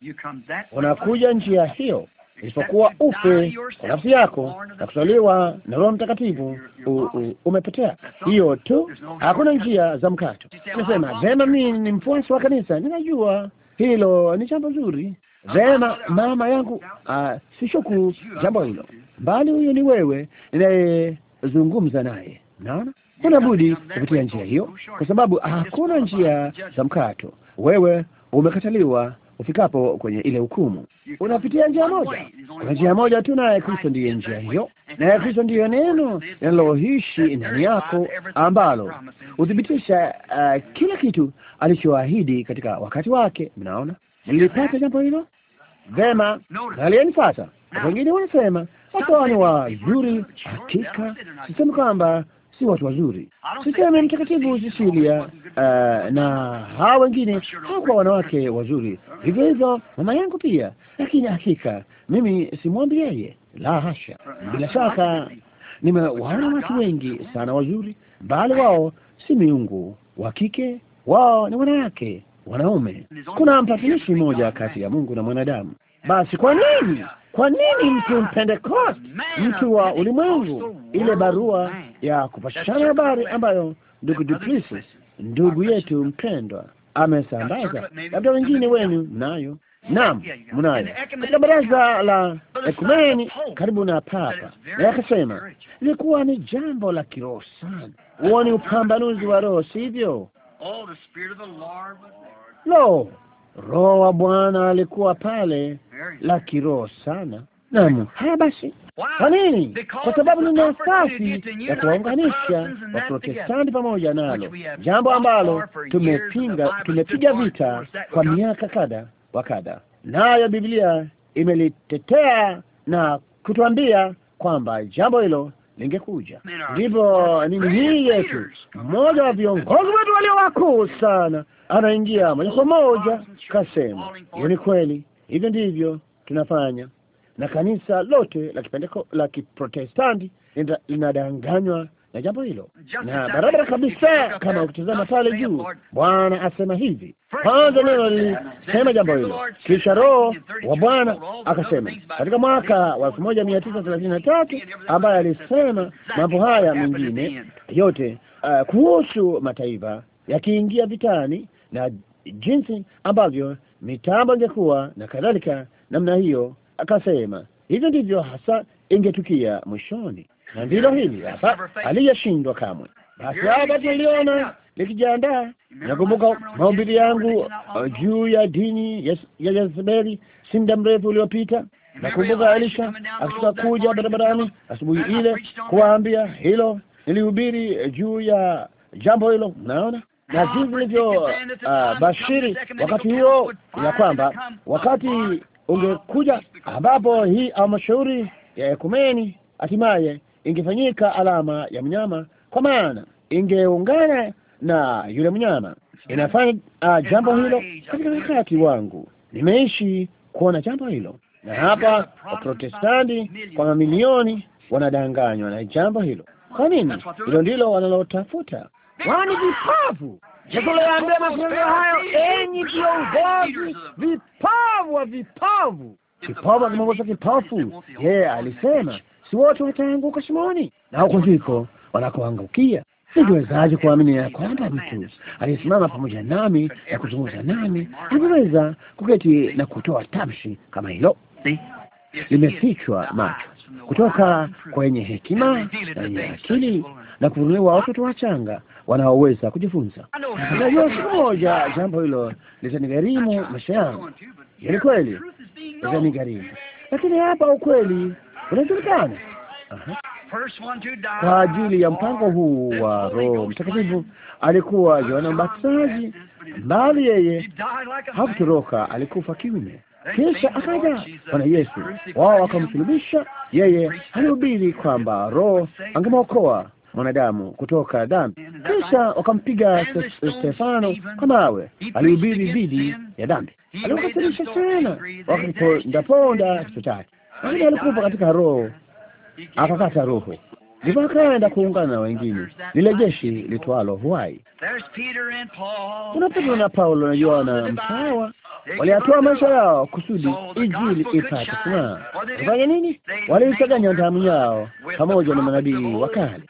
Unakuja njia hiyo isipokuwa ufe kwa nafsi yako na kusaliwa na Roho Mtakatifu, umepotea. Hiyo tu, hakuna njia za mkato. Nasema vema, mimi ni mfuasi wa kanisa, ninajua hilo ni jambo zuri, Vema, mama yangu, ah, si shukuru jambo hilo, bali huyu ni wewe ninayezungumza naye. Naona kuna budi kupitia njia hiyo, kwa sababu hakuna njia za mkato. Wewe umekataliwa ufikapo kwenye ile hukumu, unapitia njia moja. Kuna njia moja tu, naye Kristo ndiye njia hiyo, naye Kristo ndiyo neno linaloishi ndani yako, ambalo huthibitisha uh, kila kitu alichoahidi katika wakati wake. Mnaona, nilipata jambo hilo Vema, nalieni Wengine wanasema watawa ni wazuri. Hakika sisemi kwamba si watu wazuri, sisemi Mtakatifu Sisilia uh, eh, na hawa wengine hawakuwa wanawake wazuri, hivyo hivyo mama yangu pia. Lakini hakika mimi simwambi yeye, la hasha. Bila shaka nimewaona watu wengi sana wazuri, bali wao si miungu wa kike, wao ni wanawake Wanaume, kuna mpatanishi mmoja kati ya Mungu na mwanadamu. Basi kwa nini, kwa nini mtu Pentecost, mtu wa ulimwengu, ile barua ya kupashana habari ambayo ndugu Duplessis, ndugu yetu mpendwa, amesambaza? Labda wengine wenu mnayo. Naam, mnayo katika baraza la ekumeni karibu na Papa, na akasema ilikuwa ni jambo la kiroho sana. Huo ni upambanuzi wa roho, sivyo? Oh, Lo, Roho wa Bwana alikuwa pale, la kiroho sana. Naam, haya basi, kwa nini? Kwa sababu ni nafasi ya kuwaunganisha Waprotestanti pamoja nalo, jambo ambalo tumepinga, tumepiga vita kwa miaka kadha wa kadha, nayo Biblia imelitetea na kutuambia kwamba jambo hilo lingekuja. Ndipo nini hii yetu, mmoja wa viongozi wetu walio wakuu sana, anaingia moja kwa moja kasema, hiyo ni kweli, hivyo ndivyo tunafanya, na kanisa lote la Kiprotestanti linadanganywa ya jambo hilo, na barabara kabisa. Kama ukitazama pale juu, Bwana asema hivi, kwanza neno lilisema jambo hilo, kisha Roho wa Bwana akasema katika mwaka wa elfu moja mia tisa thelathini na tatu ambaye alisema mambo haya mengine yote uh, kuhusu mataifa yakiingia vitani na jinsi ambavyo mitambo ingekuwa na kadhalika namna hiyo, akasema hivyo ndivyo hasa ingetukia mwishoni na ndilo hili hapa, aliyeshindwa kamwe. Basi wakati niliona nikijiandaa, nakumbuka mahubiri yangu uh, juu ya dini ya Yezebeli si muda mrefu uliopita. Nakumbuka Elisha akitoka kuja barabarani asubuhi ile kuwaambia hilo, nilihubiri uh, juu ya jambo hilo, mnaona na jinsi ilivyo uh, bashiri wakati huo ya kwamba wakati ungekuja ambapo hii halmashauri ya ekumeni hatimaye ingefanyika alama ya mnyama, kwa maana ingeungana na yule mnyama. Inafanya uh, jambo hilo katika wakati wangu, nimeishi kuona jambo hilo, na hapa Waprotestanti kwa mamilioni wanadanganywa na jambo hilo. Kwa nini? Hilo ndilo wanalotafuta wani vipavu. Sikuliambia mafunzo hayo, enyi viongozi vipavu wa vipavu. Kipavu akimongoza kipafu yeye alisema si wote wataanguka shimoni, na huko ndiko wanakoangukia. Ningewezaje kuamini ya kwamba mtu aliyesimama pamoja nami na kuzungumza nami angeweza kuketi na kutoa tamshi kama hilo? Limefichwa macho kutoka kwenye hekima na yenye akili na kuvunuliwa watoto wachanga wanaoweza kujifunza. Najua siku moja jambo hilo litanigharimu maisha yangu. Ni kweli litanigharimu, lakini hapa ukweli unajulikana kwa ajili ya mpango huu wa Roho Mtakatifu. Alikuwa Yohana Mbatizaji, bali yeye hakutoroka, alikufa kiume, kisha akaja Bwana Yesu, wao wakamsulubisha. Yeye alihubiri kwamba Roho angemwokoa mwanadamu kutoka dhambi, kisha wakampiga Stefano kwa mawe. Alihubiri dhidi ya dhambi, aliwakasirisha sana, wakipondaponda kichwa chake lakini alikufa katika roho, akakata roho ndipo akaenda kuungana na wengine, lile jeshi litwalo Huai. Kuna Petro na Paulo na Yohana msawa, waliatoa maisha yao kusudi injili ipate kusimama. Kufanya nini? Waliichaganya damu yao pamoja na manabii wa kale,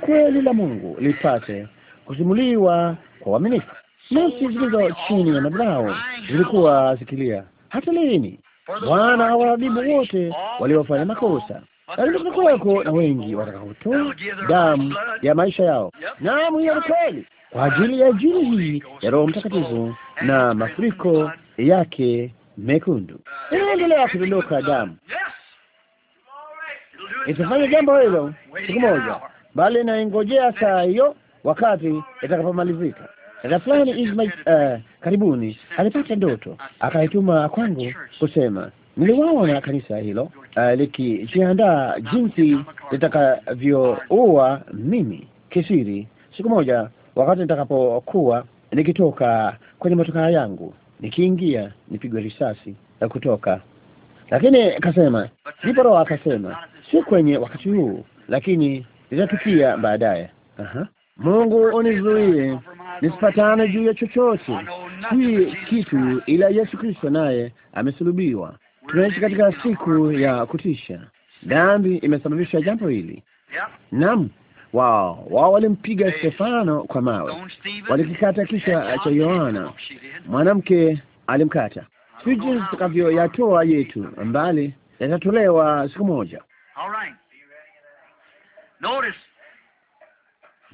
kweli la Mungu lipate kusimuliwa kwa uaminifu. Nafsi zilizo chini ya madhabahu zilikuwa zikilia hata lini. Bwana hawaadhibu wote waliofanya makosa, lakini kwako na wengi watakaotoa damu ya maisha yao. Naam, hiyo ni kweli, kwa ajili ya injili hii ya Roho Mtakatifu na mafuriko yake mekundu. Inaendelea uh, kudondoka damu, itafanya jambo hilo siku moja, bali inaingojea saa hiyo, wakati itakapomalizika dada fulani uh, karibuni alipata ndoto akaituma kwangu kusema niliwaona kanisa hilo uh, likijiandaa jinsi litakavyoua mimi kisiri siku moja, wakati nitakapokuwa nikitoka kwenye motokaa yangu, nikiingia nipigwe risasi na kutoka. Lakini kasema ndipo roho akasema, si kwenye wakati huu, lakini litatukia baadaye. Aha. Mungu unizuie nisipatane juu ya chochote, si kitu ila Yesu Kristo, naye amesulubiwa. Tunaishi katika siku ya kutisha. Dhambi imesababisha jambo hili. Naam, wao wao walimpiga Stefano kwa mawe, walikikata kisha cha Yohana, mwanamke alimkata. Sijui jinsi tutakavyoyatoa yetu mbali, yatatolewa siku moja.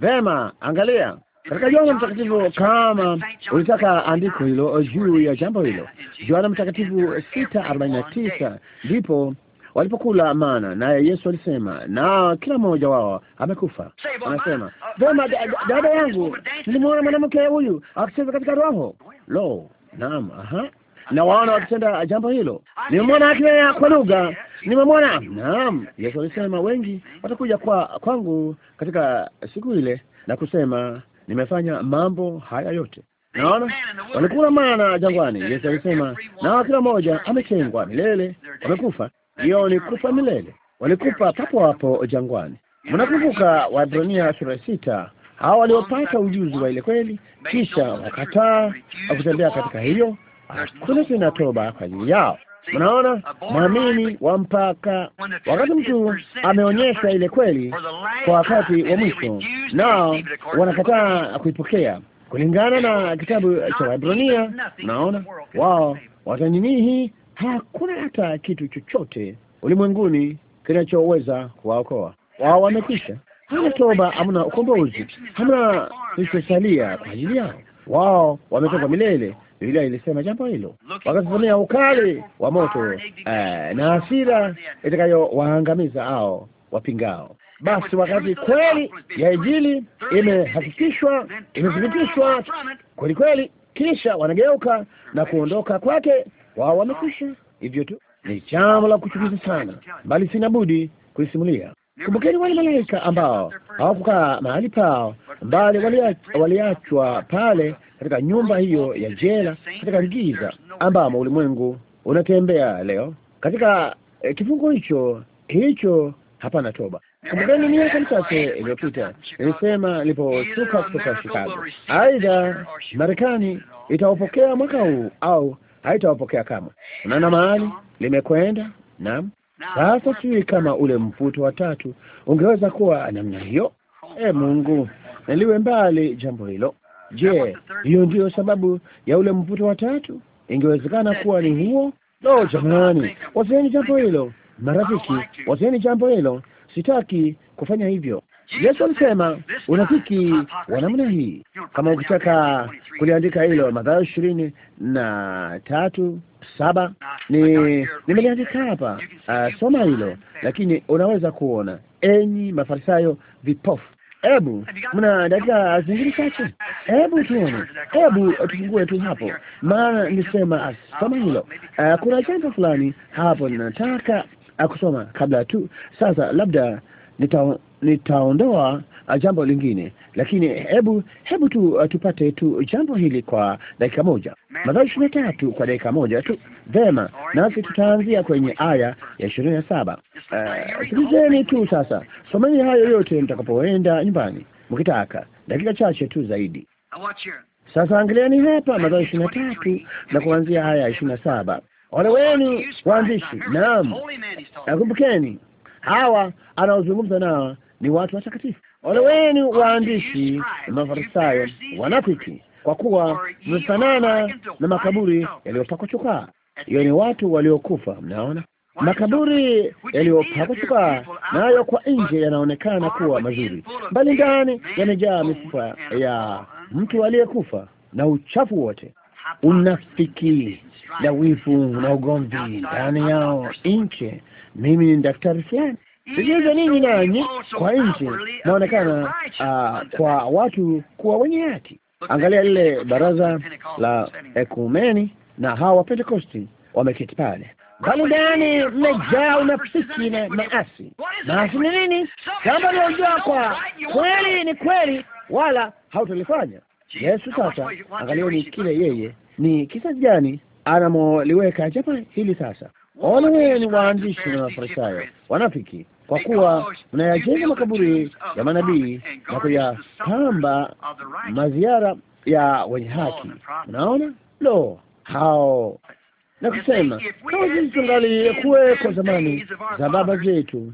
Vema, angalia katika Yohana Mtakatifu, kama ulitaka andiko hilo juu ya jambo hilo, Yohana Mtakatifu sita arobaini na tisa ndipo walipokula mana, naye Yesu alisema, na kila mmoja wao amekufa. Anasema vema, dada yangu, nilimwona mwanamke huyu akicheza katika roho. Lo, naam, aha na waona wakitenda jambo hilo. Nimemwona akinena kwa lugha, nimemwona. Naam, Yesu alisema wengi watakuja kwa kwangu katika siku ile na kusema nimefanya mambo haya yote. Naona walikula mana jangwani. Yesu alisema na kila mmoja amechengwa milele, wamekufa. Hiyo ni kufa milele, walikufa papo hapo jangwani. Mnakumbuka Waebrania sura sita hawa waliopata ujuzi wa ile kweli, kisha wakataa kutembea katika hiyo hakuna toba kwa ajili yao. Mnaona, mwamini wa mpaka wakati mtu ameonyesha ile kweli kwa wakati wa mwisho, nao wanakataa kuipokea kulingana na kitabu cha Waebrania. Naona wao watanyinihi, hakuna hata kitu chochote ulimwenguni kinachoweza kuwaokoa wao. Wamekwisha, hamna toba, hamna ukombozi, hamna kilichosalia kwa ajili yao. Wao wametoka milele Biblia ilisema jambo hilo, wakasimamia ukali wa moto eh, na hasira itakayowaangamiza hao wapingao. Basi wakati kweli ya Injili imehakikishwa, imethibitishwa kweli kweli, kisha wanageuka na kuondoka kwake, wao wamekwisha. Hivyo tu ni jambo la kuchukiza sana, bali sina budi kulisimulia. Kumbukeni wale malaika ambao hawakukaa mahali pao, bali waliachwa pale katika nyumba hiyo ya jela, katika giza ambamo ulimwengu unatembea leo, katika eh, kifungo hicho hicho. Hapana toba. Kumbukeni, miaka michache iliyopita nilisema niliposhuka kutoka Chicago, aidha Marekani itawapokea mwaka huu au haitawapokea kamwe. Unaona mahali limekwenda. Naam. Sasa sijui kama ule mvuto wa tatu ungeweza kuwa namna hiyo. E Mungu, naliwe mbali jambo hilo. Je, hiyo ndiyo sababu ya ule mvuto wa tatu? Ingewezekana kuwa ni huo? Lo, jamani, wazieni jambo hilo marafiki, wazieni jambo hilo. Sitaki kufanya hivyo. Yesu alisema unafiki wa namna hii. Kama ukitaka kuliandika hilo, Mathayo ishirini na tatu saba ni nimeliandika hapa. Uh, soma hilo, lakini unaweza kuona, enyi mafarisayo vipofu. Hebu mna dakika zingine chache, hebu tuone, hebu tufungue tu hapo, maana nisema ah, soma hilo. Uh, kuna jambo fulani hapo ninataka akusoma kabla tu sasa, labda nita, nitaondoa ah, jambo lingine, lakini hebu hebu tu ah, tupate tu jambo hili kwa dakika moja, Mathayo ishirini na tatu kwa dakika moja tu. Vema, nasi tutaanzia kwenye aya ya ishirini na saba. Uh, sikilizeni tu sasa, someni hayo yote mtakapoenda nyumbani mkitaka dakika chache tu zaidi. Sasa angalieni hapa Mathayo ishirini na tatu na kuanzia aya ya ishirini na saba. Ole wenu waandishi, naam, nakumbukeni hawa anaozungumza nao ni watu watakatifu. Ole wenu waandishi na mafarisayo wanafiki, kwa kuwa mmefanana na makaburi yaliyopakwa chokaa. Hiyo ni watu waliokufa. Mnaona makaburi yaliyopakwa chokaa, nayo kwa nje yanaonekana kuwa mazuri, bali ndani yamejaa mifupa ya mtu aliyekufa na uchafu wote, unafiki na wifu na ugomvi ndani yao nje. Mimi ni daktari fulani sijuza ninyi nanyi kwa nje naonekana uh, kwa watu kuwa wenye haki. Angalia lile baraza la ekumeni na hawa wa wameketi pale bali ndani mmejaa unafiki na maasi. Maasi ni nini? Jambo liojua kwa kweli ni kweli, wala hautalifanya. Yesu sasa, angalieni kile yeye ni kisa gani anamoliweka japa hili sasa. Ole wenu waandishi na Mafarisayo wanafiki, kwa kuwa mnayajenga makaburi ya manabii na kuyapamba maziara ya wenye haki. Unaona lo hao na kusema kama jinsi tungalikuweko zamani za baba zetu,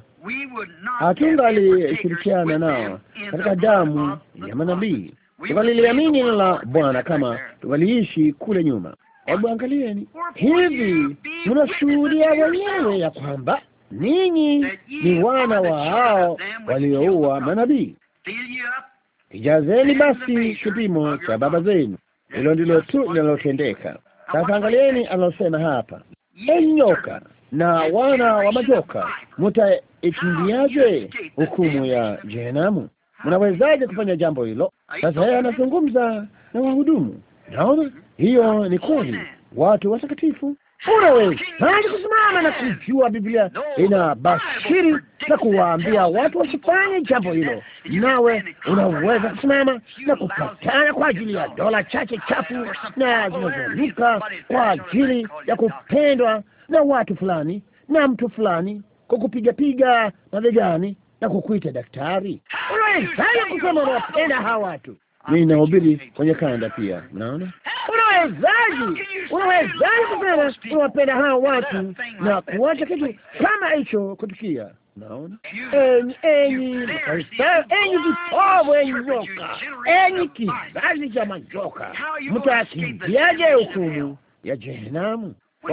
hatungalishirikiana nao katika damu ya manabii, tungaliliamini neno la Bwana kama tungaliishi kule nyuma. Hebu angalieni hivi, tunashuhudia wenyewe ya kwamba ninyi ni wana wa hao walioua manabii. Kijazeni basi kipimo cha baba zenu. Hilo ndilo tu linalotendeka sasa. Angalieni analosema hapa, enyoka nyoka na wana wa majoka, mutaikimbiaje hukumu ya jehanamu Mnawezaje kufanya jambo hilo? Sasa yeye anazungumza na wahudumu, naona hiyo ni kweli, watu watakatifu. Unaweza kusimama na kujua Biblia ina na kuwaambia watu wasifanye jambo hilo, nawe unaweza kusimama na kupatana kwa ajili ya dola chache chafu na zinazonuka kwa ajili ya kupendwa na watu fulani na mtu fulani kwa kupigapiga mabegani na kukuita daktari. Unaweza kusema unawapenda hawa watu ninahubiri kwenye kanda pia. Naona unawezaji, unawezaji kusema unawapenda hao watu na kuacha kitu kama hicho kutukia. Naona enyi enyi enyi vitovu, enyi nyoka, enyi kizazi cha majoka, mtaakimbiaje hukumu ya jehanamu? Mtu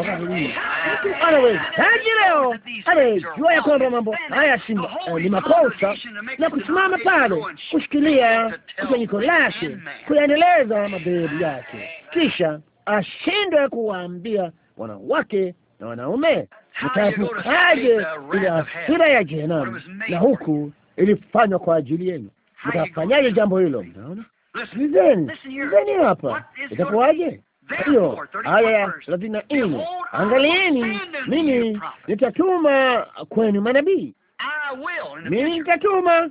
anawezaje leo amejua ya kwamba mambo haya si eh, ni makosa na kusimama pale kushikilia kusanyiko lake kuyaendeleza madhehebu yake, kisha ashindwe kuwaambia wanawake na wanaume? Mtaepukaje ile asira ya jehanamu na huku ilifanywa kwa ajili yenu? Mtafanyaje jambo hilo? Mnaona, sikilizeni, sikilizeni hapa, itakuwaje? hiyo aya ya thelathini na nne angalieni, mimi nitatuma kwenu manabii, mimi nitatuma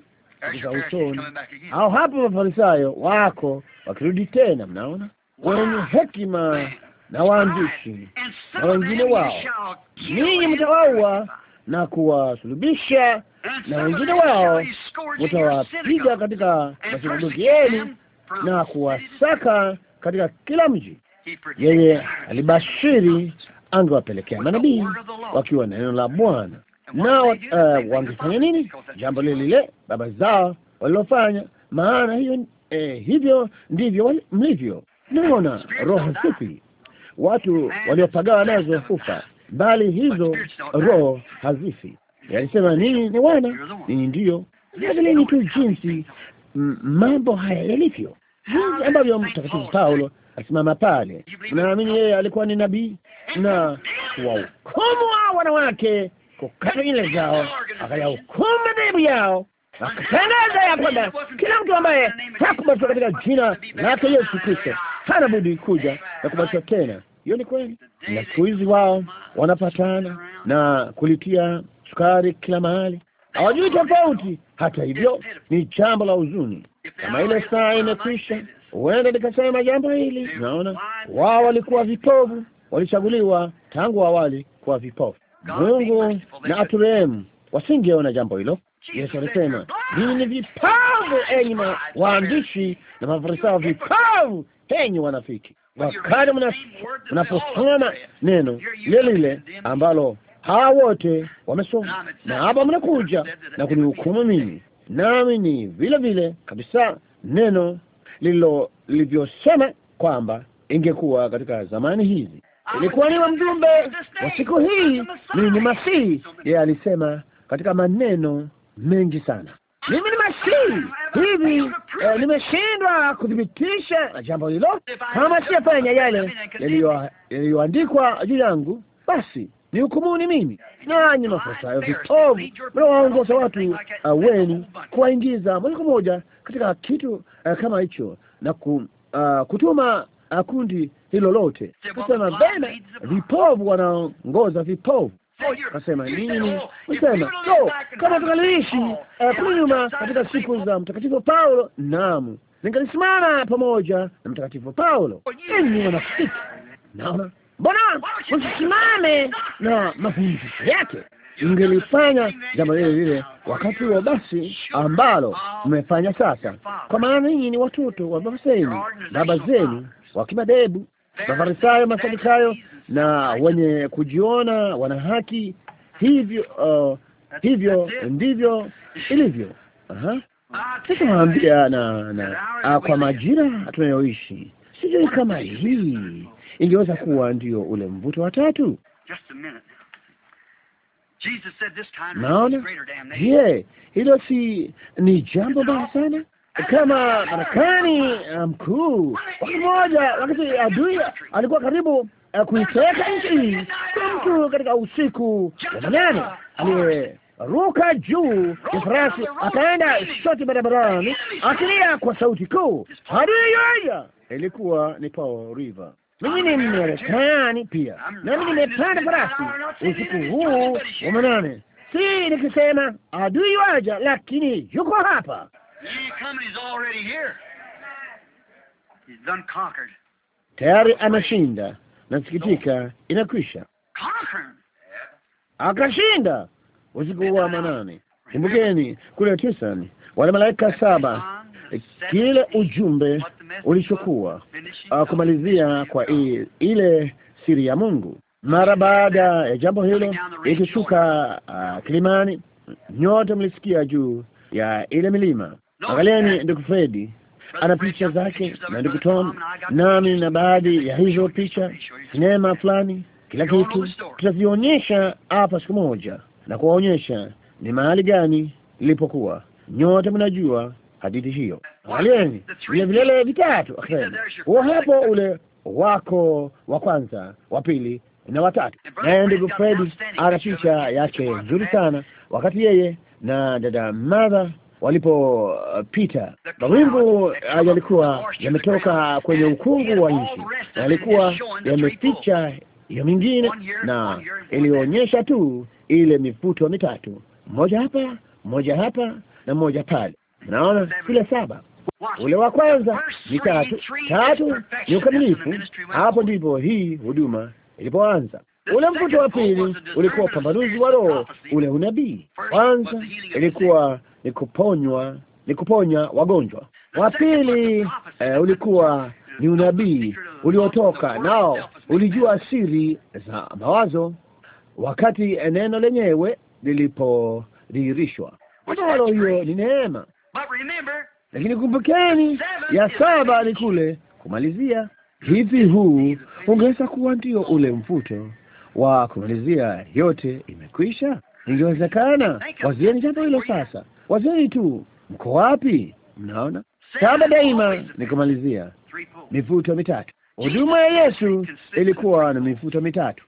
za usoni au hapo. Mafarisayo wako wakirudi tena, mnaona wenye hekima na waandishi na wengine wao, ninyi mtawaua na kuwasulubisha, na wengine wao mtawapiga katika masinagogi yenu na kuwasaka katika kila mji yeye alibashiri angewapelekea manabii wakiwa na neno la Bwana, na uh, wangefanya nini? Jambo lile lile baba zao walilofanya, maana hiyo eh, hivyo ndivyo mlivyo. Naona roho fupi watu waliopagawa nazo hufa, bali hizo roho hazifi. Alisema ninyi ni wana, ninyi ndiyo. Angalieni tu jinsi mambo haya yalivyo, jinsi ambavyo Mtakatifu Paulo asimama pale. Naamini yeye alikuwa ni nabii na wahukumu wa wanawake kukata nywele zao, akayahukumu madhehebu yao, akatangaza ya kwamba kila mtu ambaye hakubatizwa katika jina lake Yesu Kristo hana budi kuja na kubatizwa tena. Hiyo ni kweli, na siku hizi wao wanapatana na kulitia sukari kila mahali, hawajui tofauti. Hata hivyo, ni jambo la huzuni. Kama ile saa imekwisha huenda nikasema jambo hili. Naona wao walikuwa vipofu, walichaguliwa tangu awali kuwa vipofu. Mungu na aturehemu, wasingeona jambo hilo. Yesu alisema ni Vipavu enyi waandishi na mafarisayo, vipavu enyi wanafiki. Wakati mnaposoma oh, neno lile lile ambalo hawa wote wamesoma, na hapa mnakuja na kunihukumu mimi, nami ni vile vile kabisa neno lilo lilivyosema kwamba ingekuwa katika zamani hizi. Ilikuwa niwe mjumbe wa siku hii, mimi ni Masihi. Yeye alisema katika maneno mengi sana, mimi ni Masihi hivi. Eh, nimeshindwa kuthibitisha jambo hilo. Kama siyafanya yale yaliyoandikwa juu yangu, basi nihukumuni mimi, nanyi mafasayo vitovu, mnawaongoza watu uh, wenu kuwaingiza moja kwa moja katika kitu uh, kama hicho na ku, uh, kutuma uh, kundi hilo lote. Kasema bene, vipovu wanaongoza vipovu. Kasema nini? Kasema so, kama tukaliishi uh, kule nyuma katika siku za Mtakatifu Paulo, naam, ningalisimama pamoja na Mtakatifu Paulo. Enyi wanafiki, naona Mbona msisimame na mafundisho yake? Ingelifanya jambo lile lile wakati huo basi ambalo mmefanya sasa, kwa maana ninyi ni watoto wa baba zenu, baba zenu wa kimadebu, Mafarisayo, Masadukayo na wenye kujiona wana haki. Hivyo uh, hivyo ndivyo ilivyo. Aha, sasa naambia na, na, kwa majira tunayoishi, sijui kama hii ingeweza kuwa ndio ule mvuto wa tatu. Naona je, hilo si ni jambo baya sana? Kama Marekani uh, mkuu wakati mmoja, wakati adui alikuwa karibu uh, kuiteka nchi hii, mtu katika usiku wa manane aliyeruka juu ya farasi akaenda shoti barabarani akilia kwa sauti kuu hadi yoya. Ilikuwa ni Paul River mimi ni Marekani pia, nami nimepanda farasi usiku huu wa manane, si nikisema adui waja, lakini yuko hapa tayari, ameshinda. Nasikitika, inakwisha, akashinda usiku huu wa manane. Kumbukeni kule Tisani wale malaika saba kile ujumbe ulichokuwa uh, kumalizia kwa ile siri ya Mungu. Mara baada ya jambo hilo, ikishuka uh, kilimani, nyote mlisikia juu ya ile milima. Angalieni, ndugu Fredi ana picha zake na ndugu Tom nami na baadhi ya hizo picha, sinema fulani, kila kitu tutazionyesha hapa siku moja na kuwaonyesha ni mahali gani lilipokuwa Nyote mnajua hadithi hiyo. Angalieni vile vilele vitatu, akasema huo hapo ule wako wa kwanza, wa pili na watatu. Naye ndugu Fredi ana picha yake nzuri sana, wakati yeye na dada Martha walipopita uh, mawingu uh, yalikuwa yametoka kwenye ukungu wa nchi, yalikuwa yameficha hiyo mingine, na ilionyesha tu ile mifuto mitatu, mmoja hapa, mmoja hapa na mmoja pale naona sura saba ule wa kwanza ni tatu tatu ni ukamilifu. Hapo ndipo hii huduma ilipoanza. Ule mvuto wa pili ulikuwa upambanuzi wa roho, ule unabii. Kwanza ilikuwa ni kuponywa, ni kuponya wagonjwa. Wa pili eh, ulikuwa ni unabii uliotoka nao, ulijua siri za mawazo wakati neno lenyewe lilipodhihirishwa. Ambalo hiyo ni neema lakini kumbukeni, ya saba ni kule kumalizia. Hivi huu ungeweza kuwa ndio ule mvuto wa kumalizia, yote imekwisha. Ingewezekana. Wazieni jambo hilo sasa, wazieni tu, mko wapi? Mnaona, saba daima ni kumalizia, mivuto mitatu. Huduma ya Yesu ilikuwa na mivuto mitatu.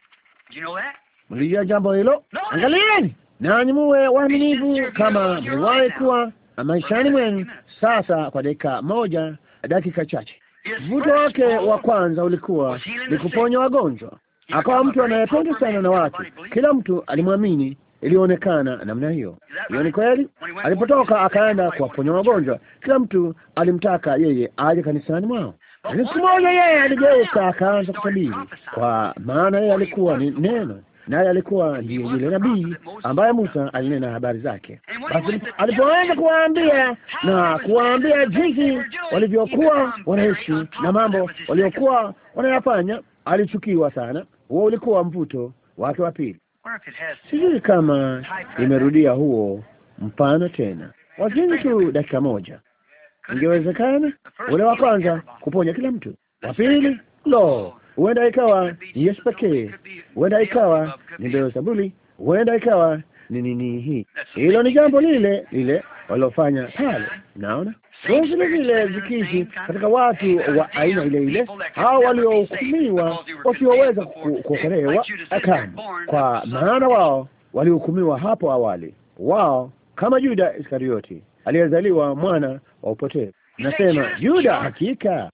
Mlijua jambo hilo? Angalieni nanyi muwe waaminivu kama mliwahi kuwa maishani mwenu sasa kwa dakika moja, dakika chache. Mvuto wake wa kwanza ulikuwa ni kuponya wagonjwa. Akawa mtu anayependwa sana na watu, kila mtu alimwamini. Ilionekana namna hiyo. Hiyo ni kweli. Alipotoka akaenda kuwaponya wagonjwa, kila mtu alimtaka yeye aje kanisani mwao. Siku moja yeye aligeuka akaanza kutabiri, kwa maana yeye alikuwa ni neno naye alikuwa ndiye yule nabii ambaye Musa alinena habari zake. Basi alipoanza kuwaambia na kuwaambia jinsi walivyokuwa wanaishi na mambo waliokuwa wanayafanya, alichukiwa sana. Huo ulikuwa mvuto wake wa pili. Sijui kama imerudia huo mfano tena, wazini tu dakika moja, ingewezekana ule wa kwanza kuponya kila mtu, wa pili lo huenda ikawa ni Yesu pekee, huenda ikawa ni Beelzebuli, huenda ikawa ni nini hii. Hilo ni jambo lile lile walilofanya pale, naona Dozi levile zikizi katika watu wa aina ile ile, hao waliohukumiwa wasioweza kuokolewa kamwe, kwa maana wao walihukumiwa hapo awali. Wao kama Juda Iskarioti aliyezaliwa mwana wa upotevu. Nasema Yuda, hakika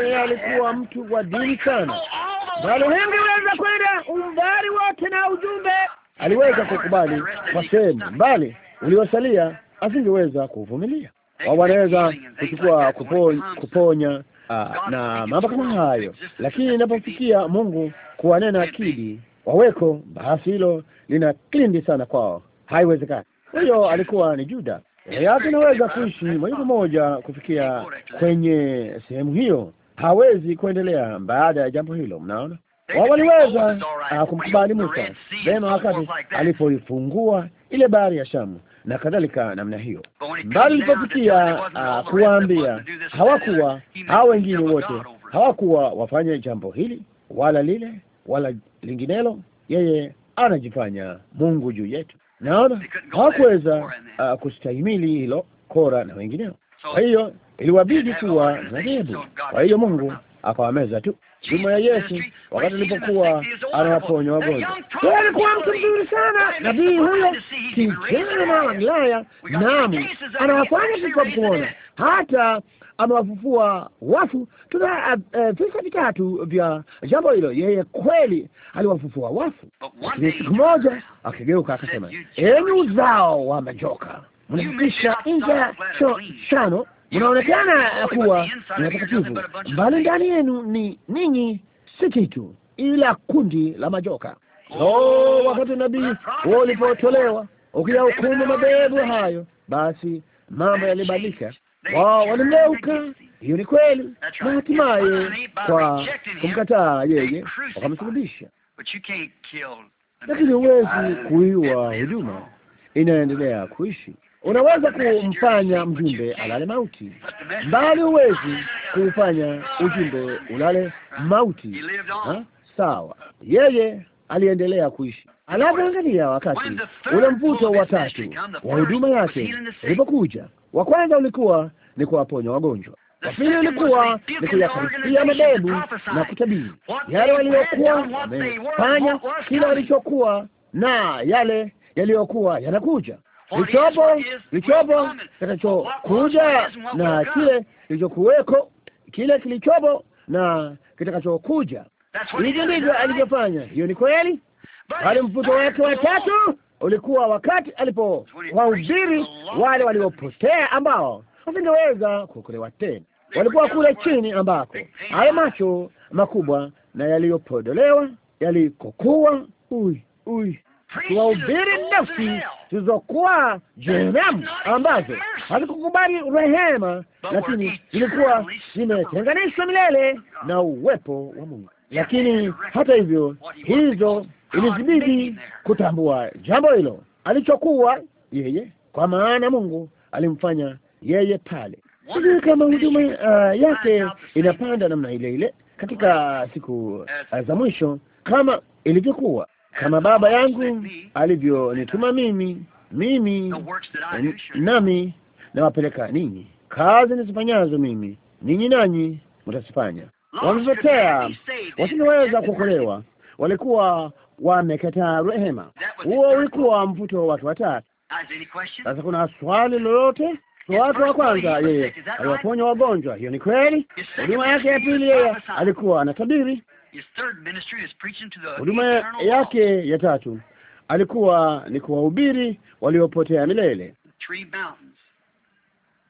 yeye alikuwa mtu wa dini sana, bali hangeweza kwenda umbali wote na ujumbe. Aliweza kukubali kwa sehemu, bali uliosalia asingeweza kuvumilia. Wanaweza kuchukua kuponya ah, na mambo kama hayo, lakini inapofikia Mungu kuwanena akidi waweko, basi hilo lina kilindi sana kwao, haiwezekani. Huyo alikuwa ni Juda yeyote eh, anaweza kuishi mwezi mmoja kufikia kwenye sehemu hiyo, hawezi kuendelea baada ya jambo hilo. Mnaona, wao waliweza ah, kumkubali Musa vema wakati alipoifungua ile bahari ya Shamu na kadhalika namna hiyo, bali ilipofikia ah, kuwaambia, hawakuwa hao wengine wote hawakuwa wafanye jambo hili wala lile wala linginelo, yeye anajifanya Mungu juu yetu. Naona hawakuweza uh, ah, kustahimili hilo, Kora na wengineo. Kwa hiyo iliwabidi kuwa jaribu. Kwa hiyo Mungu akawameza tu. Juma ya Yesu wakati alipokuwa anawaponya wagonjwa, alikuwa mtu mzuri sana nabii huyo, kitena Galilaya, nami anawafanya kuona hata amewafufua wafu. Tuna uh, visa vitatu vya jambo hilo. Yeye kweli aliwafufua wafu, lakini siku moja akigeuka akasema, enyi uzao wa majoka, mnafikisha nje ya chano, mnaonekana kuwa ni watakatifu, mbali ndani yenu ni ninyi si kitu ila kundi la majoka. Oh, wakati nabii ulipotolewa ukiyahukumu madhehebu hayo, basi mambo yalibadilika wao walimleuka. Hiyo ni kweli, na hatimaye kwa kumkataa yeye wakamsulubisha. Lakini huwezi kuiwa huduma inayoendelea kuishi. Unaweza kumfanya mjumbe alale mauti, mbali huwezi kuufanya ujumbe ulale mauti. Sawa, yeye aliendelea kuishi. Alafu angalia, wakati ule mvuto wa tatu wa huduma yake ulipokuja, wa kwanza ulikuwa ni kuwaponya wagonjwa, wa pili ulikuwa ni kuyakaribia madebu na kutabiri yale waliokuwa wamefanya, kila walichokuwa na yale yaliyokuwa yanakuja lichopo lichopo kitakachokuja na kile kilichokuweko, kile kilichopo na kitakachokuja. Hivyo ndivyo alivyofanya. Hiyo ni kweli, bali mvuto wake watatu ulikuwa wakati alipo wale waliopotea ambao hawangeweza kuokolewa tena, walikuwa kule chini ambako hayo macho makubwa na yaliyopodolewa yalikokuwa ui ui kuwahubiri nafsi zilizokuwa jehanamu ambazo hazikukubali rehema, lakini zilikuwa zimetenganishwa milele na uwepo wa Mungu lakini hata hivyo hizo ilizibidi kutambua jambo hilo alichokuwa yeye, kwa maana Mungu alimfanya yeye pale. Sijui kama huduma uh, yake inapanda namna ile ile katika siku uh, za mwisho kama ilivyokuwa, kama Baba yangu alivyonituma mimi, mimi nami nawapeleka ninyi. Kazi nizifanyazo mimi ninyi nanyi mtazifanya wamtetea, wasingeweza kuokolewa, walikuwa wamekataa rehema. Huo ulikuwa mvuto wa watu watatu. Sasa kuna swali lolote? Watu wa kwanza yeye aliwaponya wagonjwa, hiyo ni kweli. Huduma yake ya pili, yeye alikuwa anatabiri. Huduma yake ya tatu alikuwa ni kuwahubiri waliopotea milele,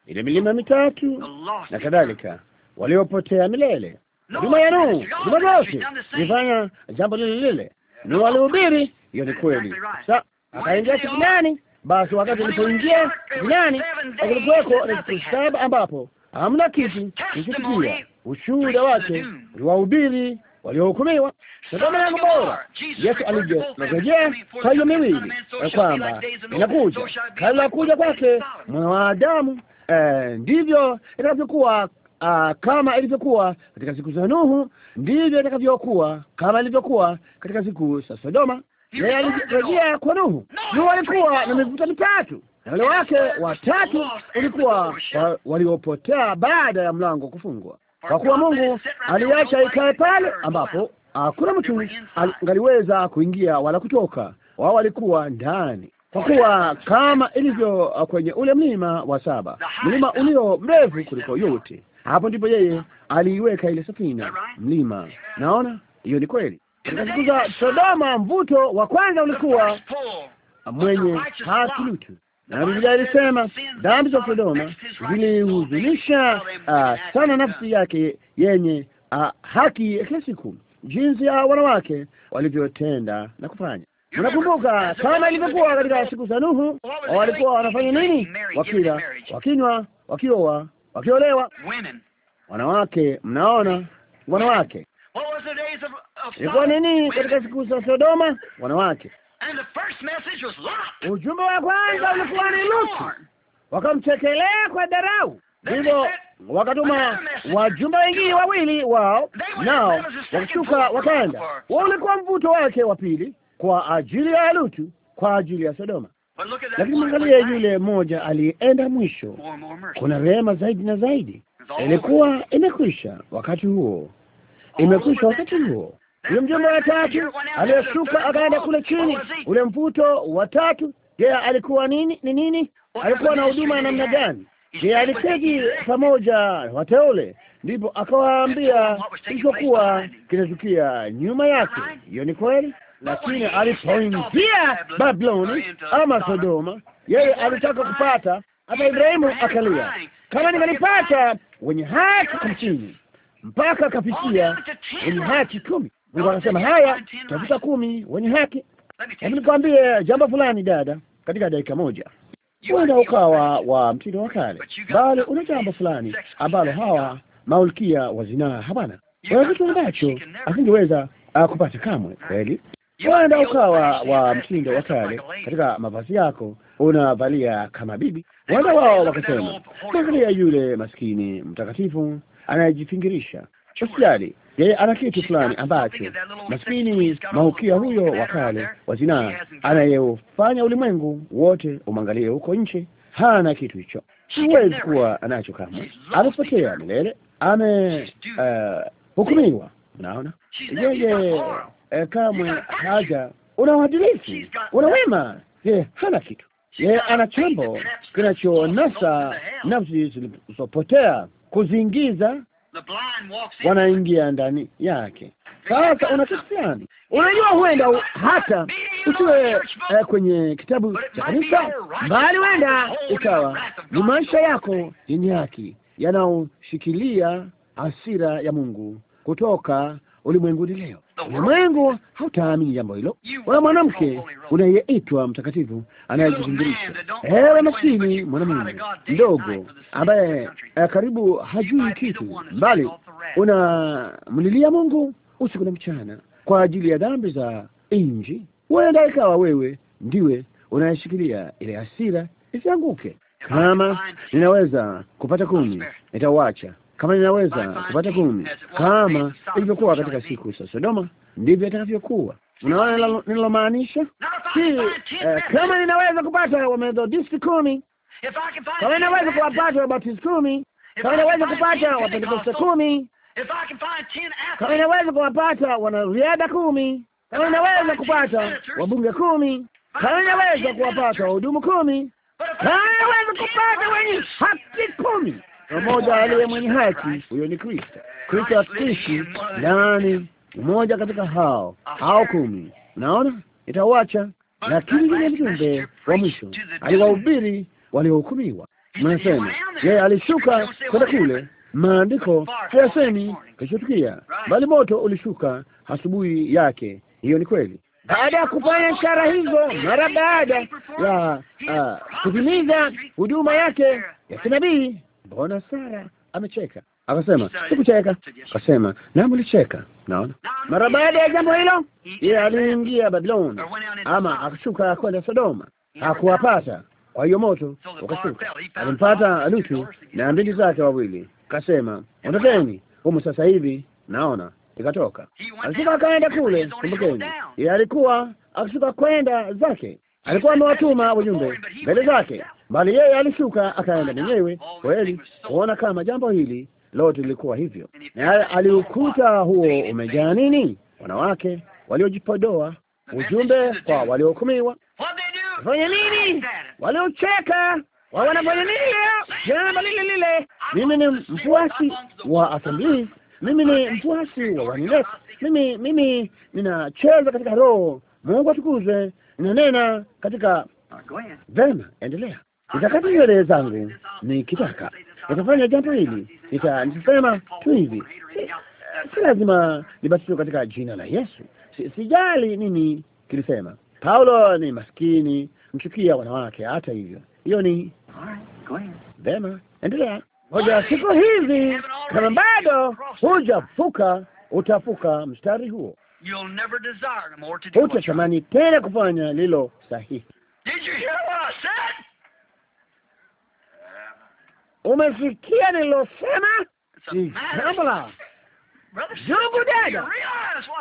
ile milima mitatu na kadhalika, waliopotea milele. Juma ya Nuhu, Jumamosi nilifanya jambo lile lile, ni walihubiri. Hiyo ni kweli. Sa akaingia siku nani? Basi wakati nilipoingia nani, kulikuweko na siku saba ambapo hamna kitu nikipigia. Ushuhuda wake ni wahubiri waliohukumiwa. Tazama yangu bora, Yesu alijirejea kwa hiyo miwili ya kwamba inakuja kabla kuja kwake mwana wa Adamu. Eh, ndivyo itakavyokuwa Aa, ah, kama ilivyokuwa katika siku za Nuhu ndivyo itakavyokuwa, kama ilivyokuwa katika siku za Sodoma. Yeye alirejea kwa Nuhu. Nuhu alikuwa na mivuta mitatu na wale wake watatu ulikuwa waliopotea baada ya mlango kufungwa, kwa kuwa Mungu aliacha ikae pale ambapo hakuna mtu angaliweza kuingia wala kutoka. Wao walikuwa ndani, kwa kuwa kama ilivyo kwenye ule mlima wa saba, mlima ulio mrefu kuliko yote hapo ndipo yeye aliiweka ile safina mlima. Naona hiyo ni kweli. Katika siku za Sodoma, mvuto wa kwanza ulikuwa mwenye haki Lutu, na Biblia ilisema dhambi za Sodoma zilihuzunisha uh, sana nafsi yake yenye uh, haki ya kila siku, jinsi ya wanawake walivyotenda na kufanya. Unakumbuka kama ilivyokuwa katika siku za Nuhu, walikuwa wanafanya nini? Wakila, wakinywa, wakioa wakiolewa wanawake. Mnaona wanawake, ilikuwa nini katika siku za Sodoma? Wanawake. Ujumbe wa kwanza ulikuwa ni Lutu, wakamchekelea kwa dharau. ndivyo wakatuma wajumbe wengine wawili wao, nao wakishuka wakaenda. Huo ulikuwa mvuto wake wa pili kwa ajili ya Lutu, kwa ajili ya Sodoma. Lakini mwangalia yule mmoja aliyeenda mwisho, kuna rehema zaidi na zaidi. Ilikuwa imekwisha wakati huo, imekwisha wakati huo. Yule mjomba wa tatu aliyeshuka akaenda kule chini, ule mvuto wa tatu. Je, alikuwa nini? Ni nini? Alikuwa na huduma ya namna gani? Je, aliketi pamoja wateule? Ndipo akawaambia kilichokuwa kinatukia nyuma yake. Hiyo ni kweli lakini alipoingia Babiloni ama Sodoma, yeye alitaka kupata hata Ibrahimu akalia, kama ningalipata wenye haki kumchini, mpaka akafikia wenye haki kumi. Mungu akasema haya, tafuta kumi wenye haki. Hebu nikwambie jambo fulani dada, katika dakika moja huenda ukawa wa mtindo wa kale, bali una jambo fulani ambalo hawa maulkia wa zinaa hapana, una kitu ambacho asingeweza ah, kupata kamwe kweli wanda ukawa wa mtindo wa kale katika mavazi yako unavalia kama bibi. Wenda wao wakasema, angalia yule maskini mtakatifu anayejifingirisha. Usijali, yeye ana kitu fulani ambacho maskini mahukia huyo wa kale wa zinaa anayefanya ulimwengu wote umwangalie huko nje, hana kitu hicho, huwezi kuwa anacho. Kama amepotea milele, amehukumiwa. Eh, uh, unaona yeye eh, kamwe haja. Una uadilifu, una wema. Eh, hana kitu? ye, eh, ana chambo kinachonasa nafsi zilizopotea, kuziingiza, wanaingia ndani yake. Sasa una kitu fulani, unajua, huenda hata usiwe eh, kwenye kitabu cha kanisa, bali huenda ikawa ni maisha yako yenye haki yanaoshikilia hasira ya Mungu kutoka ulimwenguni leo. Ulimwengu hautaamini jambo hilo. Kuna mwanamke unayeitwa mtakatifu anayejizingirisha, ewe masini mwanamume mdogo ambaye eh, karibu hajui kitu, una unamlilia Mungu usiku na mchana kwa ajili ya dhambi za nchi. Huenda ikawa wewe ndiwe unayeshikilia ile hasira isianguke. Kama ninaweza kupata kumi, nitauacha Eh, kama ninaweza kupata kumi kama ilivyokuwa katika siku za Sodoma, ndivyo atakavyokuwa. Unaona ninalomaanisha? Si kama ninaweza kupata wamethodisti kumi, kama ninaweza kuwapata wabaptisti kumi, kama ninaweza kupata wapentekoste kumi, kama ninaweza kuwapata wanariadha kumi, kama ninaweza kupata wabunge kumi, kama ninaweza kuwapata wahudumu kumi, kama ninaweza kupata wenye haki kumi mmoja aliye mwenye haki, huyo ni Kristo. Kristo akiishi ndani mmoja katika hao hao kumi, unaona itawacha, lakini yule mjumbe wa mwisho aliwahubiri waliohukumiwa. Mnasema yeye alishuka kwenda kule. Maandiko siyasemi kichotukia, bali moto ulishuka asubuhi yake. Hiyo ni kweli. Baada ya kufanya ishara hizo, mara baada ya uh, kutimiza huduma yake ya kinabii Mbona Sara amecheka? Akasema sikucheka. Akasema na mlicheka. Naona mara baada ya jambo hilo, yeye aliingia Babiloni ama akashuka kwenda Sodoma, hakuwapata. Kwa hiyo moto ukashuka, alimpata Lutu na mbili zake wawili, akasema ondokeni humu sasa hivi. Naona ikatoka, alishuka akaenda kule. Kumbukeni, yeye alikuwa akishuka kwenda zake alikuwa amewatuma ujumbe mbele zake, bali yeye alishuka akaenda mwenyewe. Kweli kuona kama jambo hili lote lilikuwa hivyo, naye aliukuta huo umejaa nini? Wanawake waliojipodoa, ujumbe kwa waliohukumiwa, fanya nini? Waliocheka wa wanafanya nini leo? Jambo lile lile. Mimi ni mfuasi wa Assemblies, mimi ni mfuasi wa wanilet, mimi mimi ninacheza katika roho. Mungu atukuzwe nanena katika ah, vema, endelea. Ah, Nitakata nywele zangu nikitaka, nitafanya jambo hili, nitasema tu hivi, si lazima nibatizwe katika jina la Yesu, sijali nini kilisema. Paulo ni maskini, mchukia wanawake. Hata hivyo, hiyo ni vema, endelea. Moja siku hizi, kama bado hujafuka, utafuka mstari huo hutatamani tena kufanya lilo sahihi. Uh, umesikia nililosema? Ni jambo la ndugu dada,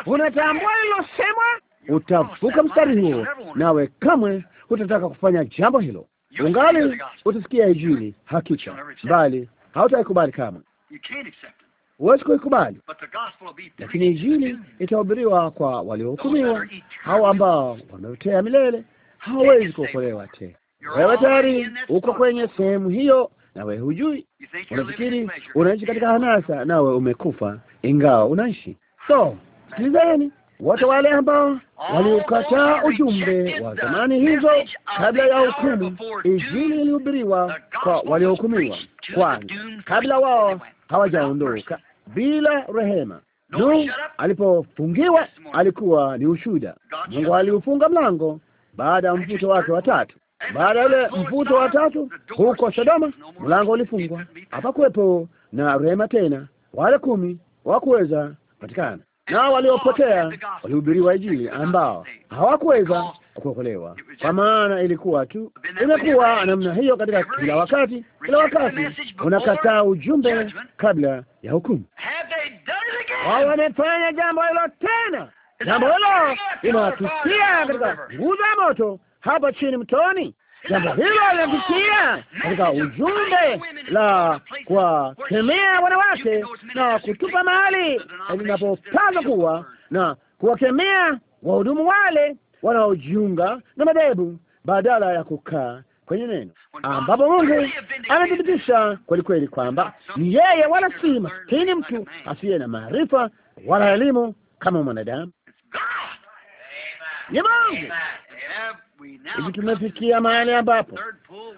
unatambua lilosema. Utavuka mstari huo, nawe kamwe hutataka kufanya jambo hilo. Ungali utasikia Injili hakika, bali hautaikubali kamwe huwezi kuikubali, lakini Injili itahubiriwa kwa waliohukumiwa, hao ambao wameotea milele, hawawezi kuokolewa tena. Wewe tayari uko kwenye sehemu hiyo, nawe hujui. Unafikiri unaishi katika hanasa, nawe umekufa ingawa unaishi. So sikilizeni, wote wale ambao waliukataa ujumbe wa zamani hizo kabla ya hukumu. Injili ilihubiriwa kwa waliohukumiwa kwanza, kabla wao hawajaondoka bila rehema. Nuhu alipofungiwa alikuwa ni ushuda Mungu aliufunga mlango baada ya mvuto wake watatu. Baada ya ule mvuto wa tatu huko Sodoma, mlango ulifungwa, hapakuwepo na rehema tena. Wale kumi wakuweza patikana nao waliopotea walihubiriwa Injili ambao hawakuweza kuokolewa, kwa maana ilikuwa tu imekuwa namna hiyo katika kila wakati. Kila wakati unakataa ujumbe kabla ya hukumu. Wao wamefanya jambo hilo tena, jambo hilo linatutia katika nguzo ya moto hapa chini mtoni. Jambo hilo linatukia katika ujumbe la kuwakemea wanawake na kutupa mahali linapopaswa kuwa na kuwakemea wahudumu wale wanaojiunga na madhehebu badala ya kukaa kwenye neno ambapo Mungu anathibitisha kweli kweli kwamba ni yeye, wala si maskini mtu asiye na maarifa wala elimu kama mwanadamu. Ni Mungu. Hivi tumefikia mahali ambapo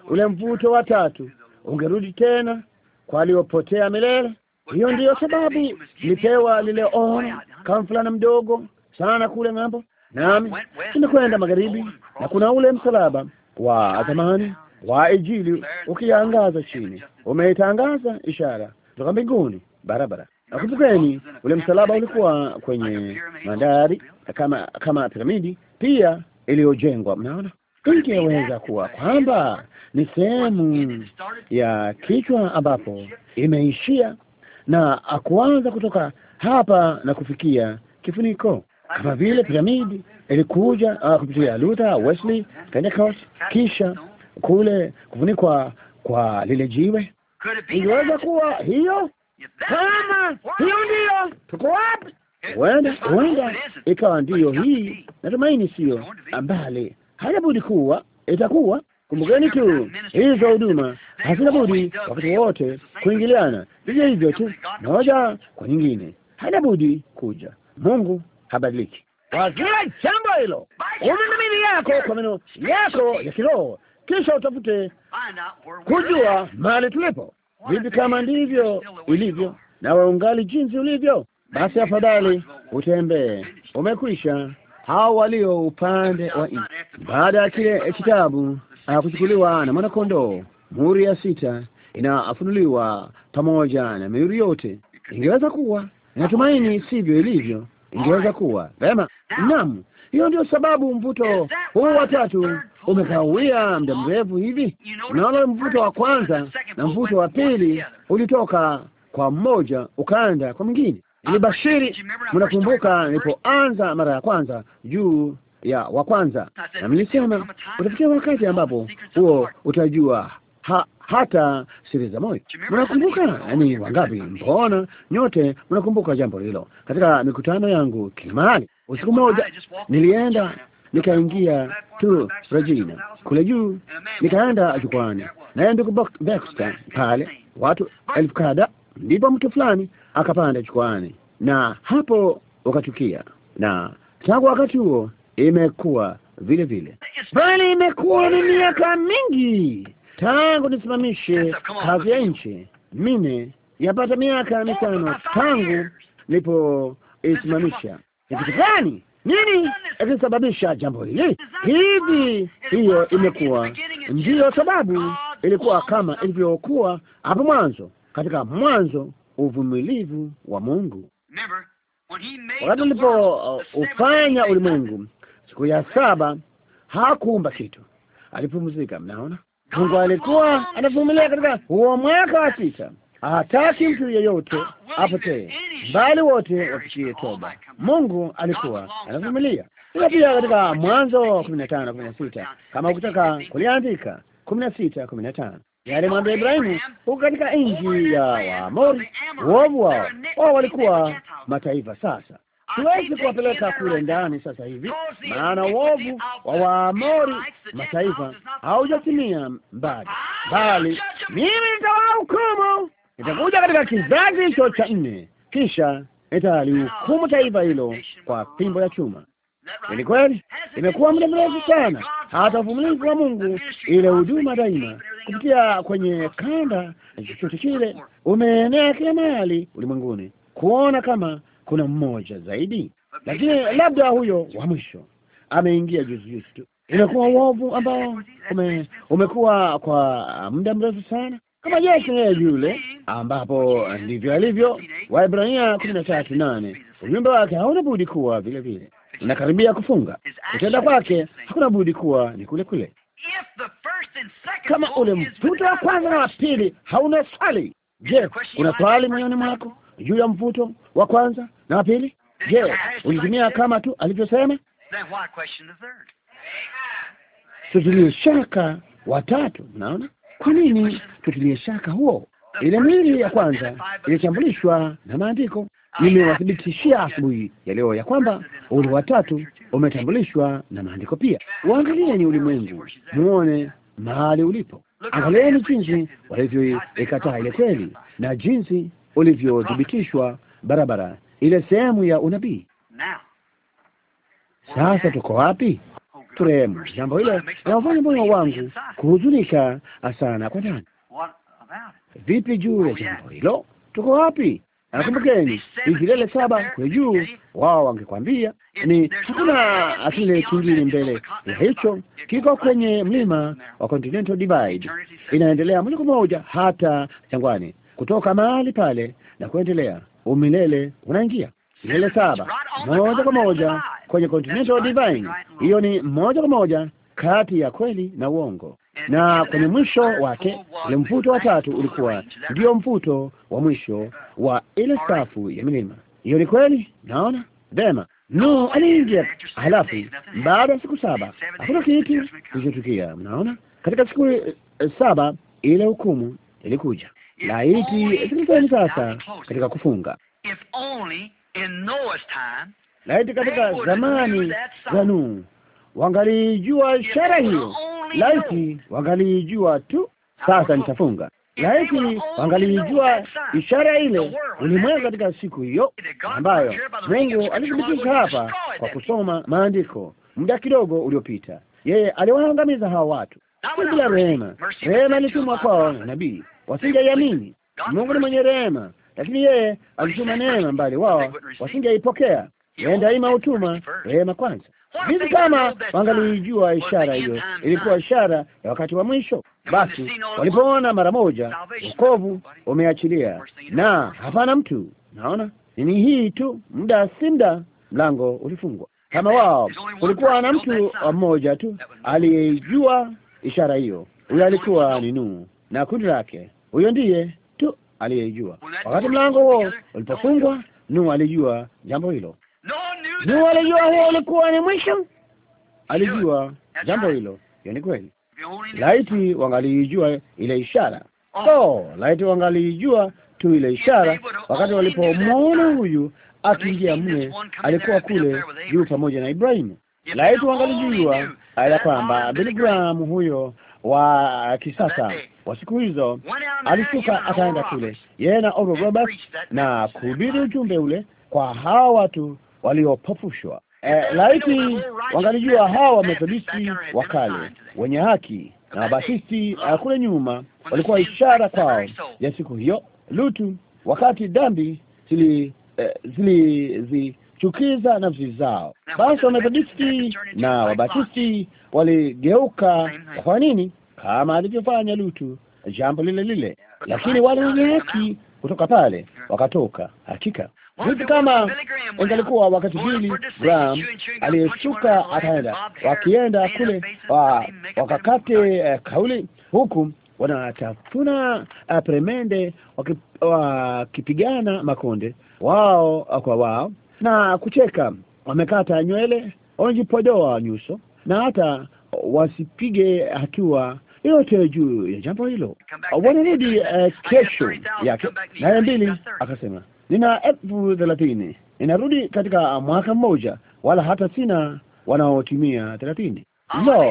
ule mvuto wa tatu ungerudi tena kwa aliopotea milele. Hiyo ndiyo sababu nilipewa lile ono kama fulana mdogo sana kule ng'ambo, Naam, nimekwenda magharibi na kuna ule msalaba wa zamani wa ijili ukiangaza chini, umeitangaza ishara kutoka mbinguni barabara. Nakumbukeni, ule msalaba ulikuwa kwenye mandari kama kama piramidi pia iliyojengwa. Mnaona, ingeweza kuwa kwamba ni sehemu ya kichwa ambapo imeishia na akuanza kutoka hapa na kufikia kifuniko kama vile piramidi ilikuja uh, kupitia Luther, Wesley, Pentecost, kisha kule kufunikwa kwa lile jiwe. Ingeweza kuwa hiyo, kama hiyo ndiyo, tuko wapi? Huenda huenda ikawa ndiyo hii, natumaini sio mbali, haina budi kuwa itakuwa. Kumbukeni tu hizo huduma hazina budi wakati wote kuingiliana, vivyo hivyo tu, moja kwa nyingine, haina budi kuja Mungu habadiliki. Wazia jambo hilo, mimi yako kwa meno yako ya kiroho, kisha utafute kujua mahali tulipo vipi. Kama ndivyo ilivyo, nawe ungali jinsi ulivyo, basi afadhali utembee. Umekwisha hao walio upande wa nchi, baada ya kile kitabu ah, kuchukuliwa na mwanakondoo, muhuri ya sita inafunuliwa pamoja na mihuri yote. Ingeweza kuwa natumaini sivyo ilivyo ingeweza kuwa vema. Naam, hiyo ndio sababu mvuto huu wa tatu umekawia muda mrefu hivi. Unaona, mvuto wa kwanza na mvuto wa pili ulitoka kwa mmoja ukaenda kwa mwingine. Nilibashiri, ah, mnakumbuka nilipoanza mara ya kwanza juu ya wa kwanza, na mlisema utafikia wakati ambapo huo utajua ha hata siri za moyo. Mnakumbuka ni wangapi? Mbona nyote mnakumbuka jambo hilo. Katika mikutano yangu kimali, usiku mmoja nilienda nikaingia tu Regina kule juu, nikaenda jukwani, yeye ndugu Baxter pale, watu elfu kada. Ndipo mtu fulani akapanda jukwani, na hapo wakatukia, na tangu wakati huo imekuwa vile vile, bali imekuwa ni miaka mingi tangu nisimamishe kazi ya nchi. Mimi yapata miaka mitano tangu nilipoisimamisha. Ni kitu gani nini ilisababisha jambo hili hivi? Hiyo imekuwa ndiyo sababu, ilikuwa kama ilivyokuwa hapo mwanzo. Katika mwanzo, uvumilivu wa Mungu wakati alipoufanya uh, ulimwengu siku ya saba hakuumba kitu, alipumzika. Mnaona, Mungu alikuwa anavumilia katika huo mwaka wa sita. Hataki mtu yeyote apotee, bali wote wafikie toba. Mungu alikuwa anavumilia. Ila pia katika Mwanzo wa kumi na tano kumi na sita kama ukitaka kuliandika, kumi na sita kumi na tano alimwambia Ibrahimu, huko katika nchi ya Waamori, uovu wao wao walikuwa mataifa. Sasa Siwezi kuwapeleka kule ndani sasa hivi, maana uovu wa Waamori mataifa haujatimia mbali, ah, bali mimi nitawahukumu. Nitakuja katika ah, kizazi hicho cha nne, kisha nitalihukumu taifa hilo kwa fimbo ya chuma. Ni kweli, imekuwa muda mrefu sana, hata uvumilivu wa Mungu, ile huduma daima kupitia kwenye kanda na chochote kile umeenea kila mahali ulimwenguni, kuona kama kuna mmoja zaidi, lakini labda huyo wa mwisho ameingia juzi juzi tu. Imekuwa uovu ambao ume, umekuwa kwa muda mrefu sana, kama Yesu yeye yule, ambapo ndivyo alivyo. Eh? Waibrania kumi na tatu nane ujumbe wake hauna budi kuwa vile vile, unakaribia kufunga. Kutenda kwake hakuna budi kuwa ni kule kule. Kama ule mvuto wa kwanza na wa pili hauna swali, je, kuna swali moyoni mwako? juu ya mvuto wa kwanza na wa pili. Je, ulitumia kama tu alivyosema? Tutilie shaka watatu. naona kwa nini tutilie shaka huo? Ile mwili ya kwanza ilichambulishwa na maandiko. Nimewathibitishia asubuhi ya leo ya kwamba ule watatu umetambulishwa na maandiko pia. Uangalieni ulimwengu, muone mahali ulipo. Angalieni jinsi walivyoikataa ile kweli na jinsi ulivyothibitishwa barabara, ile sehemu ya unabii. Sasa tuko wapi? Turehemu. Jambo hilo naufanya moyo wangu kuhuzunika sana kwa ndani. Vipi juu ya jambo hilo? Tuko wapi? Nakumbukeni vilele saba kule juu, wao wangekwambia ni hakuna kile kingine mbele ya hicho, kiko kwenye mlima wa Continental Divide, inaendelea moja kwa moja hata jangwani kutoka mahali pale na kuendelea umilele, unaingia milele saba, moja kwa moja kwenye continental divine. Hiyo ni moja kwa moja kati ya kweli na uongo, na kwenye mwisho wake ule mvuto wa tatu ulikuwa ndio mvuto wa mwisho wa ile safu ya milima. Hiyo ni kweli, naona vema. No, aliingia halafu, baada ya siku saba hakuna kitu kilichotukia. Mnaona, katika siku eh, saba ile hukumu ilikuja. Laiti tungekueni sasa katika kufunga, laiti katika zamani za Nuhu wangalijua ishara hiyo, laiti wangalijua tu. Sasa nitafunga, laiti wangalijua ishara ile ulimwengu katika siku hiyo ambayo Mungu alithibitisha hapa kwa kusoma maandiko muda kidogo uliopita. Yeye aliwaangamiza hao watu si bila rehema. Rehema ilitumwa kwao na nabii wasingeiamini. Mungu ni mwenye rehema, lakini yeye alituma neema mbali, wao wasingeipokea. yenda ima hutuma rehema kwanza. Vipi kama wangaliijua ishara hiyo? Ilikuwa ishara ya wakati wa mwisho. Basi walipoona mara moja wokovu umeachilia na hapana mtu, naona nini hii tu, muda si muda mlango ulifungwa. Kama wao kulikuwa na mtu mmoja tu aliyejua ishara hiyo, huyo alikuwa ni Nuhu na kundi lake. Huyo ndiye tu aliyejua. Wakati mlango huo ulipofungwa, Nuhu alijua jambo hilo. Nuhu alijua huo ulikuwa ni mwisho, alijua jambo hilo. Hiyo ni kweli. Laiti wangaliijua ile ishara so, laiti wangalijua tu ile ishara wakati walipomwona huyu akiingia mle, alikuwa kule juu pamoja na Ibrahimu. Laiti wangalijua ya kwamba Billy Graham huyo wa kisasa wa siku hizo alishuka akaenda kule, yeye na Oral Roberts na kuhubiri ujumbe ule kwa hawa watu waliopofushwa. E, laiti wangalijua hawa Wamethodisti wa kale wenye haki na Wabatisti eh, kule nyuma walikuwa ishara kwao ya siku hiyo Lutu, wakati dhambi zilizichukiza eh, nafsi zao. Basi Wamethodisti na Wabatisti waligeuka. Kwa nini? kama alivyofanya Lutu, jambo lile lile, lakini wale wenye haki kutoka pale wakatoka. Hakika vitu kama ingalikuwa wakati Billy Graham aliyeshuka akaenda, wakienda kule wa, wakakate uh, kauli huku wanatafuna uh, eh, premende wakipigana uh, makonde wao eh, kwa wao na kucheka, wamekata nywele, wamejipodoa nyuso na hata wasipige hatua yote juu ya jambo hilo. Wanarudi eh, kesho yake na mbili, akasema nina elfu thelathini ninarudi katika mwaka mmoja, wala hata sina wanaotimia thelathini. Lo,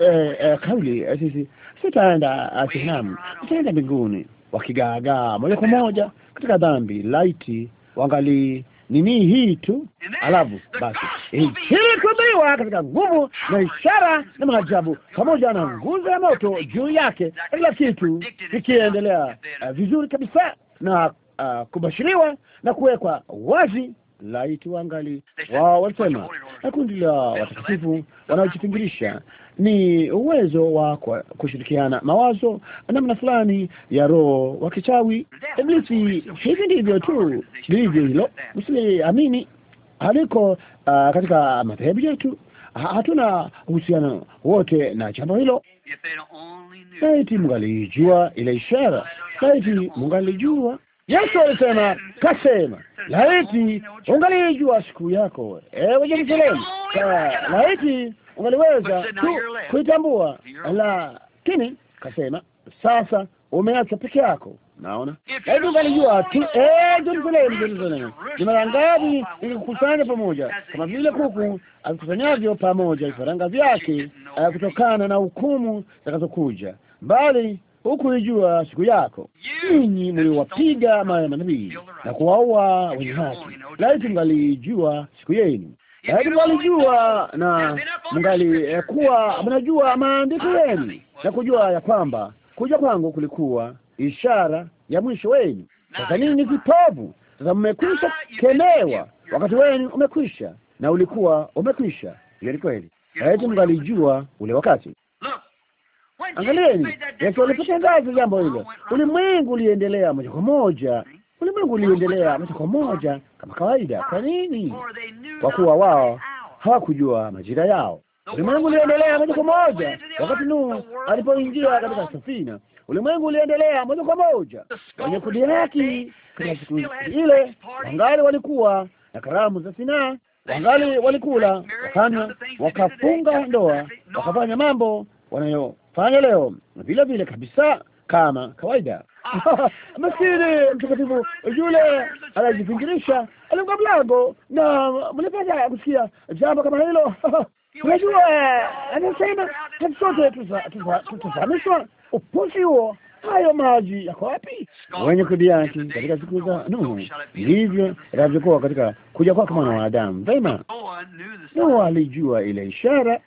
eh, eh, kauli sisi sitaenda jehanamu, sitaenda mbinguni, wakigaagaa moja kwa moja katika dhambi, laiti wangali nini hii tu, alafu basi ilikubiwa katika nguvu na ishara na maajabu pamoja na nguzo ya moto juu yake, kila kitu kikiendelea eh, vizuri kabisa na uh, kubashiriwa na kuwekwa wazi laiti wangali wao walisema, kundi la watakatifu wanaojipingirisha ni uwezo wa kushirikiana mawazo namna fulani ya roho wa kichawi Iblisi. Hivi ndivyo tu lilivyo hilo, msiliamini. Haliko uh, katika madhehebu yetu hatuna uhusiano wote na jambo hilo. Laiti mungalijua ile ishara, laiti mungalijua Yesu alisema kasema, laiti ungalijua siku yako, ewe Yerusalemu, laiti ungaliweza tu kuitambua. Lakini kasema, sasa umeacha peke yako. Naona laiti ungalijua tu, ewe Yerusalemu, Yerusalemu, ni mara ngapi pamoja, kama vile kuku avikusanyavyo pamoja vifaranga vyake, eh, kutokana na hukumu zitakazokuja, bali hukuijua siku yako. Ninyi mliwapiga manabii na kuwaua wenye haki, laiti mngalijua siku yenu, laiti mngalijua na mngalikuwa eh, mnajua maandiko yenu na kujua ya kwamba kuja kwangu kulikuwa ishara ya mwisho wenu. Sasa nini ni kipovu sasa, mmekwisha ah, kemewa, wakati wenu umekwisha na ulikuwa umekwisha. Hiyo ni kweli, laiti mngalijua ule wakati Angalieni Yesu alipotangaza jambo hilo, ulimwengu uliendelea moja kwa moja, ulimwengu uliendelea moja kwa moja kama kawaida. Kwa nini? Kwa kuwa wao hawakujua majira yao. Ulimwengu uliendelea moja kwa moja wakati Nuhu alipoingia katika safina. Ulimwengu uliendelea moja kwa moja. Wenye kudiraki katika siku ile wangali walikuwa na karamu za sinaa, wangali walikula, wakanywa, wakafunga ndoa, wakafanya mambo wanayo fanya leo vile vile kabisa kama kawaida. Ah. (laughs) Maskini mtakatifu yule anajivingirisha, alikuwa mlango na mlipata kusikia jambo kama hilo. (laughs) Unajua, anasema hati sote tutafahamishwa. Upuzi huo! Hayo maji yako wapi? Wenye kudiaki katika siku za Nuhu, ndivyo itavyokuwa katika kuja kwake mwana wa Adamu. Daima Nuhu alijua ile ishara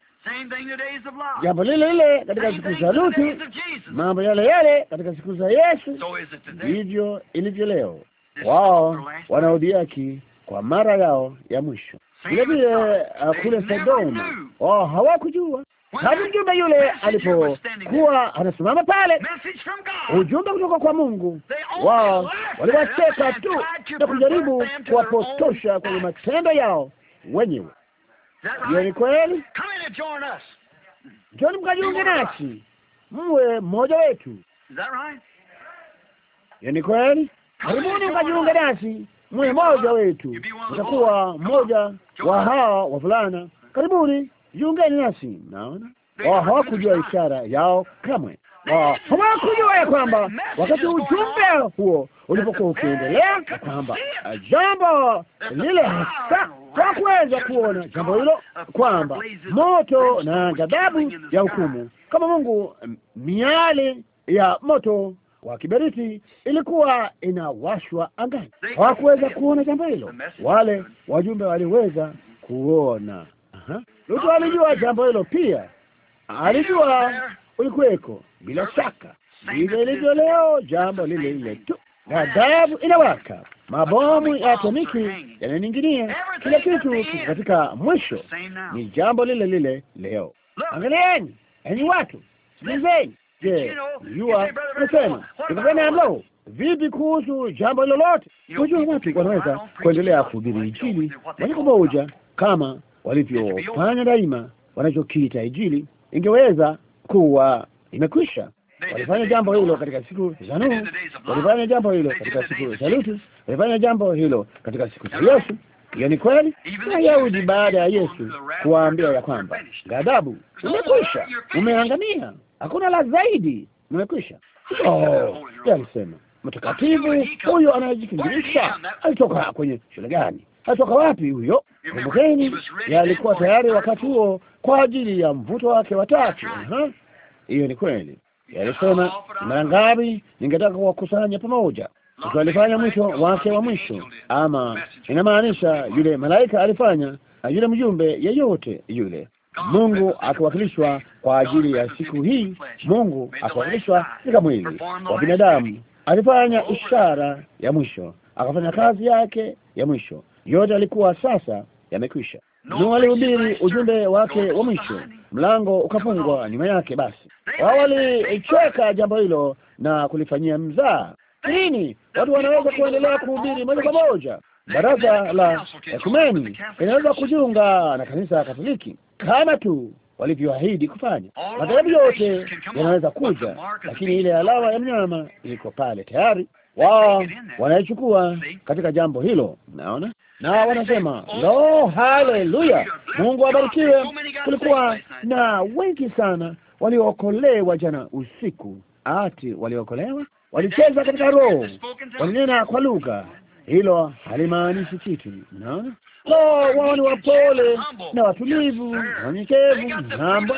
jambo lile lile katika siku za luti mambo yale yale katika siku za Yesu. Ndivyo ilivyo leo, wao wanaodhiaki kwa mara yao ya mwisho. Vile vile uh, kule Sodoma wao hawakujua hadi mjumbe yule alipokuwa anasimama pale, ujumbe kutoka kwa Mungu, wao waliwacheka tu na kujaribu kuwapotosha kwenye matendo yao wenyewe. Hiyo ni kweli. Njoni mkajiunge nasi, mwe mmoja wetu. Hiyo ni kweli. Karibuni mkajiunge nasi, mwe mmoja wetu, utakuwa mmoja wa hawa wavulana. Karibuni jiungeni nasi. Naona hawakujua ishara yao kamwe. Ah, hawakujua ya kwamba wakati ujumbe huo ulipokuwa ukiendelea, kwamba jambo lile hasa hawakuweza kuona jambo hilo, kwamba moto na ghadhabu ya hukumu kama Mungu, miali ya moto wa kiberiti ilikuwa inawashwa angani. Hawakuweza kuona jambo hilo, wale wajumbe waliweza kuona. Lutu alijua jambo hilo pia, alijua ulikuweko, bila shaka, vile ilivyo leo, jambo lile lile tu. Ghadhabu inawaka, mabomu ya atomiki yananing'inia, kila kitu katika mwisho ni jambo lile lile leo. Angalieni enyi watu, sikilizeni. Je, jua nasema ikaganaalo vipi kuhusu jambo lolote? Kujua watu wanaweza kuendelea kuhubiri Injili moja kwa moja kama walivyofanya daima. Wanachokiita Injili ingeweza kuwa imekwisha. Walifanya jambo hilo katika siku za Nuhu, walifanya jambo hilo katika siku za Lutu, walifanya jambo hilo katika siku za Yesu. Hiyo ni kweli. Na Yahudi baada ya Yesu kuwaambia ya kwamba ghadhabu imekwisha umeangamia, hakuna la zaidi, Oh, Alisema mtakatifu huyo anayejikimbilisha alitoka kwenye shule gani? Atoka wapi huyo? Kumbukeni, yalikuwa tayari wakati huo kwa ajili ya mvuto wake wa tatu. Hiyo ni kweli. Yalisema mara ngapi ningetaka kuwakusanya pamoja, tukalifanya mwisho wake wa mwisho. Ama inamaanisha yule malaika alifanya, na yule mjumbe yeyote yule, Mungu akiwakilishwa kwa ajili ya siku hii, Mungu akiwakilishwa katika mwili wa binadamu, alifanya ishara ya mwisho, akafanya kazi yake ya mwisho yote alikuwa sasa yamekwisha. Nuhu alihubiri ujumbe wake wa mwisho, mlango ukafungwa nyuma yake. Basi wao walicheka jambo hilo na kulifanyia mzaa. Nini, watu wanaweza kuendelea kuhubiri moja kwa moja. Baraza la Ekumeni inaweza kujiunga na kanisa Katoliki kama tu walivyoahidi kufanya. Madhehebu yote yanaweza kuja, lakini ile alawa ya mnyama iko pale tayari, wao wanaichukua katika jambo hilo. Naona na wanasema lo, haleluya, Mungu abarikiwe. Kulikuwa na wengi sana waliookolewa jana usiku, ati waliokolewa, walicheza katika roho, walinena kwa lugha. Hilo halimaanishi kitu, naona Lo, wao ni wapole na watulivu, wanyenyekevu, namba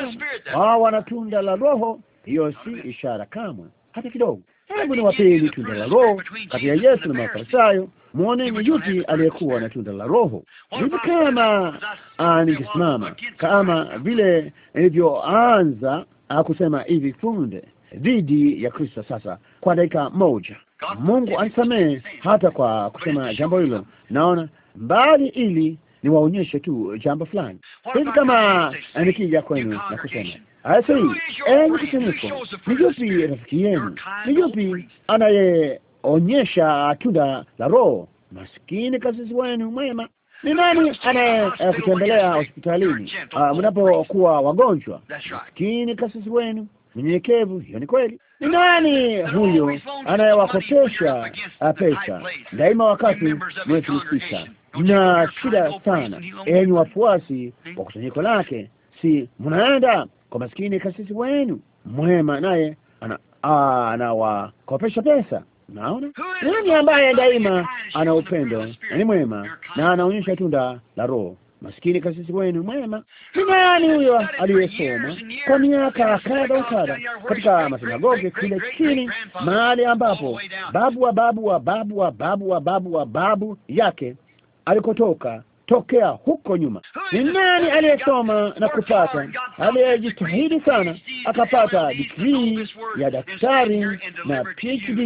wao wanatunda la Roho. Hiyo si ishara kamwe, hata kidogo hebu ni wapili tunda la Roho kati ya Yesu na Mafarisayo, mwone ni yupi aliyekuwa na tunda la Roho. Ndipo kama ningesimama kama vile nilivyoanza kusema hivi punde dhidi ya Kristo. Sasa kwa dakika moja, Mungu anisamehe hata kwa kusema jambo hilo, naona mbali ili niwaonyeshe tu jambo fulani. Hivi kama eh, nikija kwenu na kusema enyi eh, mkusanyiko, ni yupi rafiki yenu? Ni yupi anayeonyesha tunda la Roho? Maskini kasisi wenu mwema ni nani anayekutembelea eh, hospitalini ah, mnapokuwa wagonjwa? Maskini kasisi wenu mnyenyekevu. Hiyo ni kweli. Ni nani huyo anayewakopesha uh, pesa daima wakati mwekilisisa na shida sana? Enyi wafuasi wa kusanyiko lake, si mnaenda kwa maskini kasisi wenu mwema, naye anawakopesha pesa. Naona nani ambaye daima ana upendo na ni mwema na anaonyesha tunda la Roho. Maskini kasisi wenu mwema ni nani huyo aliyesoma kwa miaka kadha wa kadha katika masinagogi kule chini, mahali ambapo babu wa babu wa babu wa babu wa babu wa babu yake alikotoka tokea huko nyuma. Ni nani aliyesoma na kupata, aliyejitahidi sana akapata digrii ya daktari na PhD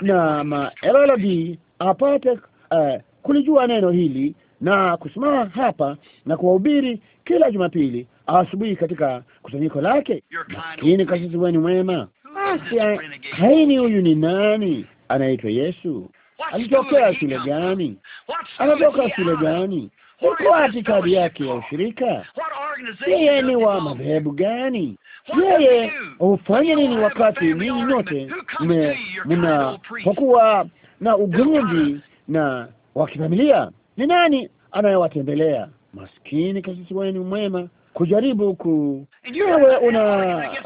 na ma LLB apate uh, kulijua neno hili na kusimama hapa na kuwahubiri kila Jumapili asubuhi katika kusanyiko lake. Lakini kasisi, wewe ni mwema. Basi haini, huyu ni nani? Anaitwa Yesu. Alitokea shule gani? Anatoka shule gani? Iko kadi yake ya ushirika? Yeye ni wa madhehebu gani? Yeye hufanya nini wakati ninyi nyote kuwa na ugomvi na wakifamilia? Ni nani anayewatembelea? Maskini kasisi wenu mwema kujaribu ku wewe una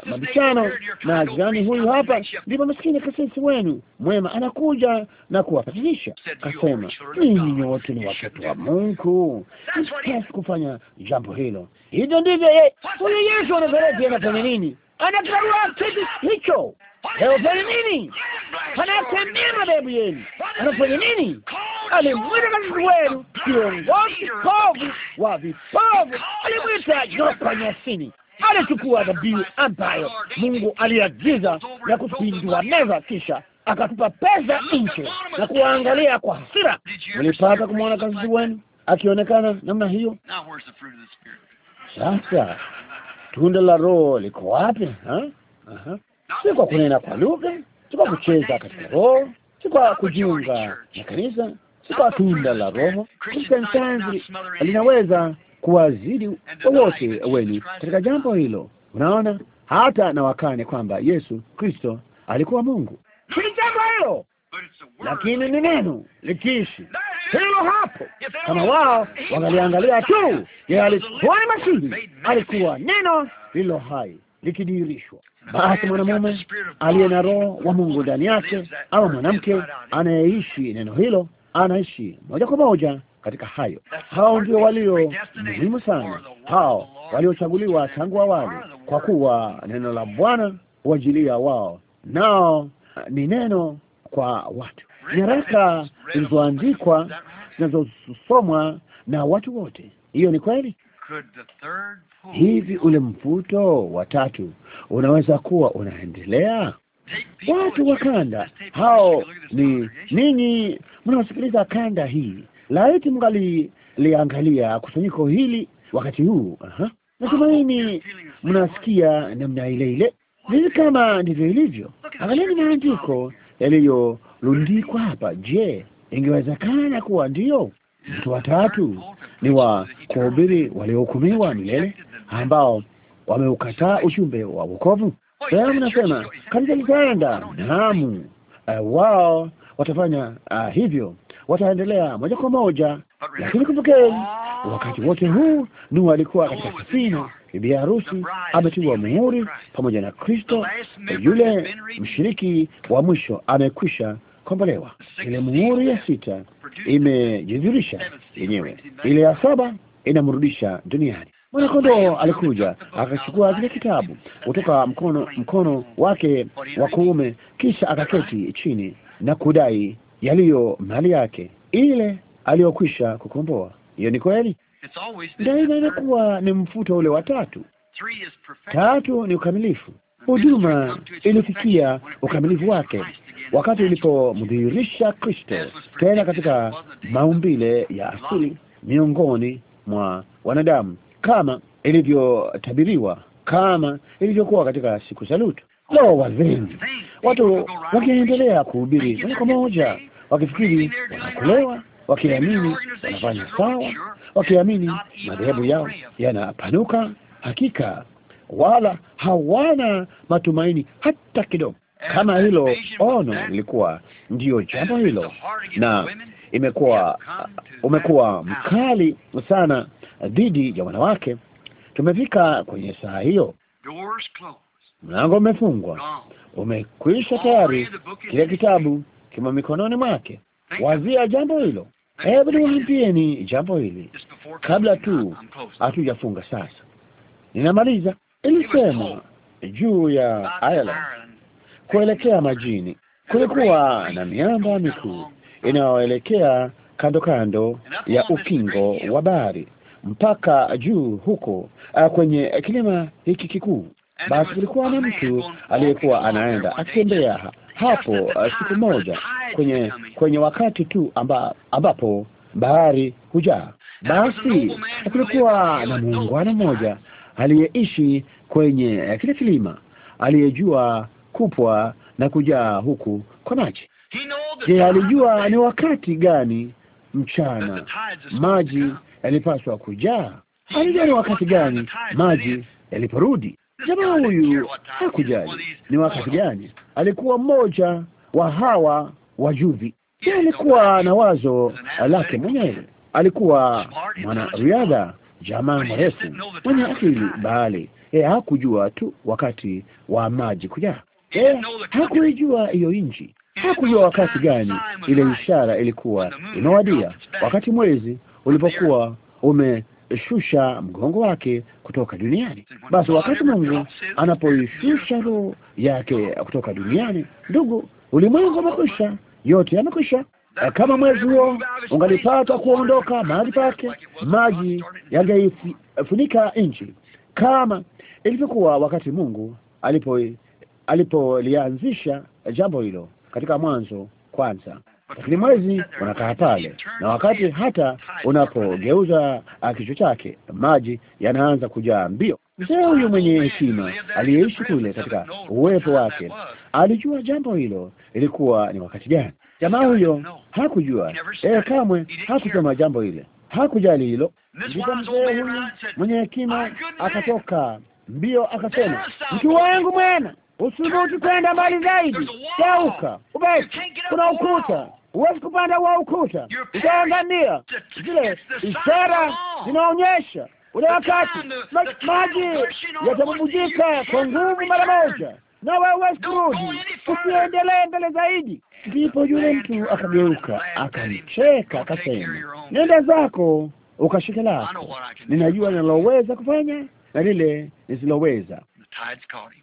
mabishano na jirani huyu hapa, ndipo maskini kasisi wenu mwema anakuja na kuwapatanisha. Kasema ninyi nyote ni watoto wa Mungu, sipasi kufanya jambo hilo. Hivyo ndivyo huyu Yesu wa Nazareti anafanya nini? Anatarua kitu hicho. Leofanya nini? Anatembea madhehebu yenu, anafanya nini? Alimwita katibu wenu kiongozi vipovu wa vipovu, alimwita nyoka nyasini, alichukua dhabihu ambayo Mungu aliagiza na kupindua meza, kisha akatupa pesa nje na kuwaangalia kwa hasira. Mlipata kumwona katibu wenu akionekana namna hiyo? Sasa tunda la Roho liko wapi? si kwa kunena kwa lugha, si kwa kucheza katika roho, si kwa kujiunga na kanisa, si kwa tunda la Roho. Kristo Msanzi linaweza kuwazidi wowote wenu katika jambo hilo. Unaona, hata na wakane kwamba Yesu Kristo alikuwa Mungu. si jambo hilo, lakini ni neno likiishi hilo hapo. Kama wao wangaliangalia tu, yeye alikuwa ni Masihi, alikuwa neno lilo hai likidhihirishwa. basi mwanamume aliye na Roho wa Mungu ndani yake au mwanamke anayeishi neno hilo anaishi moja kwa moja katika hayo. Hao ndio walio muhimu sana, hao waliochaguliwa tangu awali, kwa kuwa neno la Bwana huajilia wao, nao ah, ni neno kwa watu, nyaraka zilizoandikwa zinazosomwa na watu wote. Hiyo ni kweli. Hivi ule mfuto wa tatu unaweza kuwa unaendelea? Watu wa kanda hao ni ninyi mnaosikiliza kanda hii, laiti mngali liangalia kusanyiko hili wakati huu. Aha, natumaini mnasikia namna ile ile. Hivi kama ndivyo ilivyo, angalieni maandiko yaliyorundikwa hapa. Je, ingewezekana kuwa ndiyo mtu wa tatu ni wa kuhubiri waliohukumiwa milele ambao wameukataa ujumbe wa wokovu. Sehemu nasema kanisa litaenda naam. Uh, wao watafanya uh, hivyo, wataendelea moja kwa moja, lakini kumbukeni, wakati wote huu Nuhu alikuwa katika safina, bibi harusi ametiwa muhuri pamoja na Kristo. Yule mshiriki wa mwisho amekwisha kombolewa. Ile muhuri ya sita imejizurisha yenyewe. Ile ya saba inamrudisha duniani. Mwanakondoo alikuja akachukua kile kitabu kutoka mkono mkono wake wa kuume, kisha akaketi chini na kudai yaliyo mali yake, ile aliyokwisha kukomboa. Hiyo ni kweli daima, inakuwa ni mfuto ule wa tatu. Tatu ni ukamilifu. Huduma ilifikia ukamilifu wake wakati ilipomdhihirisha Kristo tena katika maumbile ya asili miongoni mwa wanadamu kama ilivyotabiriwa, kama ilivyokuwa katika siku za Lutu. Lo, wazenzi, watu wakiendelea kuhubiri moja kwa moja, wakifikiri wanakulewa, wakiamini wanafanya sawa, wakiamini madhehebu yao yanapanuka. Hakika wala hawana matumaini hata kidogo kama hilo ono lilikuwa ndiyo jambo hilo, na imekuwa uh, umekuwa mkali sana uh, dhidi ya wanawake. Tumefika kwenye saa hiyo, mlango umefungwa, umekwisha tayari, kile kitabu kimo mikononi mwake. Wazia jambo hilo. Hebu niwaambieni jambo hili kabla tu hatujafunga. Sasa ninamaliza. Ilisema juu ya Ireland kuelekea majini. Kulikuwa na miamba mikuu inayoelekea kando kando ya ukingo wa bahari mpaka juu huko ah, kwenye kilima hiki kikuu. Basi kulikuwa na mtu aliyekuwa anaenda akitembea hapo ah, siku moja kwenye kwenye wakati tu amba, ambapo bahari hujaa. Basi kulikuwa na muungwana mmoja aliyeishi kwenye ah, kile kilima aliyejua kupwa na kujaa huku kwa maji. Je, alijua ni wakati gani mchana maji yalipaswa kujaa? Alijua ni wakati gani maji yaliporudi. Jamaa huyu hakujali ni wakati gani. Alikuwa mmoja wa hawa wajuvi. Ye alikuwa na wazo lake mwenyewe. Alikuwa mwanariadha, jamaa mrefu mwenye akili, bali yeye hakujua tu wakati wa maji kujaa. Eh, hakuijua hiyo nchi? Hakujua wakati gani ile ishara ilikuwa imewadia, wakati mwezi ulipokuwa umeshusha mgongo wake kutoka duniani. Basi wakati Mungu anapoishusha roho yake kutoka duniani, ndugu, ulimwengu amekwisha, yote yamekwisha. Eh, kama mwezi huo ungalipata kuondoka mahali pake, maji yangeifunika nchi, kama ilivyokuwa wakati Mungu alipo alipolianzisha jambo hilo katika mwanzo kwanza lakini mwezi unakaa pale, na wakati hata unapogeuza ah, kichwa chake, maji yanaanza kujaa mbio. Mzee huyu mwenye hekima aliyeishi kule katika uwepo wake alijua jambo hilo ilikuwa ni wakati gani. Jamaa huyo hakujua, yeye kamwe hakusoma jambo hile, hakujali hilo. Ndipo mzee huyu mwenye hekima akatoka mbio, akasema, mtu wangu mwana Usubutu kwenda mbali zaidi, geuka ubeti. Kuna ukuta, huwezi kupanda wa ukuta, utaangamia. Zile ishara zinaonyesha ule wakati maji yatabubujika kwa nguvu mara moja, na wewe huwezi kurudi, usiendelee mbele zaidi. Ndipo yule mtu akageuka, akamcheka akasema, nenda zako ukashike lako, ninajua ninaloweza kufanya na lile nisiloweza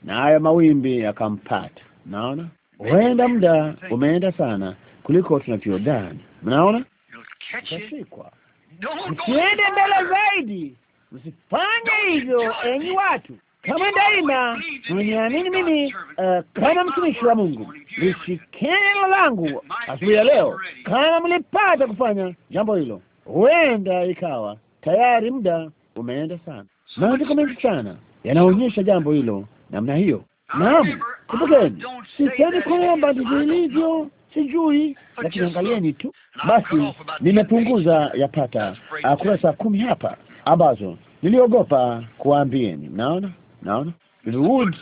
nayo mawimbi yakampata. Mnaona, huenda muda umeenda sana kuliko tunavyodhani. Mnaona, tasikwa. Msiende mbele zaidi, msifanye hivyo, enyi watu. Kama daima mniamini mimi, uh, kama mtumishi wa Mungu, lishikeni neno langu asubuhi ya leo. Kama mlipata kufanya jambo hilo, huenda ikawa tayari muda umeenda sana. Maandiko mengi sana yanaonyesha jambo hilo namna hiyo. Naam, kumbukeni, sisemi kwamba ndivyo ilivyo, sijui, lakini angalieni tu basi. Nimepunguza yapata ah, kurasa kumi hapa ambazo niliogopa kuwaambieni. Mnaona, naona Wood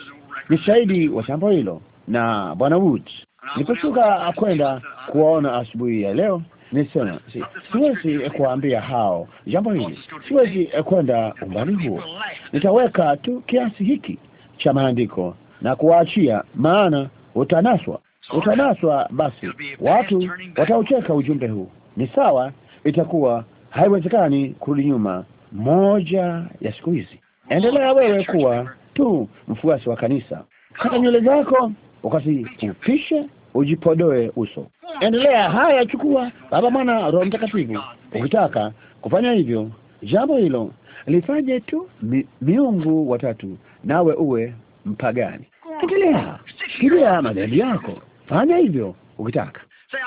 ni shahidi wa jambo hilo, na bwana Wood niliposhuka ah, kwenda kuwaona asubuhi ya leo nisona, si, siwezi eh, kuambia hao jambo hili, siwezi eh, kwenda umbali huo. Nitaweka tu kiasi hiki cha maandiko na kuwaachia, maana utanaswa, utanaswa. Basi watu wataucheka ujumbe huu. Ni sawa, itakuwa haiwezekani kurudi nyuma moja ya siku hizi. Endelea wewe kuwa tu mfuasi wa kanisa, kata nywele zako ukazifupishe ujipodoe uso. Endelea haya, chukua Baba, Mwana, Roho Mtakatifu. Ukitaka kufanya hivyo jambo hilo, lifanye tu mi, miungu watatu, nawe uwe mpagani. Endelea kilia madhambi yako, fanya hivyo ukitaka.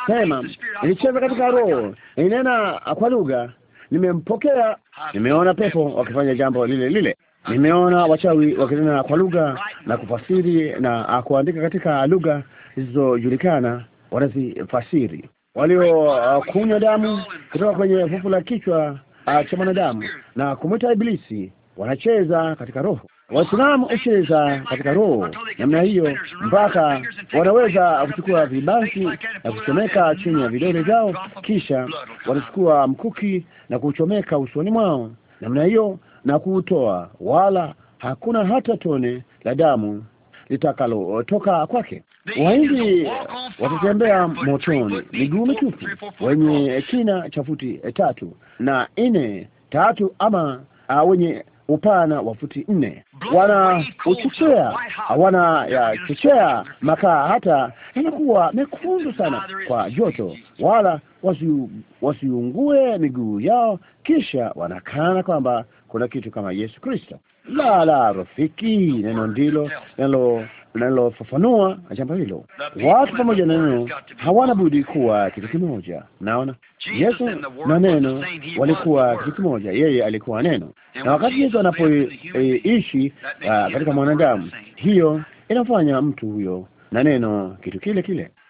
Sema, nilicheza katika roho, ninena kwa lugha, nimempokea, nimeona pepo wakifanya jambo lile lile. Nimeona wachawi wakinena kwa lugha na kufasiri na ah, kuandika katika lugha zilizojulikana wanazifasiri. Waliokunywa ah, kunywa damu kutoka kwenye fufu la kichwa ah, cha mwanadamu na kumwita Ibilisi wanacheza katika roho. Waislamu hucheza katika roho namna hiyo, mpaka wanaweza kuchukua vibansi na kuchomeka chini ya vidole vyao, kisha wanachukua mkuki na kuchomeka usoni mwao namna hiyo na kuutoa, wala hakuna hata tone la damu litakalotoka kwake. Wahindi watatembea motoni miguu mitupu, wenye kina cha futi tatu na nne tatu ama a, ah, wenye upana wa futi nne. Wanauchochea, wanayachochea makaa hata yanakuwa mekundu sana kwa joto, wala wasiungue miguu yao, kisha wanakana kwamba kuna kitu kama Yesu Kristo. La, la, rafiki, neno ndilo linalofafanua jambo hilo. Watu pamoja na neno hawana budi kuwa kitu kimoja. Naona Yesu na neno walikuwa kitu kimoja, yeye alikuwa neno, na wakati Yesu anapoishi e, katika mwanadamu, hiyo inafanya mtu huyo na neno kitu kile kile.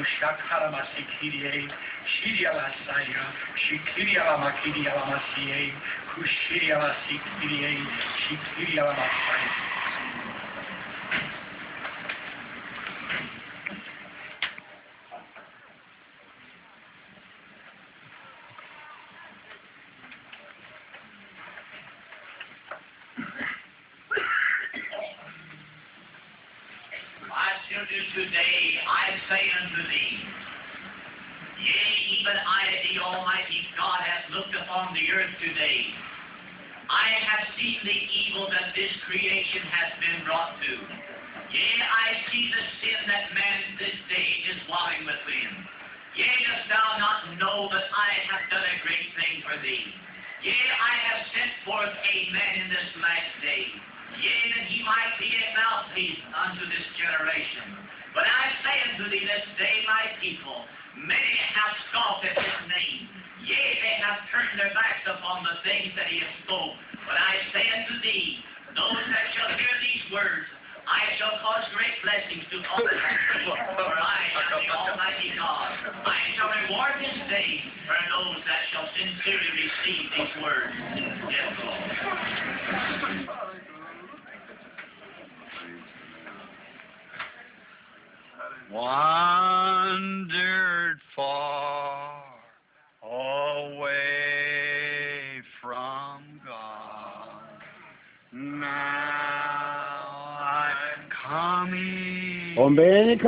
Ushakara masikiriye, şiryala sayra, şikiryala makiryala masiyey, kuşiryala sikiriye, şikiryala masayra.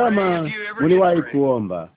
kama uliwahi kuomba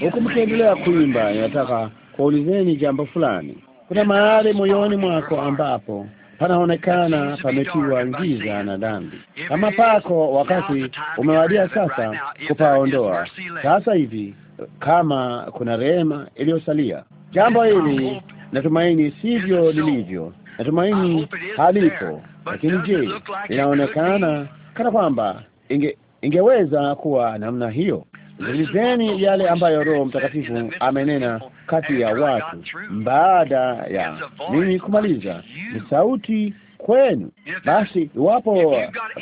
huku mkiendelea kuimba, nataka kuulizeni jambo fulani. Kuna mahali moyoni mwako ambapo panaonekana pametiwa ngiza na dhambi, kama pako wakati umewadia sasa kupaondoa sasa hivi, kama kuna rehema iliyosalia. Jambo hili natumaini sivyo lilivyo, natumaini halipo, lakini je, inaonekana kana kwamba inge ingeweza kuwa namna hiyo. Sikilizeni yale ambayo Roho Mtakatifu amenena kati ya watu baada ya mimi kumaliza, ni sauti kwenu. Basi iwapo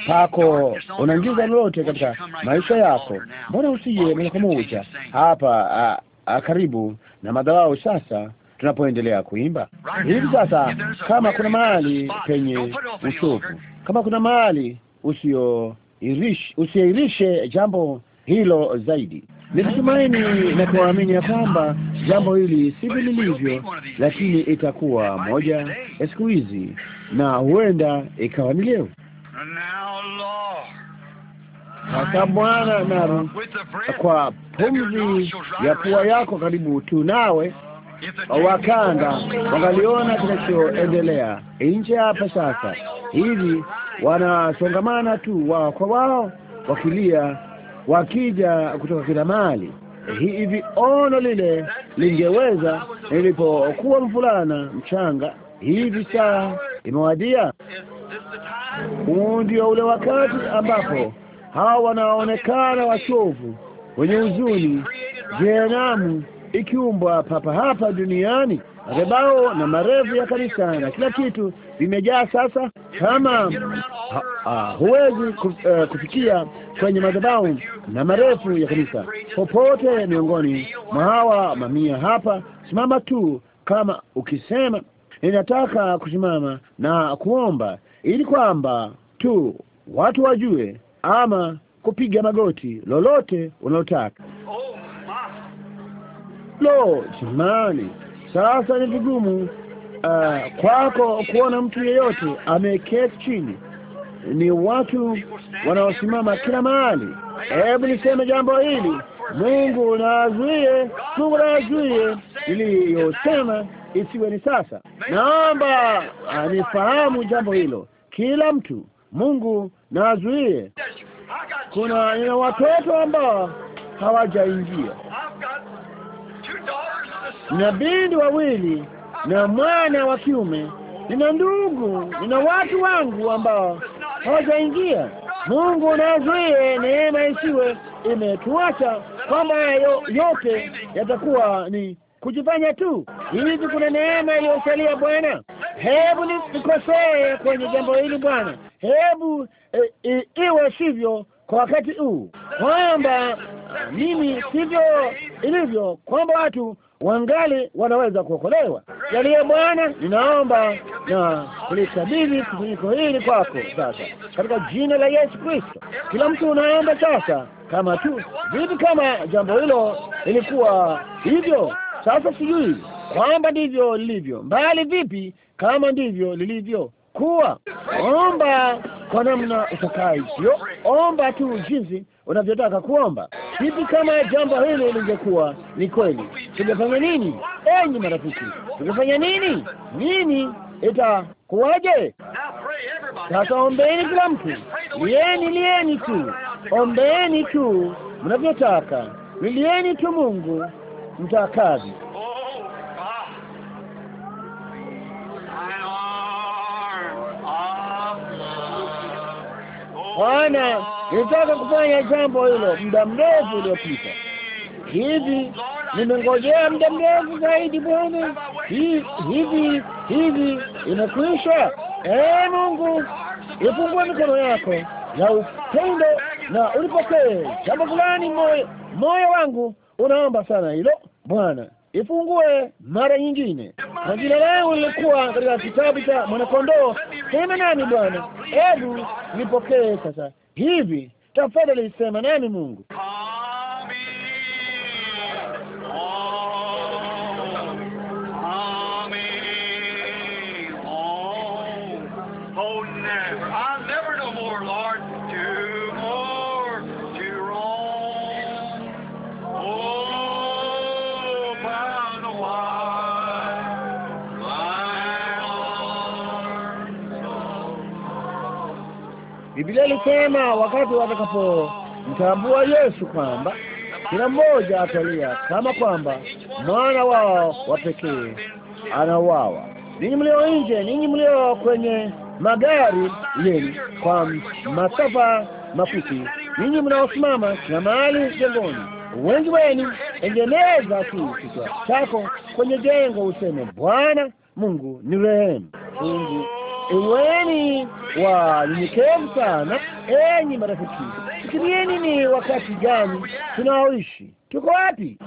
pako unaingiza lolote katika maisha yako, mbona usije moja kwa moja hapa a, a, karibu na madhabahu sasa tunapoendelea kuimba hivi sasa. Kama kuna mahali penye usufu, kama kuna mahali usioirishe jambo hilo zaidi. nilitumaini na kuamini ya kwamba jambo hili si lilivyo, lakini itakuwa moja ya siku hizi, na huenda ikawa ni leo. Sasa Bwana, na kwa pumzi ya pua yako karibu tu nawe Wakanda wangaliona kinachoendelea nje hapa sasa hivi, wanasongamana tu wao kwa wao wakilia wakija kutoka kila mahali. Hivi ono lile lingeweza nilipokuwa mvulana mchanga. Hivi saa imewadia, huu ndio ule wakati ambapo hawa wanaonekana wachovu, wenye huzuni, jehanamu ikiumbwa papa hapa duniani madhabahu na marefu ya kanisa na kila kitu vimejaa sasa. Kama huwezi eh, kufikia kwenye madhabahu na marefu ya kanisa popote miongoni mwa hawa mamia hapa, simama tu, kama ukisema ninataka kusimama na kuomba, ili kwamba tu watu wajue, ama kupiga magoti, lolote unalotaka. Oh, Lo, jamani! Sasa ni vigumu uh, kwako kuona mtu yeyote ameketi chini. Ni watu wanaosimama kila mahali. Hebu niseme jambo hili, Mungu naazuie, Mungu naazuie iliyosema isiwe ni sasa. Naomba uh, nifahamu jambo hilo, kila mtu. Mungu naazuie. Kuna nina watoto ambao hawajaingia nina binti wawili na mwana wa kiume, nina ndugu, nina watu wangu ambao hawajaingia. Mungu nazuie neema isiwe imetuacha kwamba yo, yote yatakuwa ni kujifanya tu. Hivi kuna neema iliyosalia Bwana? Hebu nikosee kwenye jambo hili Bwana, hebu e, e, iwe sivyo kwa wakati huu kwamba mimi sivyo ilivyo kwamba watu wangali wanaweza kuokolewa. yaliye Bwana, ninaomba na kulikabidhi kusanyiko hili kwako sasa, katika jina la Yesu Kristo. Kila mtu unaomba sasa, kama tu vipi, kama jambo hilo lilikuwa hivyo, sasa sijui kwamba ndivyo lilivyo, mbali vipi kama ndivyo lilivyo kuwa. Omba kwa namna utakayo, omba tu jinsi unavyotaka kuomba. Vipi kama jambo hili lingekuwa ni kweli, tungefanya nini? Enyi marafiki, tungefanya nini? Nini itakuwaje? Sasa ombeni, kila mtu lieni, lieni tu, ombeni tu mnavyotaka, lilieni tu Mungu mtakazi Bwana, nitaka kufanya jambo hilo muda mrefu uliopita. Hivi nimengojea muda mrefu zaidi, Bwana. Hivi hivi imekwisha. Ee Mungu, ifungue mikono yako ya upendo na ulipokee jambo fulani. Moyo moyo wangu unaomba sana hilo Bwana, ifungue mara nyingine. Na jina langu lilikuwa katika kitabu cha mwanakondoo sema nami Bwana, hebu nipokee sasa hivi. Tafadhali sema nami Mungu. Biblia ilisema wakati watakapomtambua Yesu kwamba kila mmoja atalia kama kwamba mwana wao wa pekee anauawa. Ninyi mlio nje, ninyi mlio kwenye magari yenu kwa masafa mafupi, ninyi mnaosimama na mahali jengoni, wengi wenu, endeleza tu kichwa chako kwenye jengo useme, Bwana Mungu ni rehemu, Mungu iweni wanyenyekevu sana. Enyi marafiki, fikirieni ni wakati gani tunaoishi. Tuko wapi?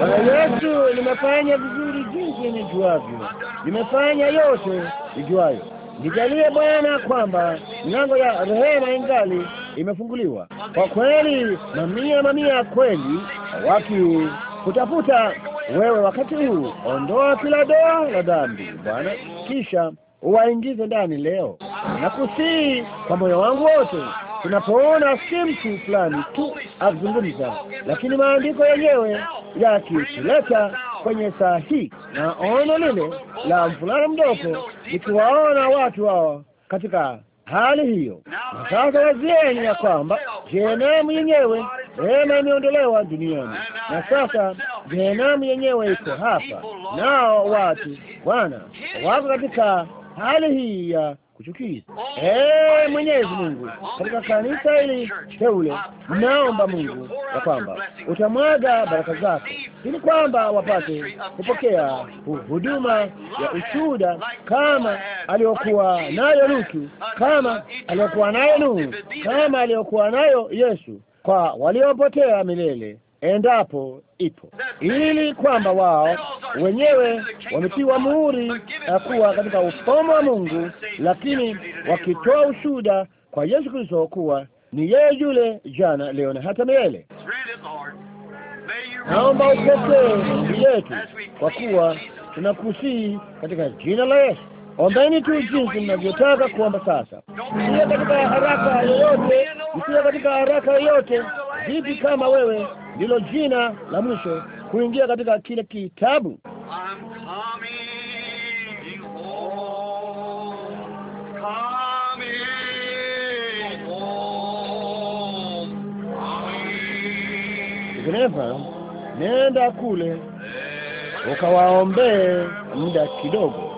Bwana Yesu, nimefanya vizuri jinsi nijuavyo nimefanya yote ijuayo. Nijalie Bwana kwamba milango ya rehema ingali imefunguliwa kwa kweli, mamia mamia kweli waki kutafuta wewe wakati huu. Ondoa kila doa la dhambi Bwana, kisha uwaingize ndani leo na kusii kwa moyo wangu wote. Tunapoona si mtu fulani tu akizungumza, lakini maandiko yenyewe yakituleta kwenye saa hii na ono lile la mvulana mdogo, nikiwaona watu hao katika hali hiyo. Na sasa wazieni ya kwamba jehanamu yenyewe hema imeondolewa duniani, na sasa jehanamu yenyewe iko hapa, nao watu Bwana wako katika hali hii ya kuchukiza. Eh, Mwenyezi Mungu, katika kanisa hili teule, naomba Mungu ya kwamba utamwaga baraka zako, ili kwamba wapate kupokea huduma ya ushuhuda kama aliyokuwa nayo Lutu, kama aliyokuwa nayo Nuhu, kama aliyokuwa nayo Yesu, kwa waliopotea milele endapo ipo, ili kwamba wao wenyewe wametiwa muhuri na kuwa katika ufalme wa Mungu, lakini wakitoa ushuhuda kwa Yesu Kristo kuwa ni yeye yule jana, leo na hata milele. Naomba upokee yetu kwa kuwa tunakusihi katika jina la Yesu. Ombeni tu jinsi mnavyotaka kuomba. Sasa msiwe katika haraka yoyote, msiwe katika haraka yoyote. Vipi kama wewe ndilo jina la mwisho kuingia katika kile kitabu? Dereva, nenda kule ukawaombee muda kidogo.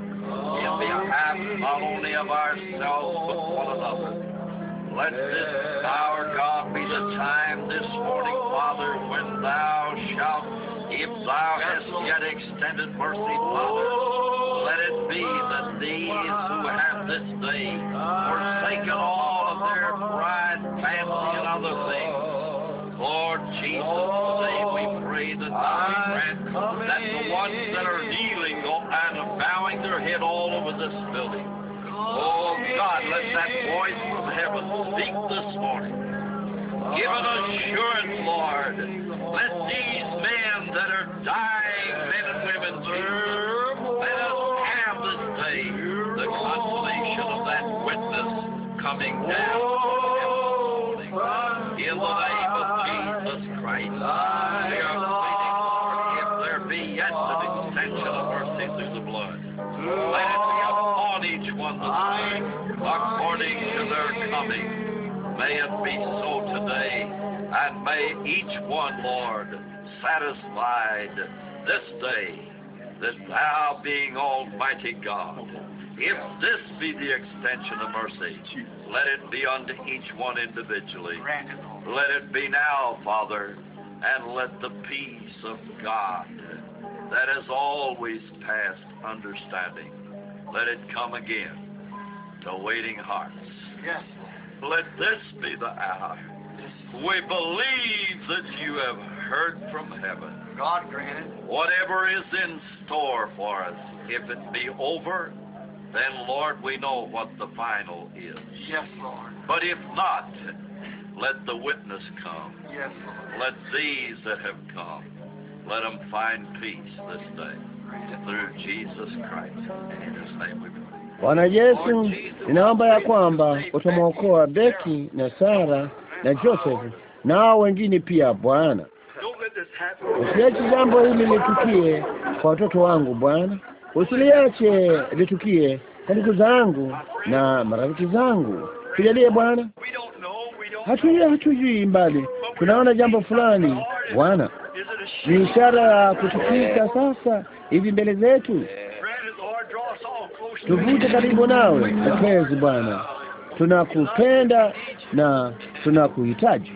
If a have not only of ourselves but one another, let this our God be the time this morning, Father, when Thou shalt, if Thou hast yet extended mercy, Father, let it be that these who have this day forsaken all of their pride, family, and other things, Lord Jesus, today we pray that Thou grant that the one this building. Oh, God, let that voice from heaven speak this morning. Give an assurance, Lord. Let these men that are dying, men and women, let us have this day the consolation of that witness coming down. and may each one, Lord, satisfied this day that thou being Almighty God, if this be the extension of mercy, let it be unto each one individually. Let it be now, Father, and let the peace of God that is always past understanding, let it come again to waiting hearts. Yes. Let this be the hour we believe that you have heard from heaven. God granted. Whatever is in store for us, if it be over, then, Lord, we know what the final is. Yes, Lord. But if not, let the witness come. Yes, Lord. Let these that have come, let them find peace this day through Jesus Christ. In His name we pray. Bwana Yesu, ninaomba ya kwamba utamwokoa Beki na Sara na Josefu hao wengine pia. Bwana, usiliache jambo hili litukie kwa watoto wangu Bwana, usiliache litukie kwa ndugu zangu na marafiki zangu. Tujalie Bwana, hatujui hatujui, mbali tunaona jambo fulani Bwana, ni ishara ya kutukika sasa hivi mbele zetu. Tuvute karibu nawe, mpenzi Bwana tunakupenda na tunakuhitaji.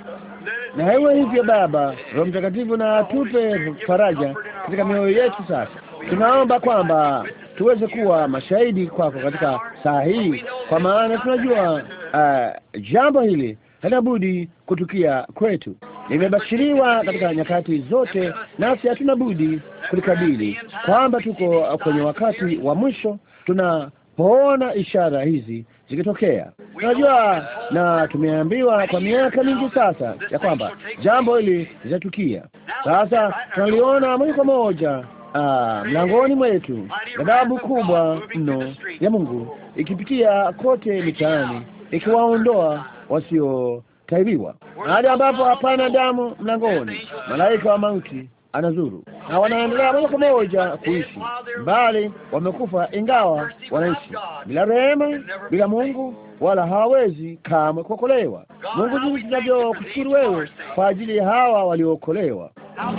Na hewe hivyo Baba, Roho Mtakatifu na atupe faraja katika mioyo yetu. Sasa tunaomba kwamba tuweze kuwa mashahidi kwako katika saa hii, kwa maana tunajua uh, jambo hili halina budi kutukia kwetu, limebashiriwa katika nyakati zote, nasi hatuna budi kulikabili, kwamba tuko kwenye wakati wa mwisho tunapoona ishara hizi zikitokea. Unajua, na tumeambiwa kwa miaka mingi sasa ya kwamba jambo hili litatukia. Sasa tunaliona moja kwa moja ah, mlangoni mwetu, ghadhabu kubwa mno ya Mungu ikipitia kote mitaani, ikiwaondoa wasio taibiwa hadi ambapo hapana damu mlangoni, malaika wa mauti anazuru na wanaendelea moja kwa moja kuishi, bali wamekufa, ingawa wanaishi bila rehema, bila Mungu, wala hawawezi kamwe kuokolewa. Mungu, jinsi tunavyokushukuru wewe kwa ajili ya hawa waliookolewa,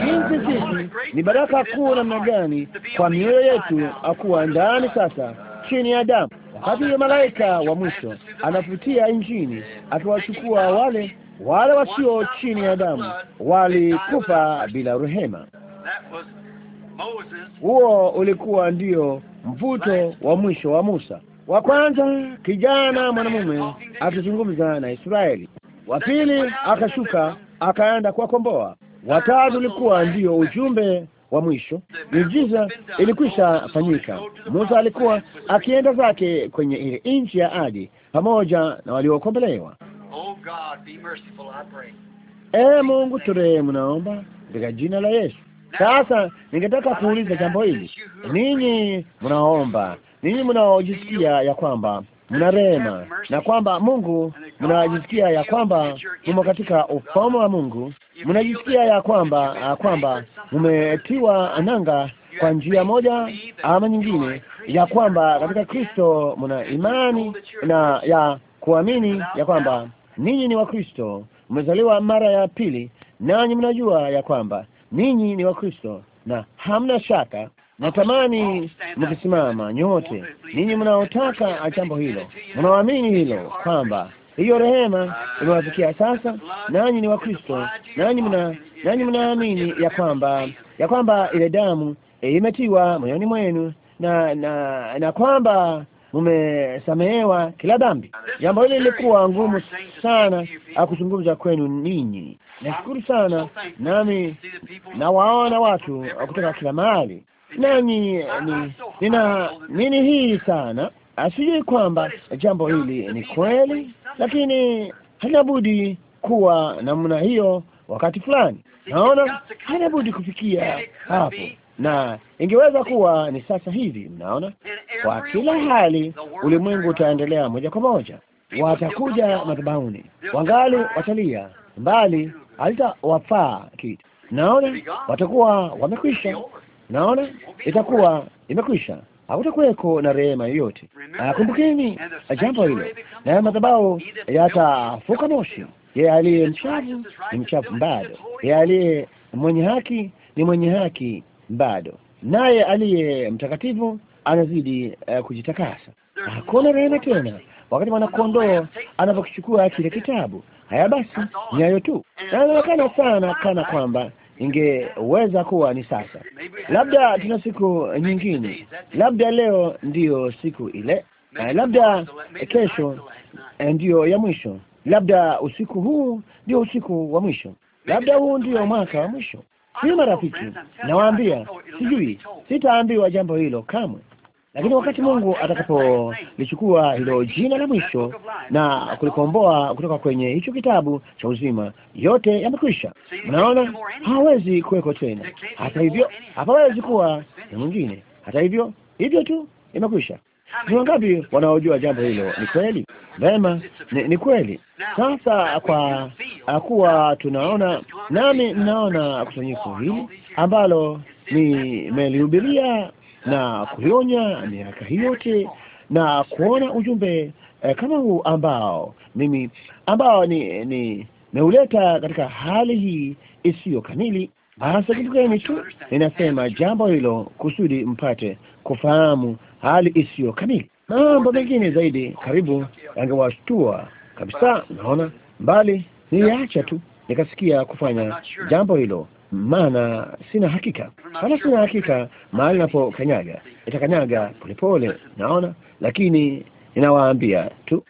jinsi sisi ni baraka kuu namna gani kwa mioyo yetu akuwa ndani sasa chini ya damu. Wakati hiyo malaika wa mwisho anapitia injini akiwachukua wale wale wasio chini ya damu walikufa bila rehema. Huo ulikuwa ndio mvuto wa mwisho wa Musa. Wa kwanza kijana mwanamume akizungumza na Israeli, wa pili akashuka akaenda kuwakomboa, watatu ulikuwa ndio ujumbe wa mwisho. Miujiza ilikwisha fanyika. Musa alikuwa akienda zake kwenye ile nchi ya ahadi pamoja na waliokombolewa. Ee Mungu turehemu, naomba katika jina la Yesu. Sasa ningetaka kuuliza jambo hili, ninyi mnaomba, ninyi mnaojisikia ya kwamba mna rehema na kwamba Mungu, mnajisikia ya kwamba mumo katika uh, ufalme wa Mungu, mnajisikia ya kwamba ah, kwamba mumetiwa nanga kwa njia moja ama nyingine, ya kwamba katika Kristo mna imani na ya kuamini ya kwamba ninyi ni Wakristo, mmezaliwa mara ya pili, nanyi mnajua ya kwamba ninyi ni Wakristo na hamna shaka. Natamani mkisimama nyote, ninyi mnaotaka jambo hilo, mnaoamini hilo, kwamba hiyo rehema imewafikia sasa, nanyi ni Wakristo, nanyi mna nanyi mnaamini ya kwamba ya kwamba ile damu e, imetiwa moyoni mwenu na na na kwamba mumesamehewa kila dhambi. Jambo hili lilikuwa ngumu sana akuzungumza kwenu ninyi. Nashukuru sana, nami nawaona watu kutoka kila mahali, nanyi ni, nina nini hii sana. Asijui kwamba jambo hili ni kweli, lakini halina kuwa namna hiyo wakati fulani. Naona hainabudi kufikia hapo na ingeweza kuwa ni sasa hivi. Mnaona, kwa kila hali ulimwengu utaendelea moja kwa moja. Watakuja madhabahuni, wangali watalia, mbali halitawafaa kitu. Naona watakuwa wamekwisha. Naona itakuwa imekwisha, hakutakuweko na rehema yoyote. Ah, kumbukeni jambo hilo, nayo madhabahu yatafuka moshi. Yeye aliye mchafu ni mchafu bado, yeye aliye mwenye haki ni mwenye haki bado, naye aliye mtakatifu anazidi uh, kujitakasa. Hakuna rehema tena, wakati mwanakondoo anapokichukua kile kitabu. Haya basi, ni hayo tu, na sana kana kwamba ingeweza kuwa ni sasa. Labda tuna siku nyingine, labda leo ndiyo siku ile, eh, labda kesho eh, ndiyo ya mwisho, labda usiku huu ndio usiku wa mwisho, labda huu ndiyo mwaka wa mwisho si marafiki, nawaambia, sijui, sitaambiwa jambo hilo kamwe, lakini wakati Mungu atakapolichukua hilo jina la mwisho na kulikomboa kutoka kwenye hicho kitabu cha uzima, yote yamekwisha. Mnaona, hawezi kuweko tena. Hata hivyo, hapawezi kuwa na mwingine. Hata hivyo, hivyo tu imekwisha. Ni wangapi wanaojua jambo hilo ni kweli? Vema, ni, ni kweli. Sasa kwa kuwa tunaona nami mnaona kusanyiko hili ambalo nimelihubiria na kulionya miaka hii yote na kuona ujumbe eh, kama huu ambao mimi ambao ni, ni meuleta katika hali hii isiyo kamili. Basi kumbukeni tu, ninasema jambo hilo kusudi mpate kufahamu hali isiyo kamili mambo mengine zaidi karibu yangewashtua kabisa. Naona mbali, niliacha tu nikasikia kufanya jambo hilo, maana sina hakika sana, sina hakika mahali napokanyaga, itakanyaga polepole naona, lakini ninawaambia tu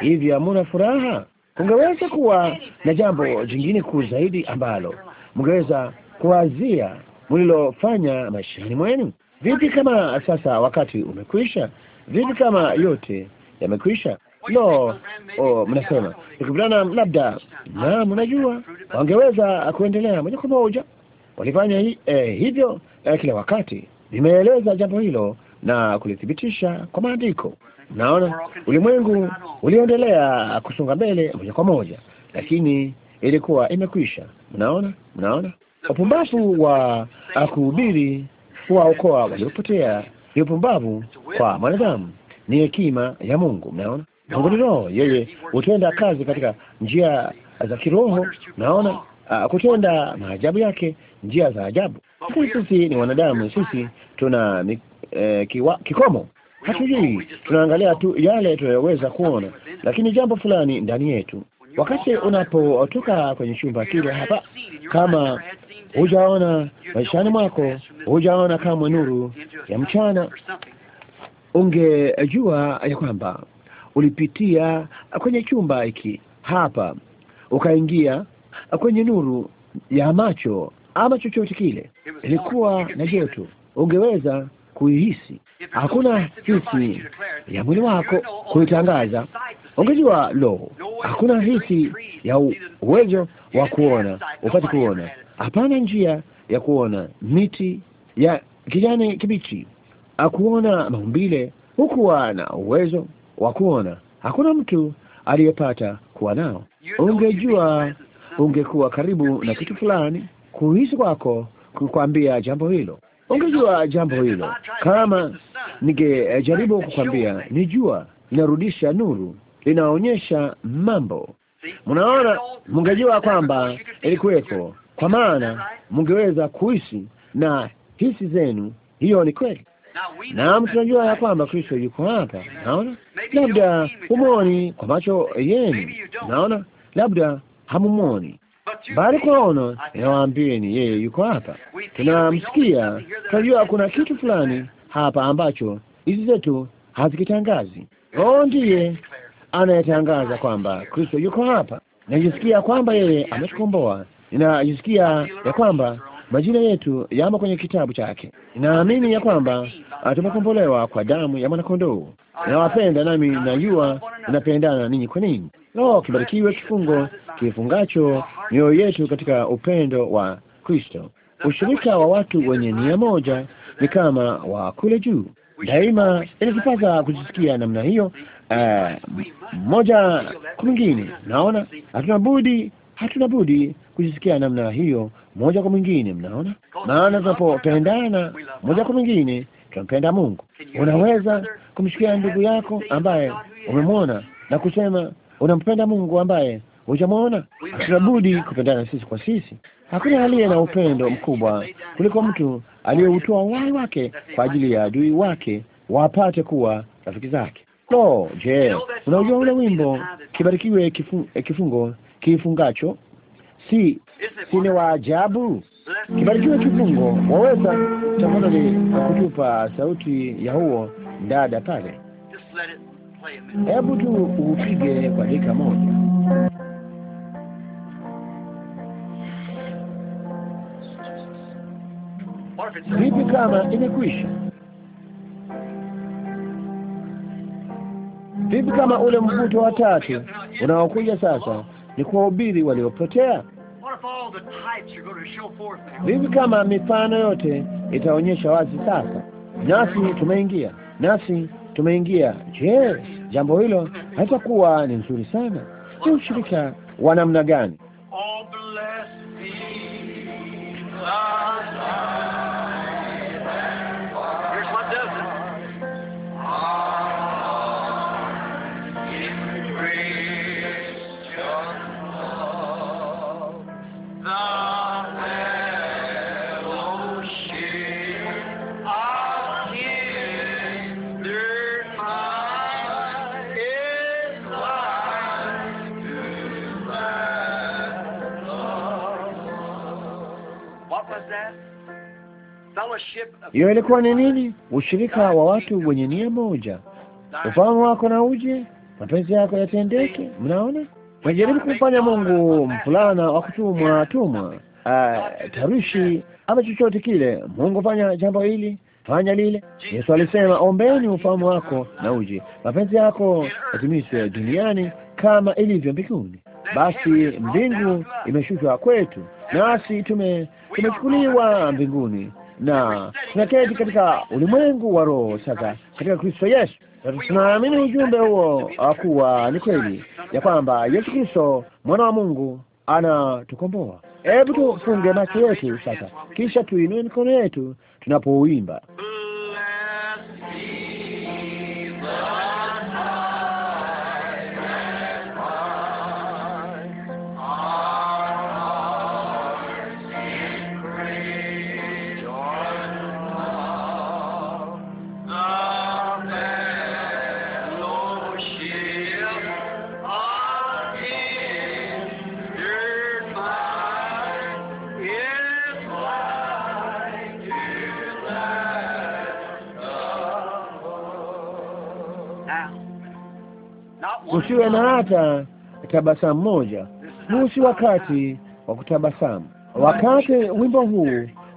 hivi, hamuna furaha. Kungeweza kuwa na jambo jingine kuu zaidi ambalo mngeweza kuwazia mlilofanya maishani mwenu. Vipi kama sasa wakati umekwisha? Vipi kama yote yamekwisha? Lo no, oh, mnasema Branham, labda na mnajua, wangeweza kuendelea moja kwa moja. Walifanya hi, eh, hivyo eh, kila wakati. Nimeeleza jambo hilo na kulithibitisha kwa maandiko. Naona ulimwengu uliendelea kusonga mbele moja kwa moja, lakini ilikuwa imekwisha. Mnaona, mnaona upumbavu wa ah, kuhubiri kuwaokoa waliopotea. Ni upumbavu kwa mwanadamu, ni hekima ya Mungu. Mnaona, Mungu ni roho, yeye hutenda kazi katika njia za kiroho. Naona uh, ah, kutenda maajabu yake, njia za ajabu. Lakini sisi ni wanadamu, sisi tuna eh, kiwa, kikomo hatujui, tunaangalia tu yale tunayoweza kuona, lakini jambo fulani ndani yetu wakati unapotoka kwenye chumba kile hapa, kama hujaona maishani mwako, hujaona kamwe nuru ya mchana, ungejua ya kwamba ulipitia kwenye chumba hiki hapa, ukaingia kwenye nuru ya macho ama chochote kile, ilikuwa na joto, ungeweza kuihisi. Hakuna hisi ya mwili wako kuitangaza Ungejua, lo, hakuna hisi ya uwezo wa kuona upate kuona, hapana njia ya kuona miti ya kijani kibichi, akuona maumbile, hukuwa na uwezo wa kuona, hakuna mtu aliyepata kuwa nao. Ungejua, ungekuwa karibu na kitu fulani, kuhisi kwako kukwambia jambo hilo ungejua jambo hilo. Kama ningejaribu kukwambia, ni jua inarudisha nuru, linaonyesha mambo. Mnaona, mngejua kwamba ilikuwepo, kwa maana mngeweza kuishi na hisi zenu. Hiyo ni kweli. Naam, tunajua ya kwamba Kristo yuko hapa. Naona labda humwoni kwa macho yenu, naona labda hamumwoni, bali kwa ono yeye yuko hapa. Tunamsikia, tunajua kuna kitu fulani hapa ambacho hizi zetu hazikitangazi. oo ndiye anayetangaza kwamba Kristo yuko hapa. Najisikia kwamba yeye ametukomboa, ninajisikia ya kwamba majina yetu yamo kwenye kitabu chake. Naamini ya kwamba ah, tumekombolewa kwa damu ya mwanakondoo. Nawapenda nami najua ninapendana ninyi kwa ninyi. Lo, kibarikiwe kifungo kifungacho mioyo yetu katika upendo wa Kristo. Ushirika wa watu wenye nia moja ni kama wa kule juu. Daima inatupasa kujisikia namna hiyo Eh, mmoja mwingine. Mnaona, hatuna budi hatuna budi kujisikia namna hiyo moja kwa mwingine. Mnaona, maana tunapopendana moja kwa mwingine tunampenda Mungu. Unaweza kumshikia ndugu yako ambaye umemwona na kusema unampenda Mungu ambaye hujamwona. Hatuna budi kupendana sisi kwa sisi. Hakuna aliye na upendo mkubwa kuliko mtu aliyeutoa uhai wake kwa ajili ya adui wake wapate kuwa rafiki zake. Lo, je, unajua ule wimbo kibarikiwe kifu, eh, kifungo kifungacho si sine wa ajabu kibarikiwe kifungo. Waweza tamana ni kutupa sauti ya huo dada pale, hebu tu upige kwa dakika moja. Vipi kama imekwisha? Vipi kama ule mvuto wa tatu unaokuja sasa ni kuwahubiri waliopotea? Vipi kama mifano yote itaonyesha wazi sasa, nasi tumeingia, nasi tumeingia? Je, jambo hilo haitakuwa ni nzuri sana? Ni ushirika wa namna gani? Hiyo ilikuwa ni nini? Ushirika wa watu wenye nia moja. Ufahamu wako na uje, mapenzi yako yatendeke. Mnaona, najaribu kumfanya Mungu mfulana wa kutumwa tumwa, uh, tarushi ama chochote kile. Mungu, fanya jambo hili, fanya lile. Yesu alisema, ombeni ufahamu wako na uje, mapenzi yako yatimizwe duniani kama ilivyo mbinguni. Basi mbingu imeshushwa kwetu, nasi tume tumechukuliwa mbinguni na tunaketi katika ulimwengu wa roho sasa katika Kristo Yesu, na tunaamini ujumbe huo ah, kuwa ni kweli ya kwamba Yesu Kristo mwana wa Mungu anatukomboa. Hebu tufunge macho yetu sasa, kisha tuinue mikono yetu tunapouimba usiwe na hata tabasamu moja. Huu si wakati wa kutabasamu. Wakati wimbo huu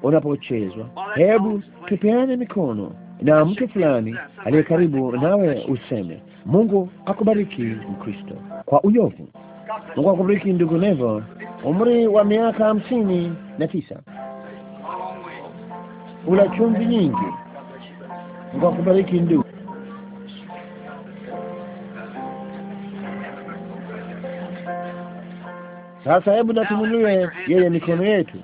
unapochezwa, hebu tupeane mikono na mtu fulani aliye karibu nawe, useme Mungu akubariki Mkristo kwa uyovu. Mungu akubariki ndugu Nevo, umri wa miaka hamsini na tisa, ula chumvi nyingi. Mungu akubariki ndugu. Sasa hebu natumulie yeye mikono yetu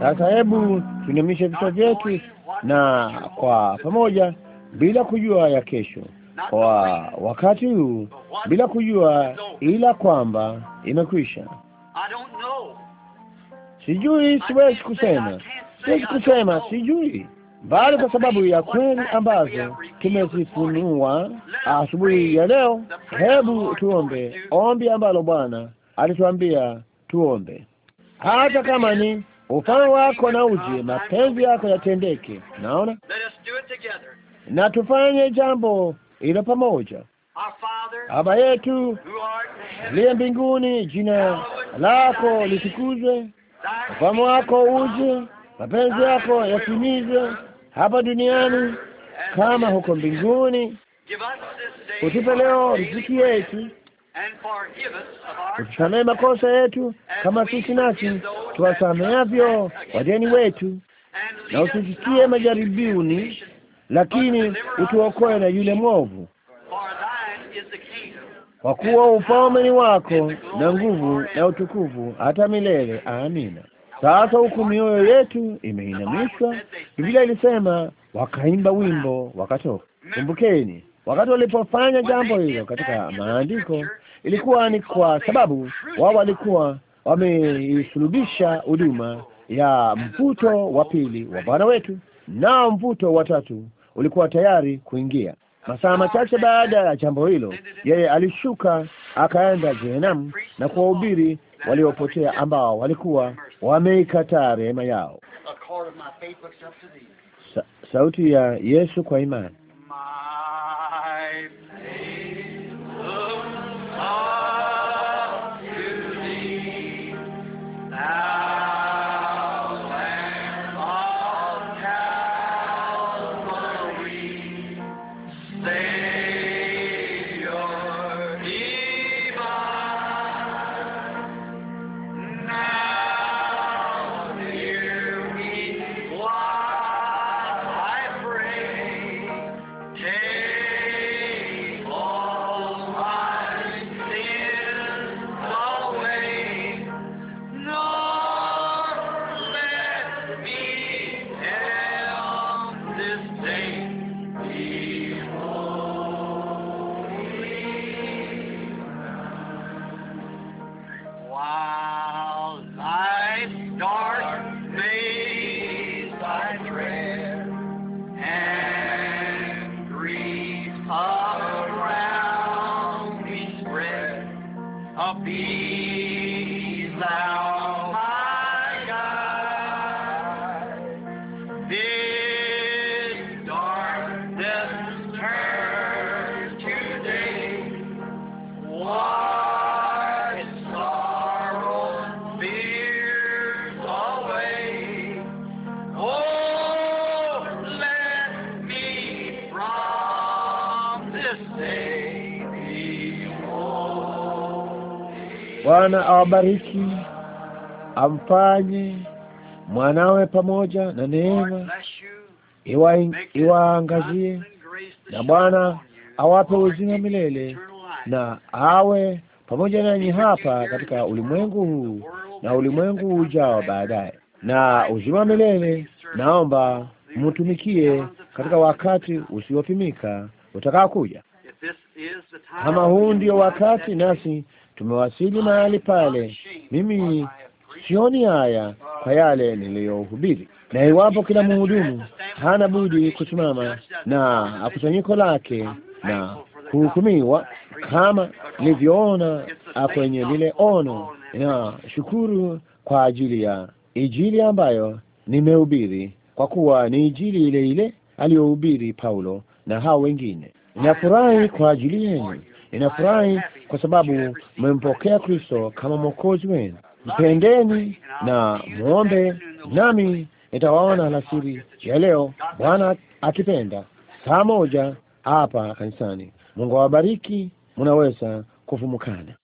Sasa hebu tuinamishe vichwa vyetu na kwa pamoja, bila kujua ya kesho, kwa wakati huu, bila kujua ila kwamba imekwisha. Sijui, siwezi kusema, siwezi kusema, sijui, bali kwa sababu ya kweli ambazo tumezifunua asubuhi ya leo, hebu tuombe ombi ambalo Bwana alituambia tuombe hata kama ni ufao wako na uje mapenzi yako yatendeke. Naona na tufanye jambo hilo pamoja. Baba yetu liye mbinguni, jina lako litukuzwe, ufalme wako uje, mapenzi yako yatimizwe hapa duniani kama huko mbinguni. Utupe leo riziki yetu utusamehe makosa yetu kama sisi nasi avyo wadeni wetu, na usisikie majaribuni, lakini utuokoe na yule mwovu, kwa kuwa ufalme ni wako na nguvu na utukufu hata milele. Amina. Sasa huku mioyo yetu imeinamishwa, Biblia ilisema wakaimba wimbo wakatoka. Kumbukeni wakati walipofanya jambo hilo katika maandiko ilikuwa ni kwa sababu wao walikuwa wameisulubisha huduma ya mvuto wa pili wa Bwana wetu, nao mvuto wa tatu ulikuwa tayari kuingia. Masaa machache baada ya jambo hilo, yeye alishuka akaenda Jehenamu na kuwahubiri waliopotea ambao walikuwa wameikataa rehema yao. Sa sauti ya Yesu kwa imani come to thee. now. Bwana awabariki, amfanye mwanawe pamoja na neema iwaangazie, na Bwana awape uzima milele, na awe pamoja nanyi hapa katika ulimwengu huu na ulimwengu ujao baadaye. Na uzima milele, naomba mtumikie katika wakati usiopimika utakao kuja. Kama huu ndio wakati, nasi tumewasili mahali pale. Mimi sioni haya kwa yale niliyohubiri, na iwapo kila mhudumu hana budi kusimama na akusanyiko lake na kuhukumiwa kama nilivyoona kwenye lile ono, na shukuru kwa ajili ya Injili ambayo nimehubiri, kwa kuwa ni Injili ile ile aliyohubiri Paulo na hao wengine. Ninafurahi kwa ajili yenu, ninafurahi kwa sababu mmempokea Kristo kama mwokozi wenu. Mpendeni na muombe, nami nitawaona alasiri ya leo, Bwana akipenda, saa moja hapa kanisani. Mungu awabariki. Munaweza kuvumukana